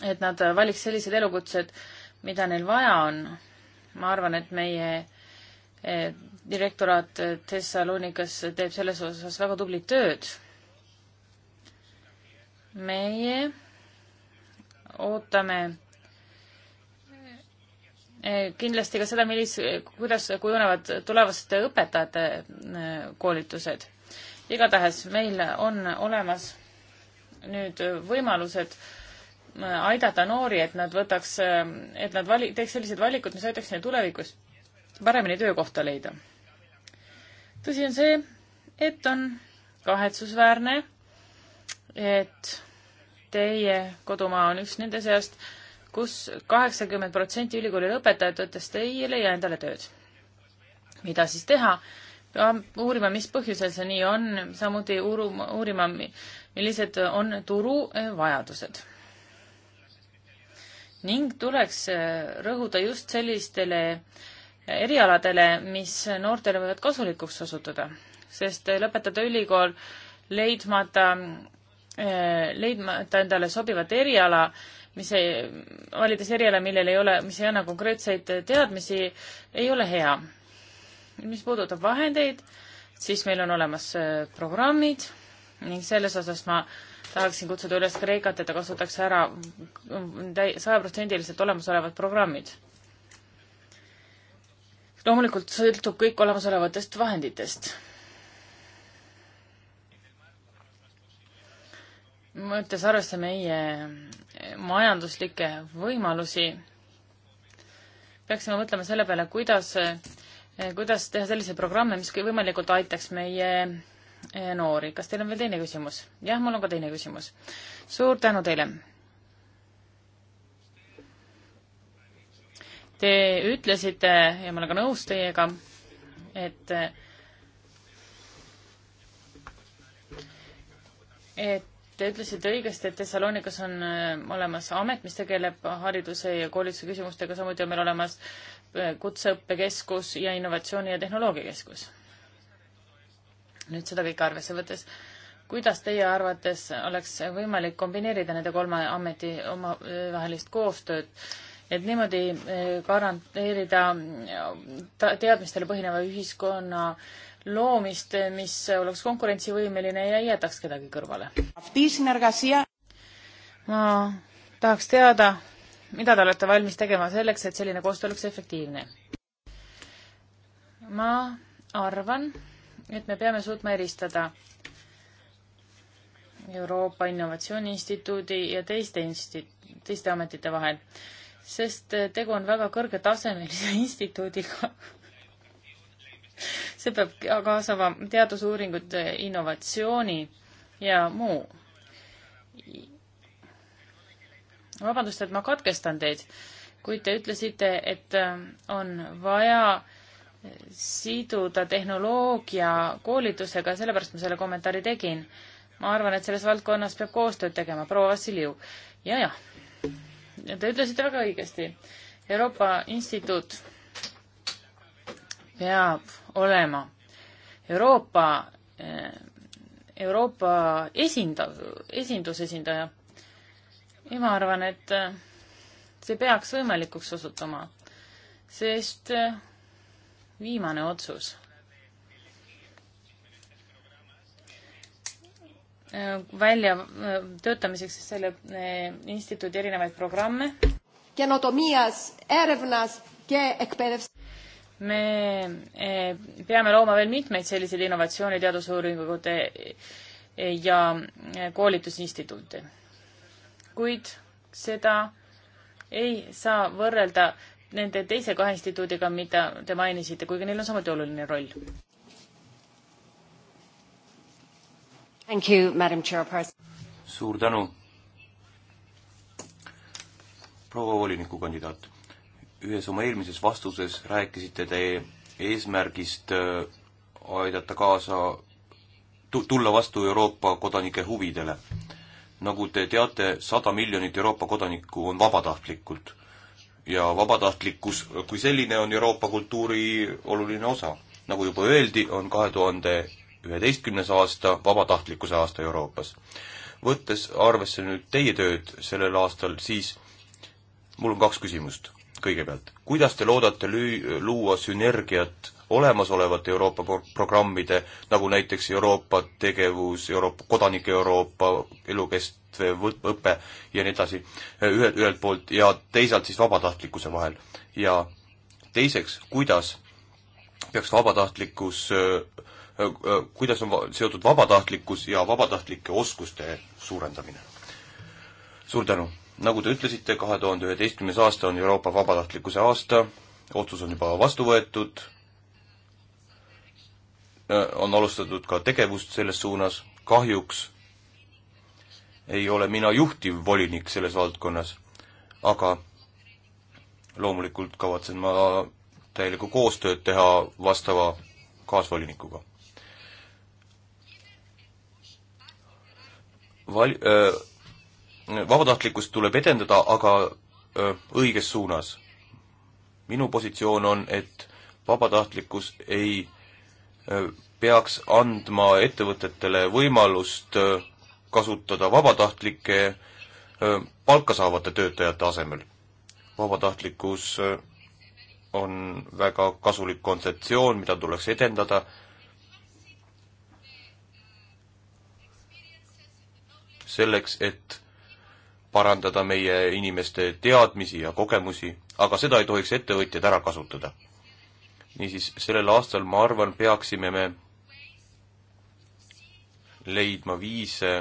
et nad valiks sellised elukutsed, mida neil vaja on. ma arvan, et meie eh, direktoraat Thessalonikas teeb selles osas väga tublit tööd. meie ootame eh, kindlasti ka seda, millis-, kuidas kujunevad tulevaste õpetajate eh, koolitused. igatahes meil on olemas nüüd võimalused äh, aidata noori, et nad võtaks, et nad vali-, teeks sellised valikud, mis aitaks neil tulevikus paremini töökohta leida. tõsi on see, et on kahetsusväärne, et teie kodumaa on üks nende seast, kus kaheksakümmend protsenti ülikooli lõpetajatest ei leia endale tööd. mida siis teha? uurima, mis põhjusel see nii on, samuti uuruma, uurima, millised on turu eh, vajadused ning tuleks äh, rõhuda just sellistele äh, erialadele, mis noortele võivad kasulikuks osutuda, sest äh, lõpetada ülikool leidmata, leidmata endale sobivat eriala, mis ei, valides eriala, millel ei ole, mis ei anna konkreetseid teadmisi, ei ole hea. mis puudutab vahendeid, siis meil on olemas programmid ning selles osas ma tahaksin kutsuda üles Kreekat, et ta kasutaks ära sajaprotsendiliselt olemasolevad programmid. loomulikult sõltub kõik olemasolevatest vahenditest. mõttes arvesse meie majanduslikke võimalusi, peaksime mõtlema selle peale, kuidas, kuidas teha selliseid programme, mis võimalikult aitaks meie Eh, noori. kas teil on veel teine küsimus? jah, mul on ka teine küsimus. suur tänu teile. Te ütlesite ja ma olen ka nõus teiega, et et te ütlesite õigesti, et Thessalonikas on äh, olemas amet, mis tegeleb hariduse ja koolituse küsimustega, samuti on meil olemas äh, kutseõppekeskus ja innovatsiooni ja tehnoloogiakeskus nüüd seda kõike arvesse võttes, kuidas teie arvates oleks võimalik kombineerida nende kolme ameti omavahelist koostööd, et niimoodi eh, garanteerida eh, teadmistele põhineva ühiskonna loomist, eh, mis oleks konkurentsivõimeline ja ei jätaks kedagi kõrvale? ma tahaks teada, mida te olete valmis tegema selleks, et selline koostöö oleks efektiivne? ma arvan, et me peame suutma eristada Euroopa Innovatsiooniinstituudi ja teiste insti-, teiste ametite vahel, sest tegu on väga kõrgetasemelise instituudiga see peab kaasama teadusuuringud, innovatsiooni ja muu. vabandust, et ma katkestan teid, kuid te ütlesite, et on vaja äh, siduda tehnoloogia koolitusega, sellepärast ma selle kommentaari tegin. ma arvan, et selles valdkonnas peab koostööd tegema, proua Vassiljev ja,. jajah, te ütlesite väga õigesti. Euroopa Instituut peab olema Euroopa, eh, Euroopa esindav, esindusesindaja. ja ma arvan, et eh, see peaks võimalikuks osutuma, sest eh, viimane otsus. välja äh, töötamiseks selle äh, instituudi erinevaid programme. me äh, peame looma veel mitmeid selliseid innovatsiooni teadusuuringute ja koolitusinstituute. kuid seda ei saa võrrelda nende teise kahe instituudiga, mida te mainisite, kuigi neil on samuti oluline roll? suur tänu, proua volinikukandidaat. ühes oma eelmises vastuses rääkisite te eesmärgist äh, aidata kaasa, tulla vastu Euroopa kodanike huvidele nagu te teate, sada miljonit Euroopa kodanikku on vabatahtlikult ja vabatahtlikkus kui selline on Euroopa kultuuri oluline osa. nagu juba öeldi, on kahe tuhande üheteistkümnes aasta vabatahtlikkuse aasta Euroopas. võttes arvesse nüüd teie tööd sellel aastal, siis mul on kaks küsimust kõigepealt. kuidas te loodate lüü-, luua sünergiat olemasolevate Euroopa programmide, nagu näiteks Euroopa tegevus, Euroopa, kodanike Euroopa, elukest-, õpe ja nii edasi ühelt, ühelt poolt ja teisalt siis vabatahtlikkuse vahel. ja teiseks, kuidas peaks vabatahtlikkus, kuidas on seotud vabatahtlikkus ja vabatahtlike oskuste suurendamine? suur tänu! nagu te ütlesite, kahe tuhande üheteistkümnes aasta on Euroopa vabatahtlikkuse aasta, otsus on juba vastu võetud, on alustatud ka tegevust selles suunas, kahjuks ei ole mina juhtivvolinik selles valdkonnas, aga loomulikult kavatsen ma täielikku koostööd teha vastava kaasvolinikuga. Val-, vabatahtlikkust tuleb edendada, aga öö, õiges suunas. minu positsioon on, et vabatahtlikkus ei öö, peaks andma ettevõtetele võimalust öö, kasutada vabatahtlike palka saavate töötajate asemel. vabatahtlikkus on väga kasulik kontseptsioon, mida tuleks edendada, selleks, et parandada meie inimeste teadmisi ja kogemusi, aga seda ei tohiks ettevõtjad ära kasutada. niisiis, sellel aastal, ma arvan, peaksime me leidma viise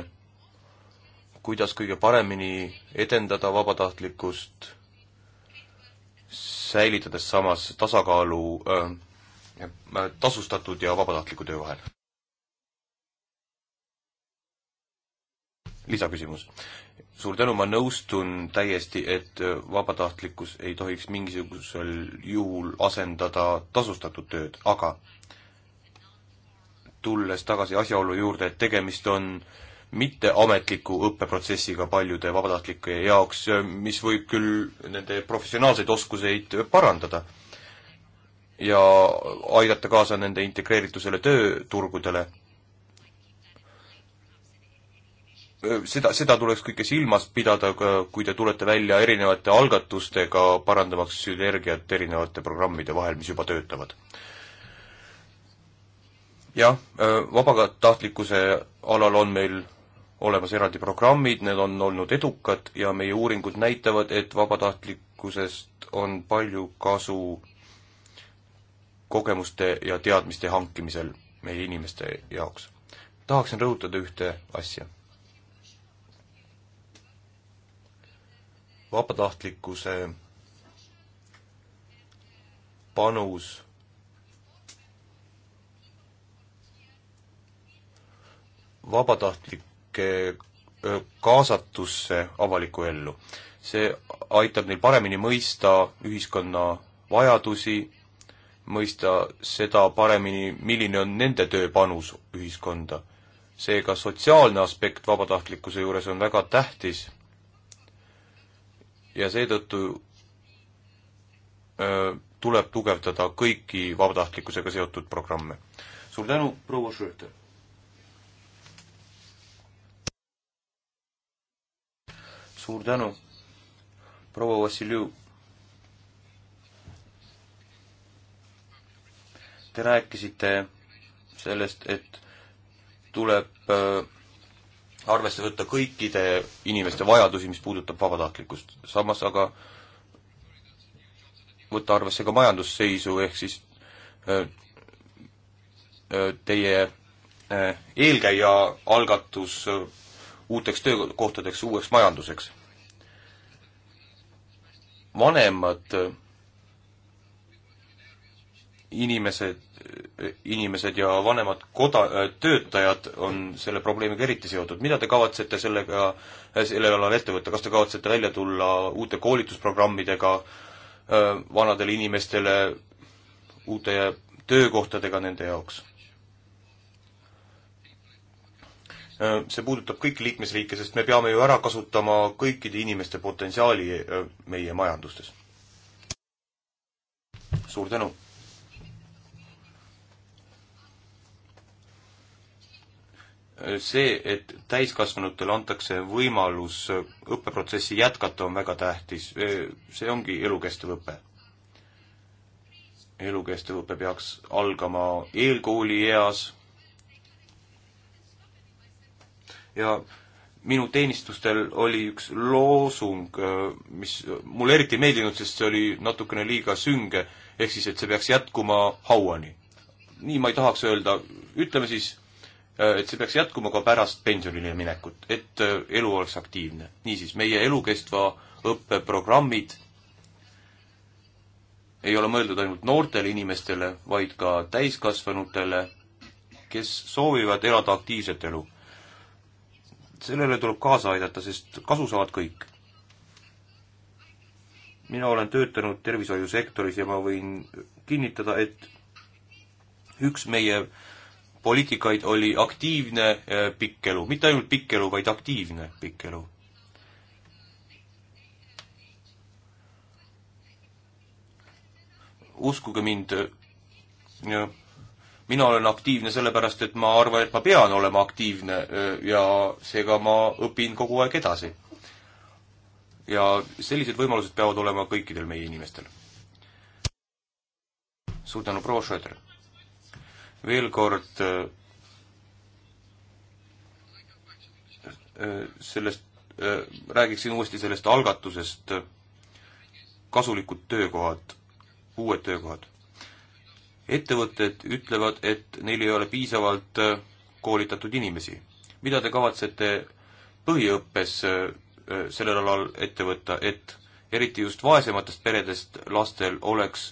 kuidas kõige paremini edendada vabatahtlikkust, säilitades samas tasakaalu äh, äh, tasustatud ja vabatahtliku töö vahel. lisaküsimus. suur tänu, ma nõustun täiesti, et äh, vabatahtlikkus ei tohiks mingisugusel juhul asendada tasustatud tööd, aga tulles tagasi asjaolu juurde, et tegemist on äh, mitteametliku õppeprotsessiga paljude vabatahtlike jaoks, mis võib küll nende professionaalseid oskuseid parandada ja aidata kaasa nende integreeritusele tööturgudele. seda, seda tuleks kõike silmas pidada, kui te tulete välja erinevate algatustega, parandamaks sünergiat erinevate programmide vahel, mis juba töötavad jah, vabatahtlikkuse alal on meil olemas eraldi programmid, need on olnud edukad ja meie uuringud näitavad, et vabatahtlikkusest on palju kasu kogemuste ja teadmiste hankimisel meie inimeste jaoks. tahaksin rõhutada ühte asja. vabatahtlikkuse panus vabatahtlik kodanike kaasatusse avalikku ellu. see aitab neil paremini mõista ühiskonna vajadusi, mõista seda paremini, milline on nende tööpanus ühiskonda. seega sotsiaalne aspekt vabatahtlikkuse juures on väga tähtis ja seetõttu tuleb tugevdada kõiki vabatahtlikkusega seotud programme. suur tänu, proua Schröter! suur tänu, proua Vassiljev. Te rääkisite sellest, et tuleb äh, arvesse võtta kõikide inimeste vajadusi, mis puudutab vabatahtlikkust. samas aga võtta arvesse ka majandusseisu, ehk siis äh, äh, teie eelkäija algatus uuteks töökohtadeks, uueks majanduseks vanemad inimesed, inimesed ja vanemad koda-, töötajad on selle probleemiga eriti seotud. mida te kavatsete sellega, selle alal ette võtta, kas te kavatsete välja tulla uute koolitusprogrammidega äh, vanadele inimestele, uute töökohtadega nende jaoks? Äh, see puudutab kõiki liikmesriike, sest me peame ju ära kasutama kõikide inimeste potentsiaali äh, meie majandustes. suur tänu! Äh, see, et täiskasvanutele antakse võimalus õppeprotsessi jätkata, on väga tähtis. see ongi elukestev õpe. elukestev õpe peaks algama eelkoolieas ja minu teenistustel oli üks loosung, äh, mis mulle eriti ei meeldinud, sest see oli natukene liiga sünge, ehk siis, et see peaks jätkuma hauani. nii ma ei tahaks öelda, ütleme siis, äh, et see peaks jätkuma ka pärast pensionile minekut, et äh, elu oleks aktiivne. niisiis, meie elukestva õppe programmid ei ole mõeldud ainult noortele inimestele, vaid ka täiskasvanutele, kes soovivad elada aktiivset elu sellele tuleb kaasa aidata, sest kasu saavad kõik. mina olen töötanud tervishoiusektoris ja ma võin kinnitada, et üks meie poliitikaid oli aktiivne eh, pikk elu, mitte ainult pikk elu, vaid aktiivne pikk elu. uskuge mind, eh, mina olen aktiivne sellepärast, et ma arvan, et ma pean olema aktiivne ja seega ma õpin kogu aeg edasi. ja sellised võimalused peavad olema kõikidel meie inimestel. suur tänu, proua Schröder! veel kord sellest, räägiksin uuesti sellest algatusest, kasulikud töökohad, uued töökohad ettevõtted ütlevad, et neil ei ole piisavalt äh, koolitatud inimesi. mida te kavatsete põhiõppes äh, äh, sellel alal ette võtta, et eriti just vaesematest peredest lastel oleks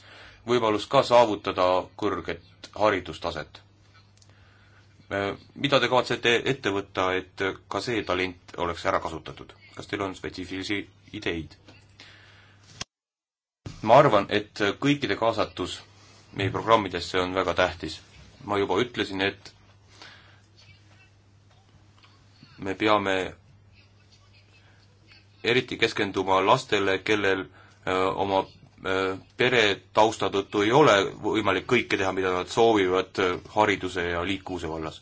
võimalus ka saavutada kõrget haridustaset? mida te kavatsete ette võtta, et ka see talent oleks ära kasutatud? kas teil on spetsiifilisi ideid? ma arvan, et kõikide kaasatus meie programmides, see on väga tähtis. ma juba ütlesin, et me peame eriti keskenduma lastele, kellel öö, oma öö, pere tausta tõttu ei ole võimalik kõike teha, mida nad soovivad öö, hariduse ja liikuvuse vallas.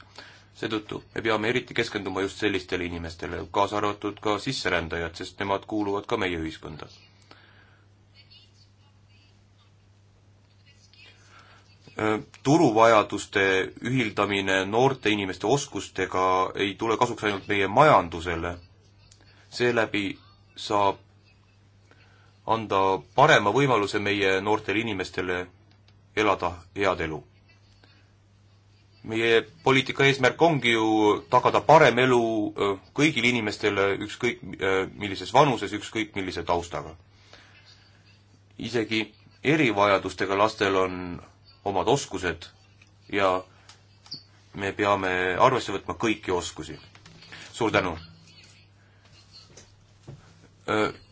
seetõttu me peame eriti keskenduma just sellistele inimestele, kaasa arvatud ka sisserändajad, sest nemad kuuluvad ka meie ühiskonda Äh, turuvajaduste ühildamine noorte inimeste oskustega ei tule kasuks ainult meie majandusele, seeläbi saab anda parema võimaluse meie noortele inimestele elada head elu. meie poliitika eesmärk ongi ju tagada parem elu äh, kõigile inimestele, ükskõik äh, millises vanuses, ükskõik millise taustaga. isegi erivajadustega lastel on omad oskused ja me peame arvesse võtma kõiki oskusi. suur tänu!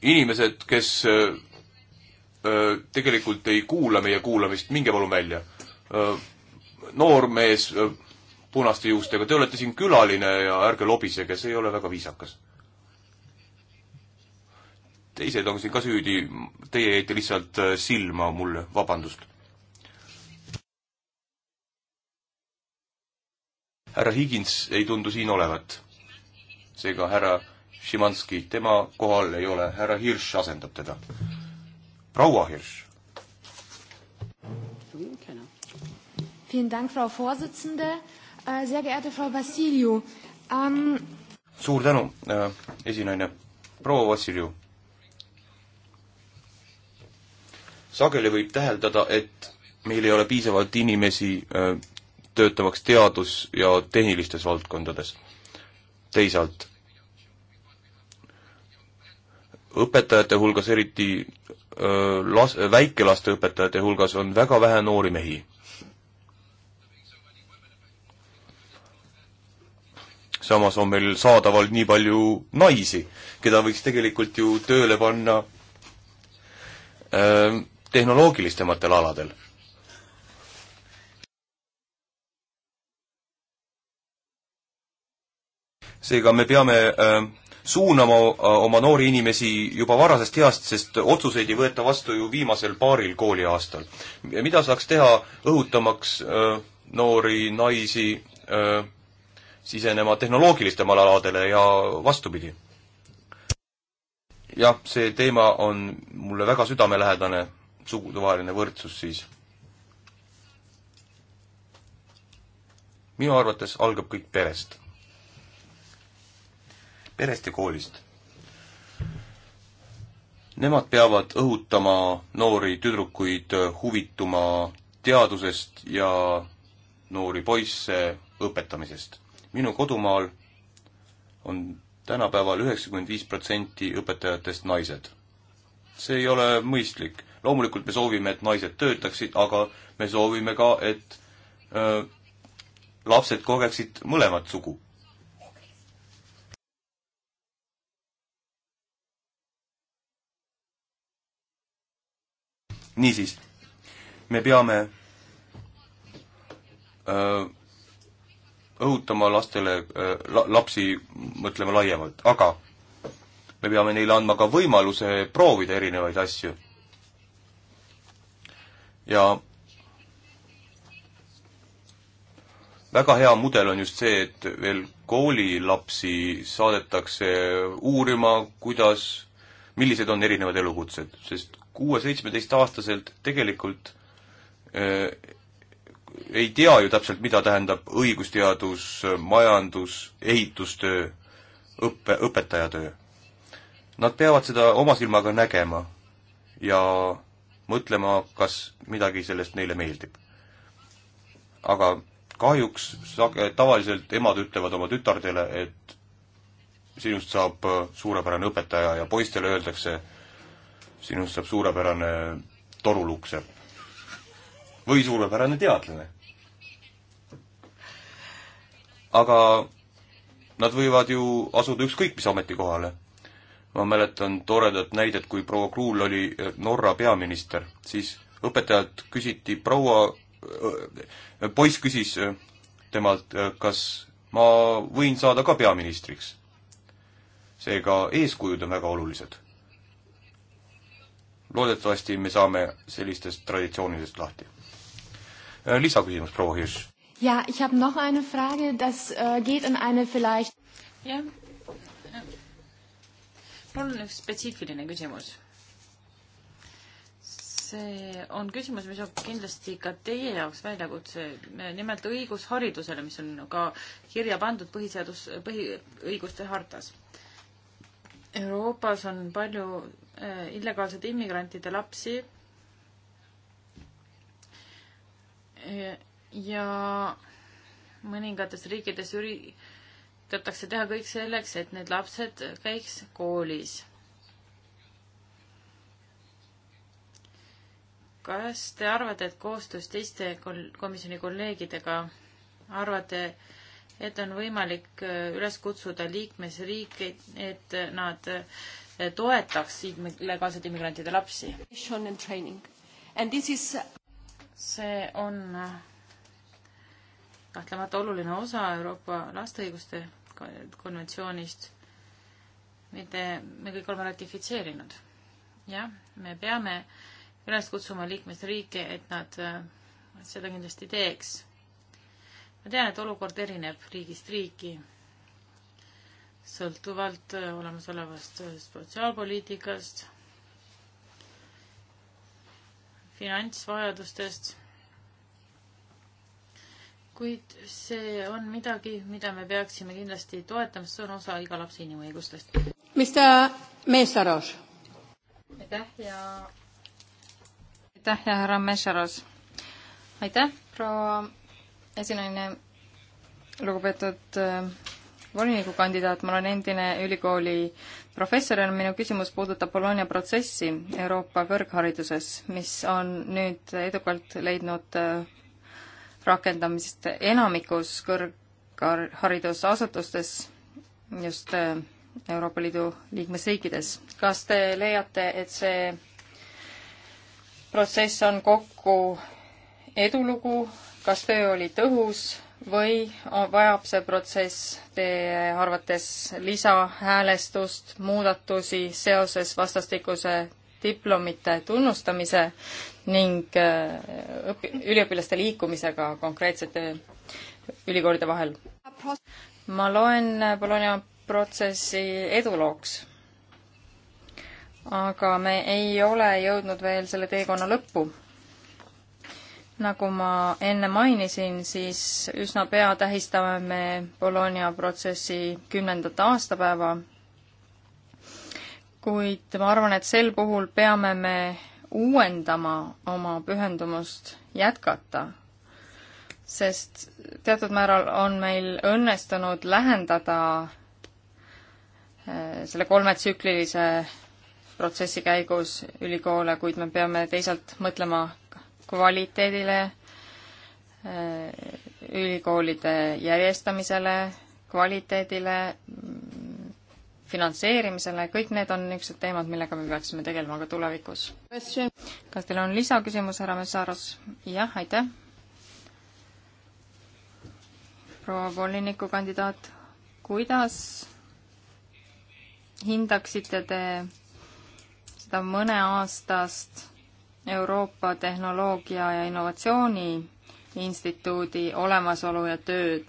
inimesed, kes tegelikult ei kuula meie kuulamist, minge palun välja. noormees punaste juustega, te olete siin külaline ja ärge lobisege, see ei ole väga viisakas. teised on siin ka süüdi, teie jäite lihtsalt silma mulle, vabandust härra Higins ei tundu siin olevat. seega härra Šimanski, tema kohal ei ole, härra Hirš asendab teda. proua Hirš. Vielen Dank, Frau Vorsitzende. Äh, sehr geehrte Frau Vassiljev um.... Ähm, suur tänu, äh, esinaine. proua Vassiljev. sageli võib täheldada, et meil ei ole piisavalt inimesi äh, töötamaks teadus- ja tehnilistes valdkondades. teisalt, õpetajate hulgas, eriti öö, las-, väikelaste õpetajate hulgas on väga vähe noori mehi samas on meil saadaval nii palju naisi, keda võiks tegelikult ju tööle panna öö, tehnoloogilistematel aladel. seega me peame äh, suunama äh, oma noori inimesi juba varasest east, sest otsuseid ei võeta vastu ju viimasel paaril kooliaastal. mida saaks teha, õhutamaks äh, noori naisi sisenema tehnoloogilistemale aladele ja vastupidi? jah, see teema on mulle väga südamelähedane, sugudevaheline võrdsus siis. minu arvates algab kõik perest perest ja koolist. Nemad peavad õhutama noori tüdrukuid huvituma teadusest ja noori poisse õpetamisest. minu kodumaal on tänapäeval üheksakümmend viis protsenti õpetajatest naised. see ei ole mõistlik. loomulikult me soovime, et naised töötaksid, aga me soovime ka, et öö, äh, lapsed kogeksid mõlemat sugu. niisiis, me peame öö, äh, õhutama lastele öö, äh, la,, lapsi mõtlema laiemalt, aga me peame neile andma ka võimaluse proovida erinevaid asju. ja väga hea mudel on just see, et veel koolilapsi saadetakse uurima, kuidas, millised on erinevad elukutsed, sest kuue-seitsmeteistaastaselt tegelikult äh, ei tea ju täpselt, mida tähendab õigusteadus, majandus, ehitustöö, õppe, õpetajatöö. Nad peavad seda oma silmaga nägema ja mõtlema, kas midagi sellest neile meeldib. aga kahjuks sage-, tavaliselt emad ütlevad oma tütardele, et sinust saab suurepärane õpetaja ja poistele öeldakse, sinust saab suurepärane toruluksepp või suurepärane teadlane. aga nad võivad ju asuda ükskõik mis ametikohale. ma mäletan toredat näidet, kui proua Kruul oli eh, Norra peaminister, siis õpetajalt küsiti proua, eh, eh, poiss küsis temalt, kas ma võin saada ka peaministriks. seega eeskujud on väga olulised loodetavasti me saame sellistest traditsioonidest lahti. Äh, lisaküsimus, proua Hirš. Ja, ich habe noch eine Frage, das äh, geht in eine vielleicht. jah, mul on üks spetsiifiline küsimus. see on küsimus, mis on kindlasti ka teie jaoks väljakutse, nimelt õigus haridusele, mis on ka kirja pandud põhiseadus, põhiõiguste hartas. Euroopas on palju Äh, illegaalsete immigrantide lapsi. Äh, ja mõningates riikides üritatakse teha kõik selleks, et need lapsed käiks koolis. kas te arvate, et koostöös teiste komisjoni kolleegidega arvate, et on võimalik äh, üles kutsuda liikmesriike, et nad äh, toetaks illegaalsete immigrantide lapsi. Is... Uh, see on äh, kahtlemata oluline osa Euroopa laste õiguste konventsioonist, mida me kõik oleme ratifitseerinud. jah, me peame üles kutsuma liikmesriike, et nad äh, seda kindlasti teeks. ma tean, et olukord erineb riigist riiki sõltuvalt äh, olemasolevast äh, sotsiaalpoliitikast, finantsvajadustest, kuid see on midagi, mida me peaksime kindlasti toetama, sest see on osa iga lapse inimõigustest. mis ta meest arvas? aitäh ja aitäh ja härra Mešaros. aitäh, proua esinaine, lugupeetud äh, volinikukandidaat, ma olen endine ülikooli professor ja minu küsimus puudutab Bologna protsessi Euroopa kõrghariduses, mis on nüüd edukalt leidnud äh, rakendamist enamikus kõrgharidusasutustes just äh, Euroopa Liidu liikmesriikides. kas te leiate, et see protsess on kokku edulugu, kas töö oli tõhus või vajab see protsess teie arvates lisahäälestust, muudatusi seoses vastastikuse diplomite tunnustamise ning äh, õpi-, üliõpilaste liikumisega konkreetsete ülikoolide vahel? ma loen äh, Bologna protsessi edulooks. aga me ei ole jõudnud veel selle teekonna lõppu nagu ma enne mainisin, siis üsna pea tähistame me Bologna protsessi kümnendat aastapäeva, kuid ma arvan, et sel puhul peame me uuendama oma pühendumust jätkata, sest teatud määral on meil õnnestunud lähendada eh, selle kolmetsüklilise protsessi käigus ülikoole, kuid me peame teisalt mõtlema kvaliteedile, äh, ülikoolide järjestamisele, kvaliteedile, finantseerimisele, kõik need on niisugused teemad, millega me peaksime tegelema ka tulevikus. kas teil on lisaküsimus, härra Messaros? jah, aitäh. proua volinikukandidaat, kuidas hindaksite te seda mõneaastast Euroopa Tehnoloogia ja Innovatsiooni Instituudi olemasolu ja tööd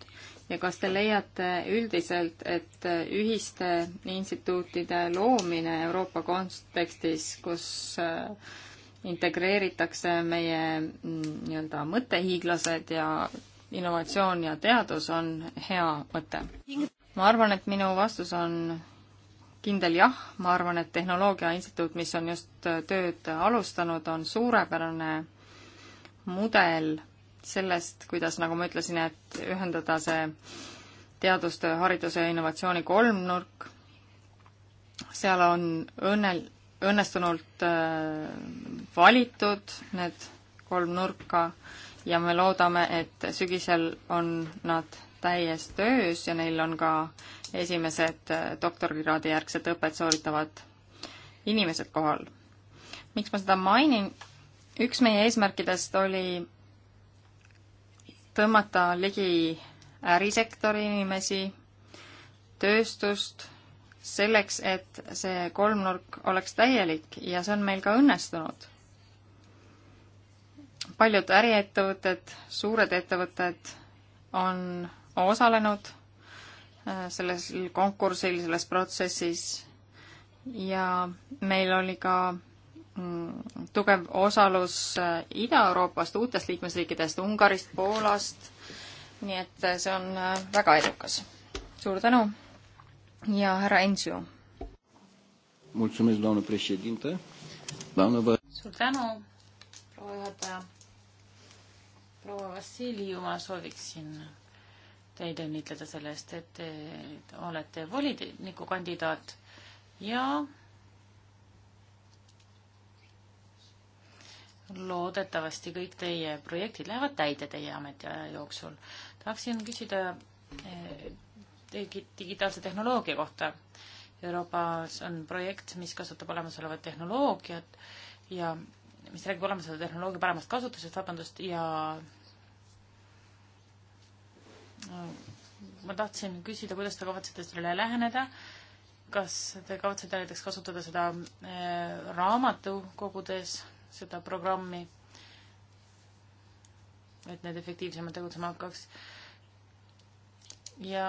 ja kas te leiate üldiselt, et ühiste instituutide loomine Euroopa kontekstis, kus äh, integreeritakse meie mm, nii-öelda mõttehiiglased ja innovatsioon ja teadus, on hea mõte? ma arvan, et minu vastus on kindel jah, ma arvan, et Tehnoloogia Instituut, mis on just äh, tööd alustanud, on suurepärane mudel sellest, kuidas, nagu ma ütlesin, et ühendada see teadustöö, hariduse ja innovatsiooni kolmnurk, seal on õnnel-, õnnestunult äh, valitud need kolm nurka ja me loodame, et sügisel on nad täies töös ja neil on ka esimesed äh, doktorikraadi järgset õpet sooritavad inimesed kohal. miks ma seda mainin? üks meie eesmärkidest oli tõmmata ligi ärisektori inimesi, tööstust, selleks, et see kolmnurk oleks täielik ja see on meil ka õnnestunud paljud äriettevõtted, suured ettevõtted on osalenud äh, selles konkursil, selles protsessis ja meil oli ka mm, tugev osalus äh, Ida-Euroopast, uutest liikmesriikidest, Ungarist, Poolast, nii et äh, see on väga edukas. suur tänu ja härra Ensiu! suur tänu, proua juhataja! proua Vassiljev, ma sooviksin teid õnnitleda selle eest, et te olete voliniku kandidaat ja loodetavasti kõik teie projektid lähevad täide teie ametiaja jooksul. tahaksin küsida eh, digi-, digitaalse tehnoloogia kohta. Euroopas on projekt, mis kasutab olemasolevat tehnoloogiat ja mis räägib olemasoleva tehnoloogia paremast kasutusest, vabandust, ja ma tahtsin küsida, kuidas te kavatsete sellele läheneda, kas te kavatsete näiteks kasutada seda äh, raamatukogudes, seda programmi, et need efektiivsemalt tegutsema hakkaks ja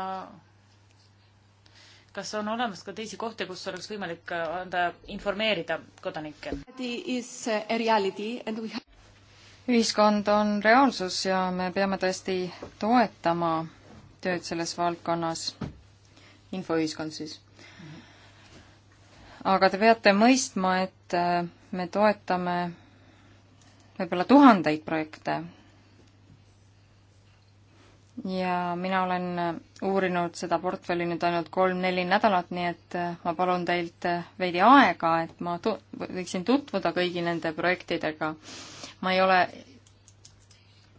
kas on olemas ka teisi kohti, kus oleks võimalik äh, anda, informeerida kodanikke? Äh, ühiskond on reaalsus ja me peame tõesti toetama tööd selles valdkonnas, infoühiskond siis. aga te peate mõistma, et äh, me toetame võib-olla tuhandeid projekte ja mina olen äh, uurinud seda portfelli nüüd ainult kolm-neli nädalat, nii et äh, ma palun teilt äh, veidi aega, et ma tu-, võiksin tutvuda kõigi nende projektidega. ma ei ole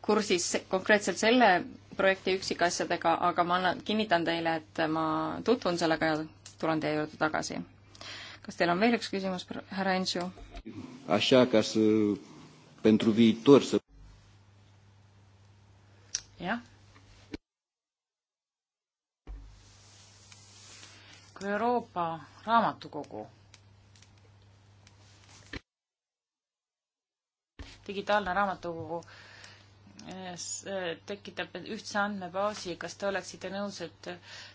kursis konkreetselt selle projekti üksikasjadega, aga ma annan, kinnitan teile, et ma tutvun sellega ja tulen teie juurde tagasi. kas teil on veel üks küsimus, härra Enšu? jah kui Euroopa Raamatukogu. digitaalne raamatukogu eh, eh, tekitab ühtse andmebaasi, kas te oleksite nõus, et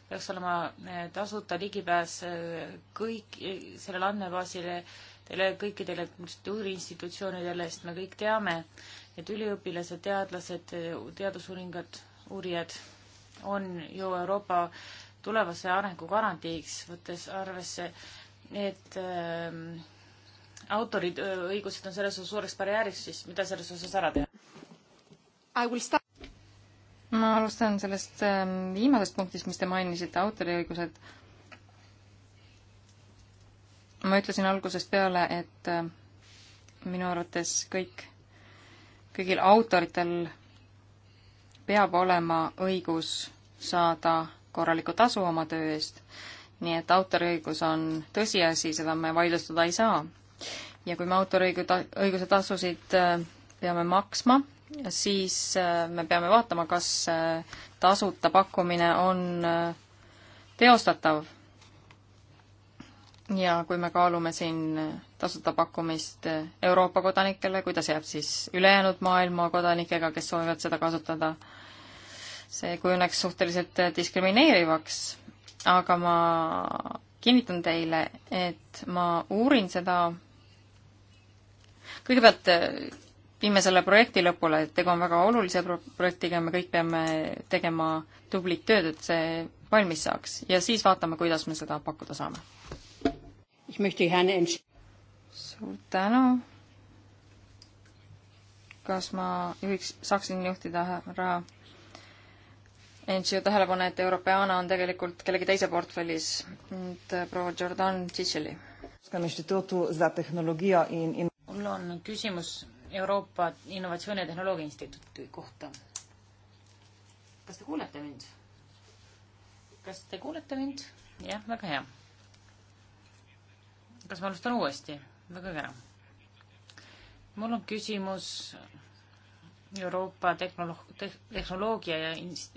peaks olema eh, tasuta ligipääs kõik, sellele andmebaasile, teile kõikidele kultuuriinstitutsioonidele, sest me kõik teame, et üliõpilased, teadlased, teadusuuringud, uurijad on ju Euroopa tulevase arengu garantiiks, võttes arvesse, et äh, autoriõigused on selles osas suureks barjääriks, siis mida selles osas ära teha? ma alustan sellest ähm, viimasest punktist, mis te mainisite, autoriõigused. ma ütlesin algusest peale, et ähm, minu arvates kõik, kõigil autoritel peab olema õigus saada korralikku tasu oma töö eest. nii et autoriõigus on tõsiasi, seda me vaidlustada ei saa. ja kui me autoriõigu-, õiguse tasusid äh, peame maksma, siis äh, me peame vaatama, kas äh, tasuta pakkumine on teostatav. ja kui me kaalume siin tasuta pakkumist Euroopa kodanikele, kuidas jääb siis ülejäänud maailma kodanikega, kes soovivad seda kasutada, see kujuneks suhteliselt äh, diskrimineerivaks, aga ma kinnitan teile, et ma uurin seda. kõigepealt äh, viime selle projekti lõpule, et tegu on väga olulise pro projektiga ja me kõik peame tegema tublit tööd, et see valmis saaks ja siis vaatame, kuidas me seda pakkuda saame. suur tänu. kas ma juhiks, saaksin juhtida härra ent siia tähelepanu, et Europeana on tegelikult kellegi teise portfellis, et proua Jordan Tšitšeli. mul on küsimus Euroopa Innovatsiooni ja Tehnoloogia Instituuti kohta. kas te kuulete mind? kas te kuulete mind? jah, väga hea. kas ma alustan uuesti? väga kena. mul on küsimus Euroopa tehnoloog-, tehnoloogia ja,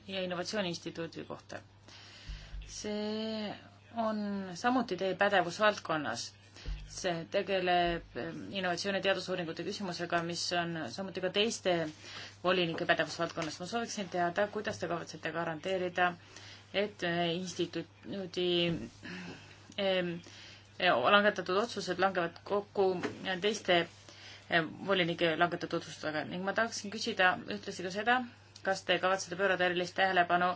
ja innovatsiooni instituudi kohta. see on samuti teie pädevusvaldkonnas. see tegeleb ehm, innovatsiooni ja teadusuuringute küsimusega, mis on samuti ka teiste volinike pädevusvaldkonnas. ma sooviksin teada, kuidas te kavatsete garanteerida, et eh, instituudi ehm, eh, langetatud otsused langevad kokku teiste Eh, volinike langetatud otsustusega ning ma tahaksin küsida ühtlasi ka seda, kas te kavatsete pöörata erilist tähelepanu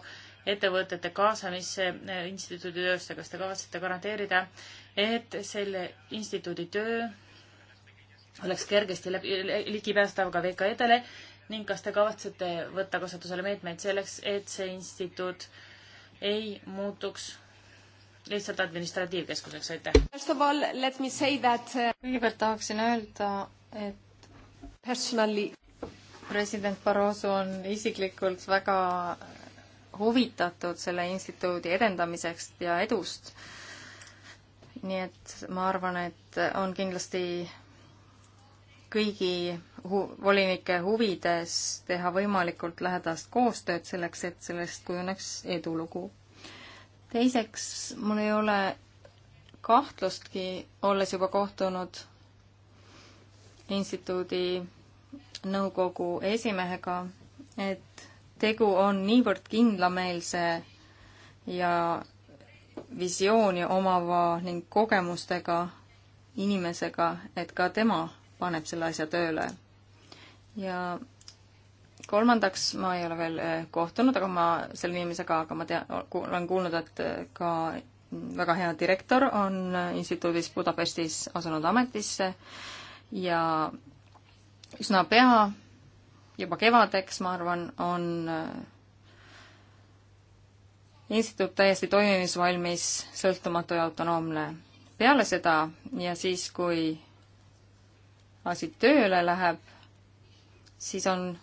ettevõtete kaasamisse eh, instituudi töösse, kas te kavatsete garanteerida, et selle instituudi töö oleks kergesti läbi, ligipäästav ka VKE-dele ning kas te kavatsete võtta kasutusele meetmeid selleks, et see instituut ei muutuks lihtsalt administratiivkeskuseks, aitäh! Eh, kõigepealt tahaksin öelda, et personali president Barroso on isiklikult väga huvitatud selle instituudi edendamisest ja edust. nii et ma arvan, et on kindlasti kõigi hu-, volinike huvides teha võimalikult lähedast koostööd selleks, et sellest kujuneks edulugu. teiseks, mul ei ole kahtlustki, olles juba kohtunud instituudi nõukogu esimehega, et tegu on niivõrd kindlameelse ja visiooni omava ning kogemustega inimesega, et ka tema paneb selle asja tööle. ja kolmandaks, ma ei ole veel eh, kohtunud, aga ma selle inimesega, aga ma tean, olen kuulnud, et eh, ka väga hea direktor on eh, instituudis Budapestis asunud ametisse ja üsna pea, juba kevadeks, ma arvan, on äh, instituut täiesti toimimisvalmis, sõltumatu ja autonoomne. peale seda ja siis, kui asi tööle läheb, siis on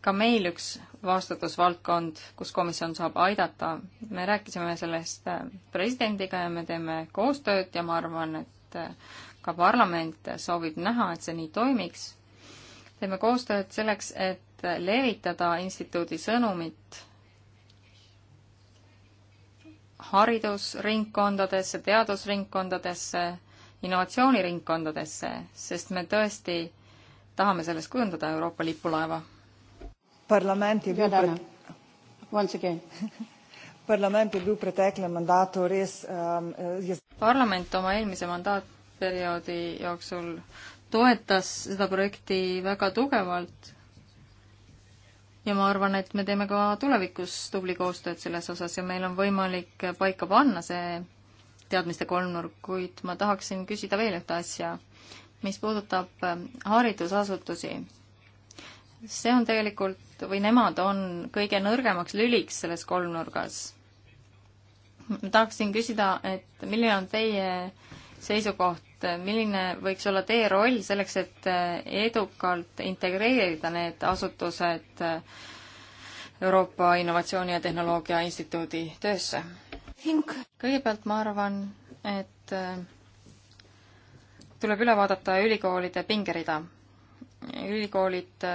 ka meil üks vastutusvaldkond, kus komisjon saab aidata. me rääkisime sellest äh, presidendiga ja me teeme koostööd ja ma arvan, et äh, ka parlament soovib näha, et see nii toimiks. teeme koostööd selleks, et levitada instituudi sõnumit haridusringkondadesse, teadusringkondadesse, innovatsiooniringkondadesse, sest me tõesti tahame sellest kujundada Euroopa lipulaeva. parlamenti Once again parlament je bil v preteklem mandatu res um, eh, je... Parlament oma eelmise mandaat, perioodi jooksul toetas seda projekti väga tugevalt. ja ma arvan, et me teeme ka tulevikus tubli koostööd selles osas ja meil on võimalik paika panna see teadmiste kolmnurk, kuid ma tahaksin küsida veel ühte asja, mis puudutab ähm, haridusasutusi. see on tegelikult või nemad on kõige nõrgemaks lüliks selles kolmnurgas. ma tahaksin küsida, et milline on teie seisukoht et milline võiks olla teie roll selleks, et eh, edukalt integreerida need asutused eh, Euroopa Innovatsiooni ja Tehnoloogia Instituudi töösse? kõigepealt ma arvan, et eh, tuleb üle vaadata ülikoolide pingerida. ülikoolid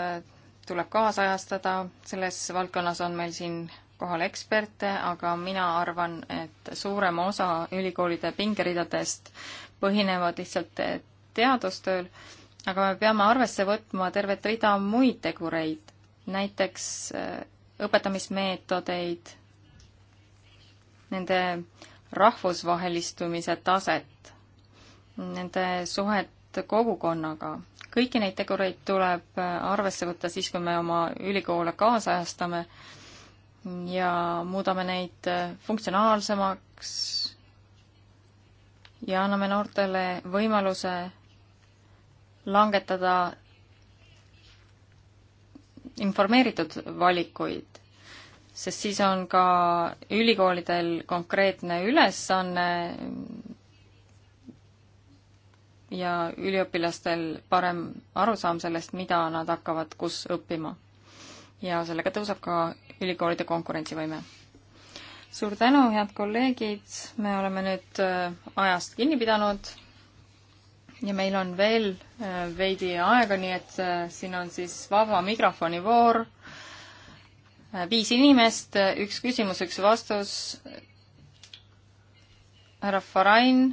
tuleb kaasajastada, selles valdkonnas on meil siin kohal eksperte, aga mina arvan, et suurem osa ülikoolide pingeridadest põhinevad lihtsalt teadustööl, aga me peame arvesse võtma tervet rida muid tegureid, näiteks äh, õpetamismeetodeid, nende rahvusvahelistumise taset, nende suhet kogukonnaga. kõiki neid tegureid tuleb äh, arvesse võtta siis, kui me oma ülikoole kaasajastame ja muudame neid äh, funktsionaalsemaks, ja anname noortele võimaluse langetada informeeritud valikuid, sest siis on ka ülikoolidel konkreetne ülesanne ja üliõpilastel parem arusaam sellest, mida nad hakkavad kus õppima. ja sellega tõuseb ka ülikoolide konkurentsivõime suur tänu, head kolleegid, me oleme nüüd äh, ajast kinni pidanud ja meil on veel äh, veidi aega, nii et äh, siin on siis vaba mikrofoni voor. viis inimest, üks küsimus, üks vastus. härra Farain,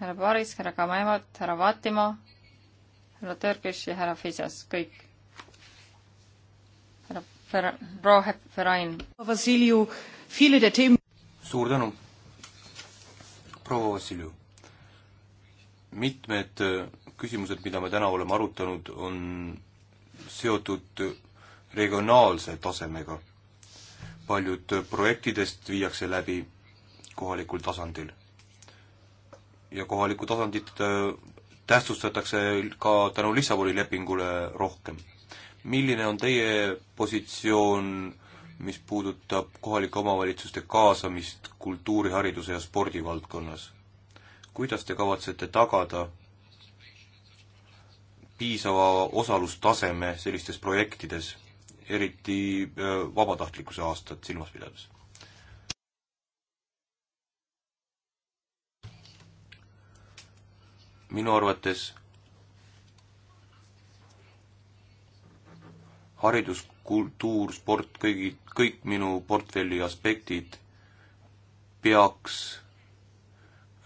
härra Paris, härra Kamaevat, härra Vatimo, härra Türgis ja härra Fisas, kõik Fer-, proua Ferain. Vassiljev, viele der Themen. suur tänu, proua Vassiljev. mitmed äh, küsimused, mida me täna oleme arutanud, on seotud regionaalse tasemega. paljud projektidest viiakse läbi kohalikul tasandil. ja kohalikku tasandit äh, tähtsustatakse ka tänu Lissaboni lepingule rohkem milline on teie positsioon, mis puudutab kohalike omavalitsuste kaasamist kultuuri, hariduse ja spordi valdkonnas? kuidas te kavatsete tagada piisava osalustaseme sellistes projektides, eriti äh, vabatahtlikkuse aastat silmas pidades? minu arvates haridus, kultuur, sport, kõigi, kõik minu portfelli aspektid peaks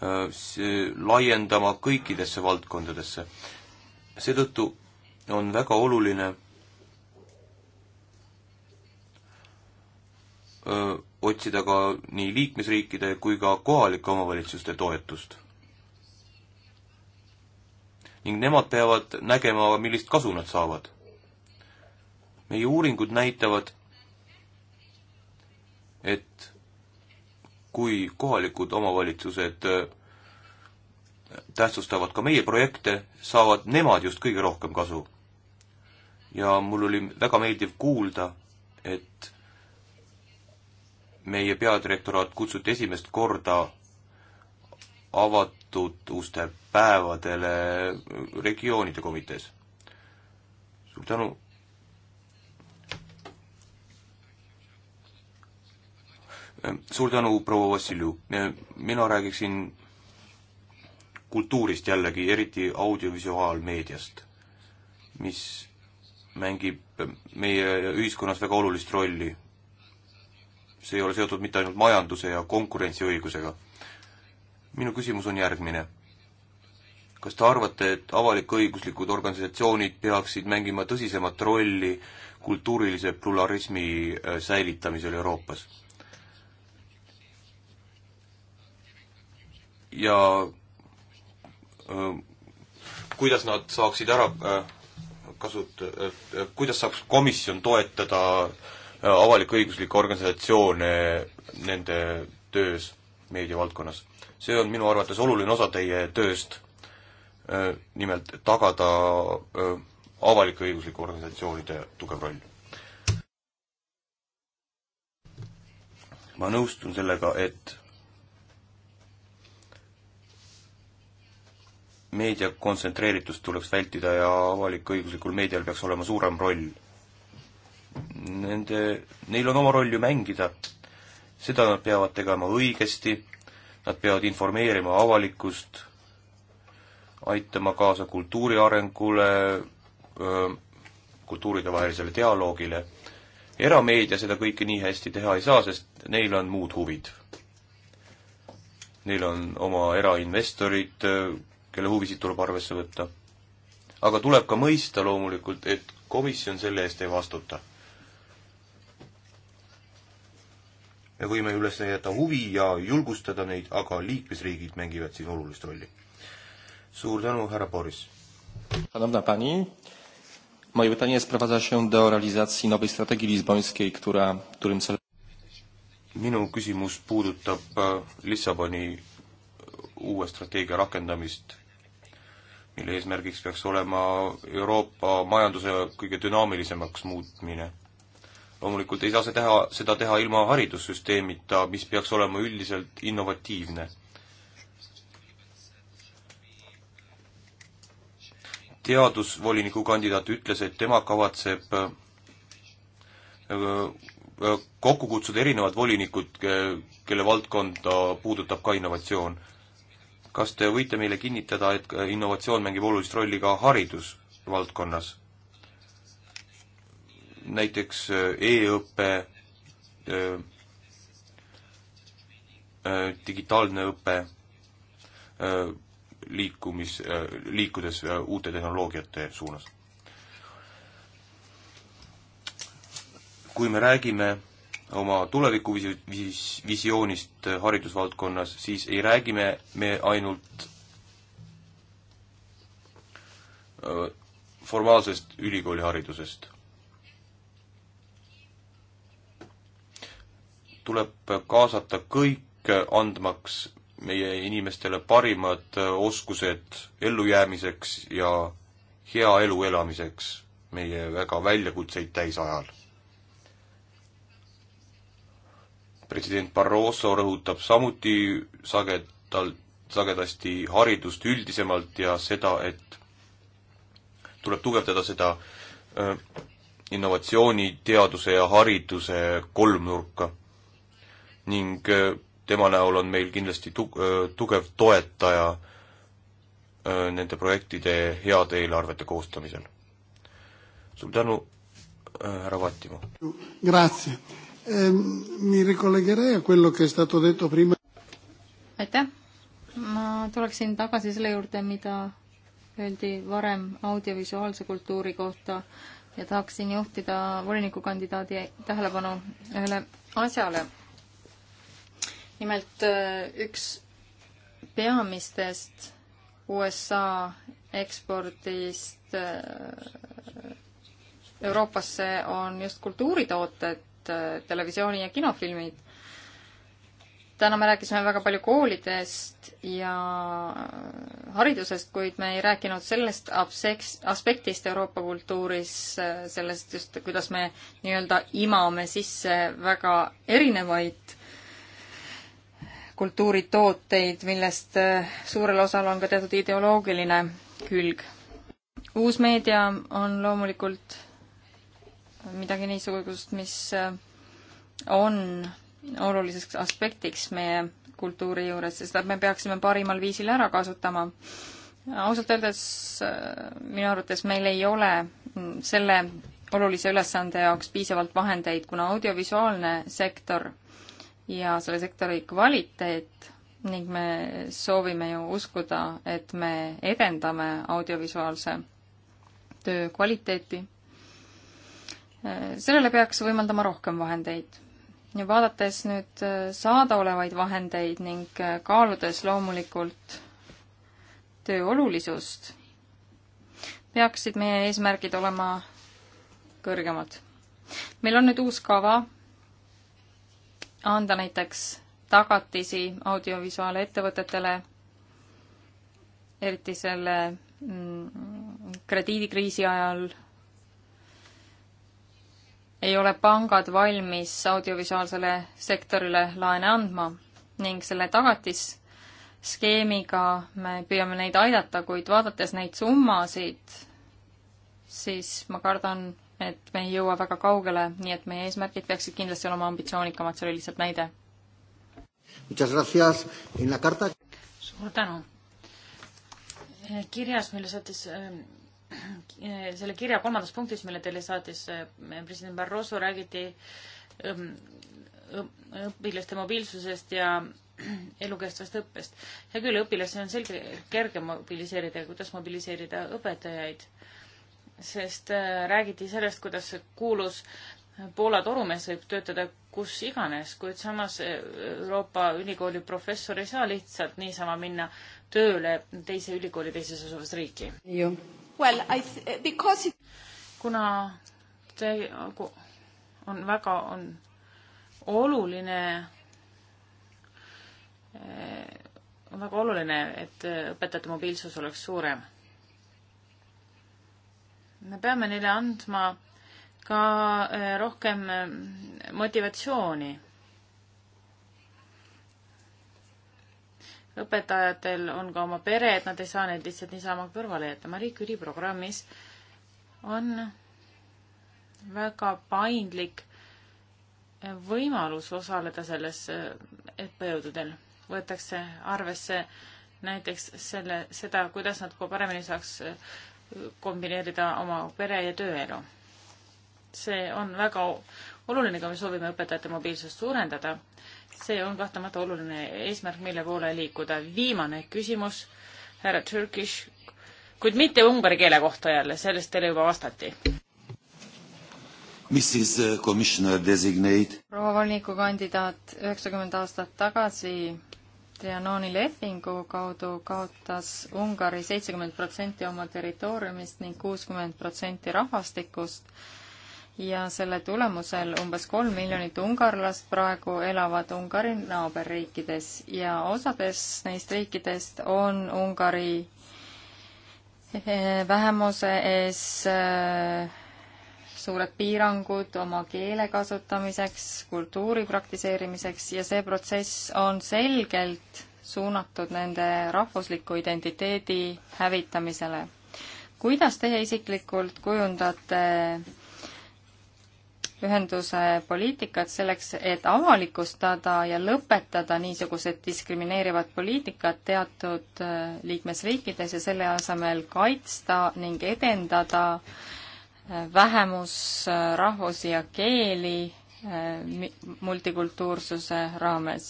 äh, see, laiendama kõikidesse valdkondadesse. seetõttu on väga oluline öö, äh, otsida ka nii liikmesriikide kui ka kohalike omavalitsuste toetust. ning nemad peavad nägema, millist kasu nad saavad meie uuringud näitavad, et kui kohalikud omavalitsused äh, tähtsustavad ka meie projekte, saavad nemad just kõige rohkem kasu. ja mul oli väga meeldiv kuulda, et meie peadirektoraat kutsuti esimest korda avatud uste päevadele regioonide komitees. suur tänu suur tänu, proua Vassiljev. mina räägiksin kultuurist jällegi, eriti audiovisuaalmeediast, mis mängib meie ühiskonnas väga olulist rolli. see ei ole seotud mitte ainult majanduse ja konkurentsiõigusega. minu küsimus on järgmine. kas te arvate, et avalik-õiguslikud organisatsioonid peaksid mängima tõsisemat rolli kultuurilise pluralismi äh, säilitamisel Euroopas? ja äh, kuidas nad saaksid ära äh, kasut-, äh, kuidas saaks komisjon toetada avalik-õiguslikke organisatsioone nende töös meediavaldkonnas. see on minu arvates oluline osa teie tööst, nimelt tagada avalik-õiguslike organisatsioonide tugev roll. ma nõustun sellega, et meedia kontsentreeritust tuleks vältida ja avalik-õiguslikul meedial peaks olema suurem roll. Nende, neil on oma roll ju mängida, seda nad peavad tegema õigesti, nad peavad informeerima avalikkust, aitama kaasa kultuuri arengule, kultuuridevahelisele dialoogile. erameedia seda kõike nii hästi teha ei saa, sest neil on muud huvid. Neil on oma erainvestorid, kelle huvisid tuleb arvesse võtta. aga tuleb ka mõista loomulikult, et komisjon selle eest ei vastuta. me võime üles näidata huvi ja julgustada neid, aga liikmesriigid mängivad siis olulist rolli. suur tänu, härra Boris! Szanowna Pani, moje pytanie sprowadza się do realizacji nowej strategii lizbońskiej, która, którym celem minu küsimus puudutab e, Lissaboni e, uue strateegia rakendamist mille eesmärgiks peaks olema Euroopa majanduse kõige dünaamilisemaks muutmine. loomulikult ei saa see teha, seda teha ilma haridussüsteemita, mis peaks olema üldiselt innovatiivne. teadusvoliniku kandidaat ütles, et tema kavatseb äh, äh, kokku kutsuda erinevad volinikud, kelle valdkonda puudutab ka innovatsioon kas te võite meile kinnitada, et äh, innovatsioon mängib olulist rolli ka haridusvaldkonnas? näiteks äh, e-õpe, äh, digitaalne õpe, liikumis, liikudes uute tehnoloogiate suunas. kui me räägime oma tulevikuvisioonist haridusvaldkonnas, siis ei räägi me, me ainult formaalsest ülikooliharidusest. tuleb kaasata kõik, andmaks meie inimestele parimad oskused ellujäämiseks ja hea elu elamiseks meie väga väljakutseid täis ajal president Barroso rõhutab samuti sagedalt, sagedasti haridust üldisemalt ja seda, et tuleb tugevdada seda äh, innovatsiooni, teaduse ja hariduse kolmnurka. ning äh, tema näol on meil kindlasti tu-, äh, tugev toetaja nende projektide heade eelarvete koostamisel. suur tänu, härra Vatimo! Ehm, mi ricollegherei a quello che è stato detto prima. aitäh, ma tuleksin tagasi selle juurde, mida öeldi varem audiovisuaalse kultuuri kohta ja tahaksin juhtida volinikukandidaadi tähelepanu ühele asjale. nimelt äh, üks peamistest USA ekspordist äh, Euroopasse on just kultuuritooted Äh, televisiooni- ja kinofilmid. täna me rääkisime väga palju koolidest ja äh, haridusest, kuid me ei rääkinud sellest aspektist Euroopa kultuuris, äh, sellest just, kuidas me nii-öelda imame sisse väga erinevaid kultuuritooteid, millest suurel osal on ka teatud ideoloogiline külg. uus meedia on loomulikult midagi niisugust, mis äh, on oluliseks aspektiks meie kultuuri juures ja seda me peaksime parimal viisil ära kasutama. ausalt öeldes äh, minu arvates meil ei ole mm, selle olulise ülesande jaoks piisavalt vahendeid, kuna audiovisuaalne sektor ja selle sektori kvaliteet ning me soovime ju uskuda, et me edendame audiovisuaalse töö kvaliteeti sellele peaks võimaldama rohkem vahendeid. ja vaadates nüüd äh, saadaolevaid vahendeid ning äh, kaaludes loomulikult töö olulisust, peaksid meie eesmärgid olema kõrgemad. meil on nüüd uus kava anda näiteks tagatisi audiovisuaalettevõtetele, eriti selle mm, krediidikriisi ajal ei ole pangad valmis audiovisuaalsele sektorile laene andma ning selle tagatisskeemiga me püüame neid aidata, kuid vaadates neid summasid, siis ma kardan, et me ei jõua väga kaugele, nii et meie eesmärgid peaksid kindlasti olema ambitsioonikamad, see oli lihtsalt näide. suur tänu. kirjas, mille saatis ähm, selle kirja kolmandas punktis, mille teile saatis äh, president Barroso, räägiti ähm, õpilaste mobiilsusest ja elukestvast õppest. hea küll, õpilasi on selge, kerge mobiliseerida, kuidas mobiliseerida õpetajaid, sest äh, räägiti sellest, kuidas kuulus Poola torumees võib töötada kus iganes, kuid samas äh, Euroopa ülikooli professor ei saa lihtsalt niisama minna tööle teise ülikooli teises asuvas riiki. jah Well, I th- eh, because it... kuna see on väga, on oluline, eh, on väga oluline, et eh, õpetajate mobiilsus oleks suurem. me peame neile andma ka rohkem motivatsiooni õpetajatel on ka oma pered, nad ei saa neid lihtsalt niisama kõrvale jätta. Marie Curie programmis on väga paindlik võimalus osaleda selles õppejõududel. võetakse arvesse näiteks selle, seda, kuidas nad paremini saaks kombineerida oma pere- ja tööelu. see on väga oluline, kui me soovime õpetajate mobiilsust suurendada see on kahtlemata oluline eesmärk, mille poole liikuda. viimane küsimus härra Turkish, kuid mitte ungari keele kohta jälle, sellest teile juba vastati. Eh, proua volinikukandidaat üheksakümmend aastat tagasi Trianoni lepingu kaudu kaotas Ungari seitsekümmend protsenti oma territooriumist ning kuuskümmend protsenti rahvastikust ja selle tulemusel umbes kolm miljonit ungarlast praegu elavad Ungari naaberriikides ja osades neist riikidest on Ungari eh, vähemuse ees eh, suured piirangud oma keele kasutamiseks, kultuuri praktiseerimiseks ja see protsess on selgelt suunatud nende rahvusliku identiteedi hävitamisele. kuidas teie isiklikult kujundate ühenduse poliitikat selleks, et avalikustada ja lõpetada niisugused diskrimineerivad poliitikad teatud äh, liikmesriikides ja selle asemel kaitsta ning edendada äh, vähemusrahvusi äh, ja keeli multikultuursuse raames.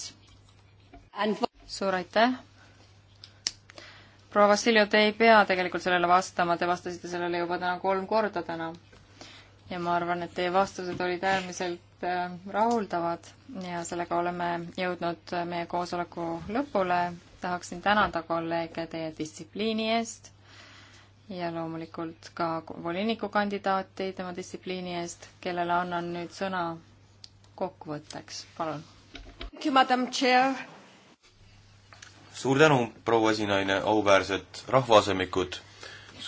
suur aitäh! proua Vassiljev, te ei pea tegelikult sellele vastama, te vastasite sellele juba täna kolm korda täna ja ma arvan, et teie vastused olid äärmiselt äh, rahuldavad ja sellega oleme jõudnud äh, meie koosoleku lõpule. tahaksin tänada kolleege teie distsipliini eest ja loomulikult ka volinikukandidaati tema distsipliini eest, kellele annan nüüd sõna kokkuvõtteks, palun. suur tänu, proua esinaine, auväärsed rahvaasemikud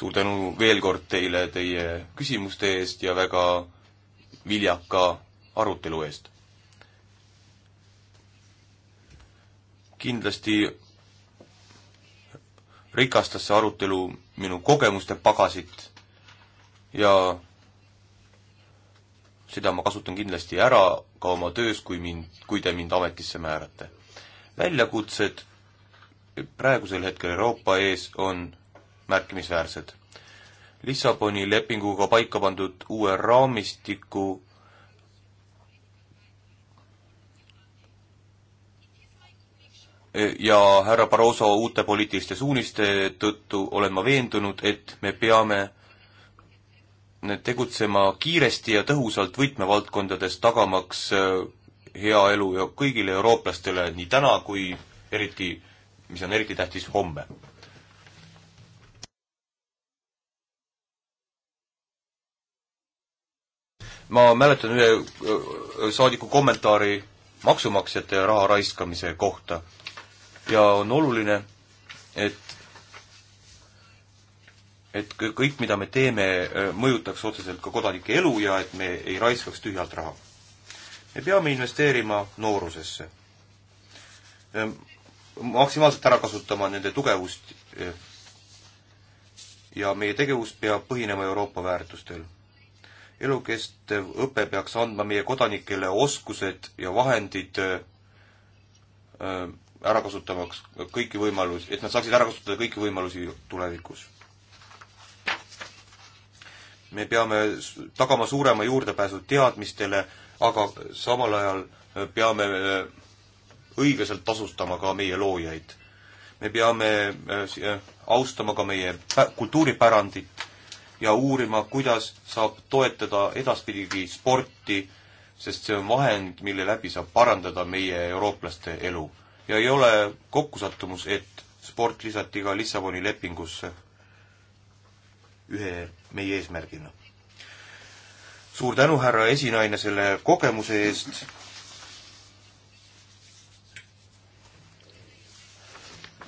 suur tänu veel kord teile teie küsimuste eest ja väga viljaka arutelu eest. kindlasti rikastas see arutelu minu kogemuste pagasit ja seda ma kasutan kindlasti ära ka oma töös, kui mind, kui te mind ametisse määrate. väljakutsed praegusel hetkel Euroopa ees on märkimisväärsed. Lissaboni lepinguga paika pandud uue raamistiku ja härra Barroso uute poliitiliste suuniste tõttu olen ma veendunud, et me peame tegutsema kiiresti ja tõhusalt võtmevaldkondades, tagamaks äh, hea elu ja kõigile eurooplastele nii täna kui eriti, mis on eriti tähtis, homme ma mäletan ühe saadiku kommentaari maksumaksjate raha raiskamise kohta ja on oluline, et et kõik, mida me teeme, mõjutaks otseselt ka kodanike elu ja et me ei raiskaks tühjalt raha. me peame investeerima noorusesse. maksimaalselt ära kasutama nende tugevust ja meie tegevus peab põhinema Euroopa väärtustel elukestev õpe peaks andma meie kodanikele oskused ja vahendid äh, ära kasutamaks kõiki võimalusi, et nad saaksid ära kasutada kõiki võimalusi tulevikus. me peame tagama suurema juurdepääsu teadmistele, aga samal ajal äh, peame äh, õiglaselt tasustama ka meie loojaid. me peame austama ka meie kultuuripärandit, ja uurima, kuidas saab toetada edaspidigi sporti, sest see on vahend, mille läbi saab parandada meie eurooplaste elu. ja ei ole kokkusattumus, et sport lisati ka Lissaboni lepingusse ühe meie eesmärgina. suur tänu, härra esinaine, selle kogemuse eest.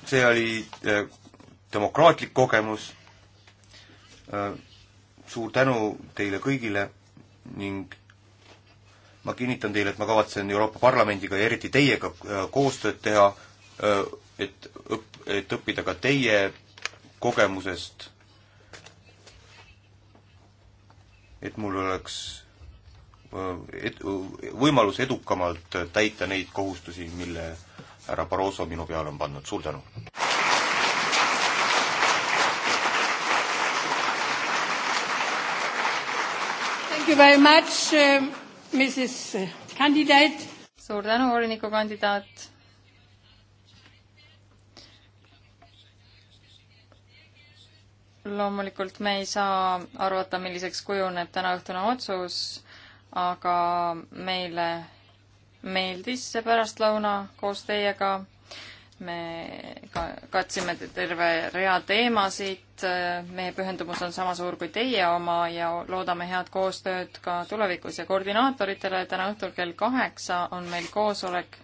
see oli eh, demokraatlik kogemus Äh, suur tänu teile kõigile ning ma kinnitan teile, et ma kavatsen Euroopa Parlamendiga ja eriti teiega äh, koostööd teha, äh, et õp-, et õppida ka teie kogemusest, et mul oleks et, võimalus edukamalt täita neid kohustusi, mille härra Barroso minu peale on pannud, suur tänu! Thank you very much uh,, Mrs Candidate. suur tänu, volinikukandidaat. loomulikult me ei saa arvata, milliseks kujuneb tänaõhtune otsus, aga meile meeldis see pärastlõuna koos teiega me ka katsime terve rea teemasid, meie pühendumus on sama suur kui teie oma ja loodame head koostööd ka tulevikus ja koordinaatoritele täna õhtul kell kaheksa on meil koosolek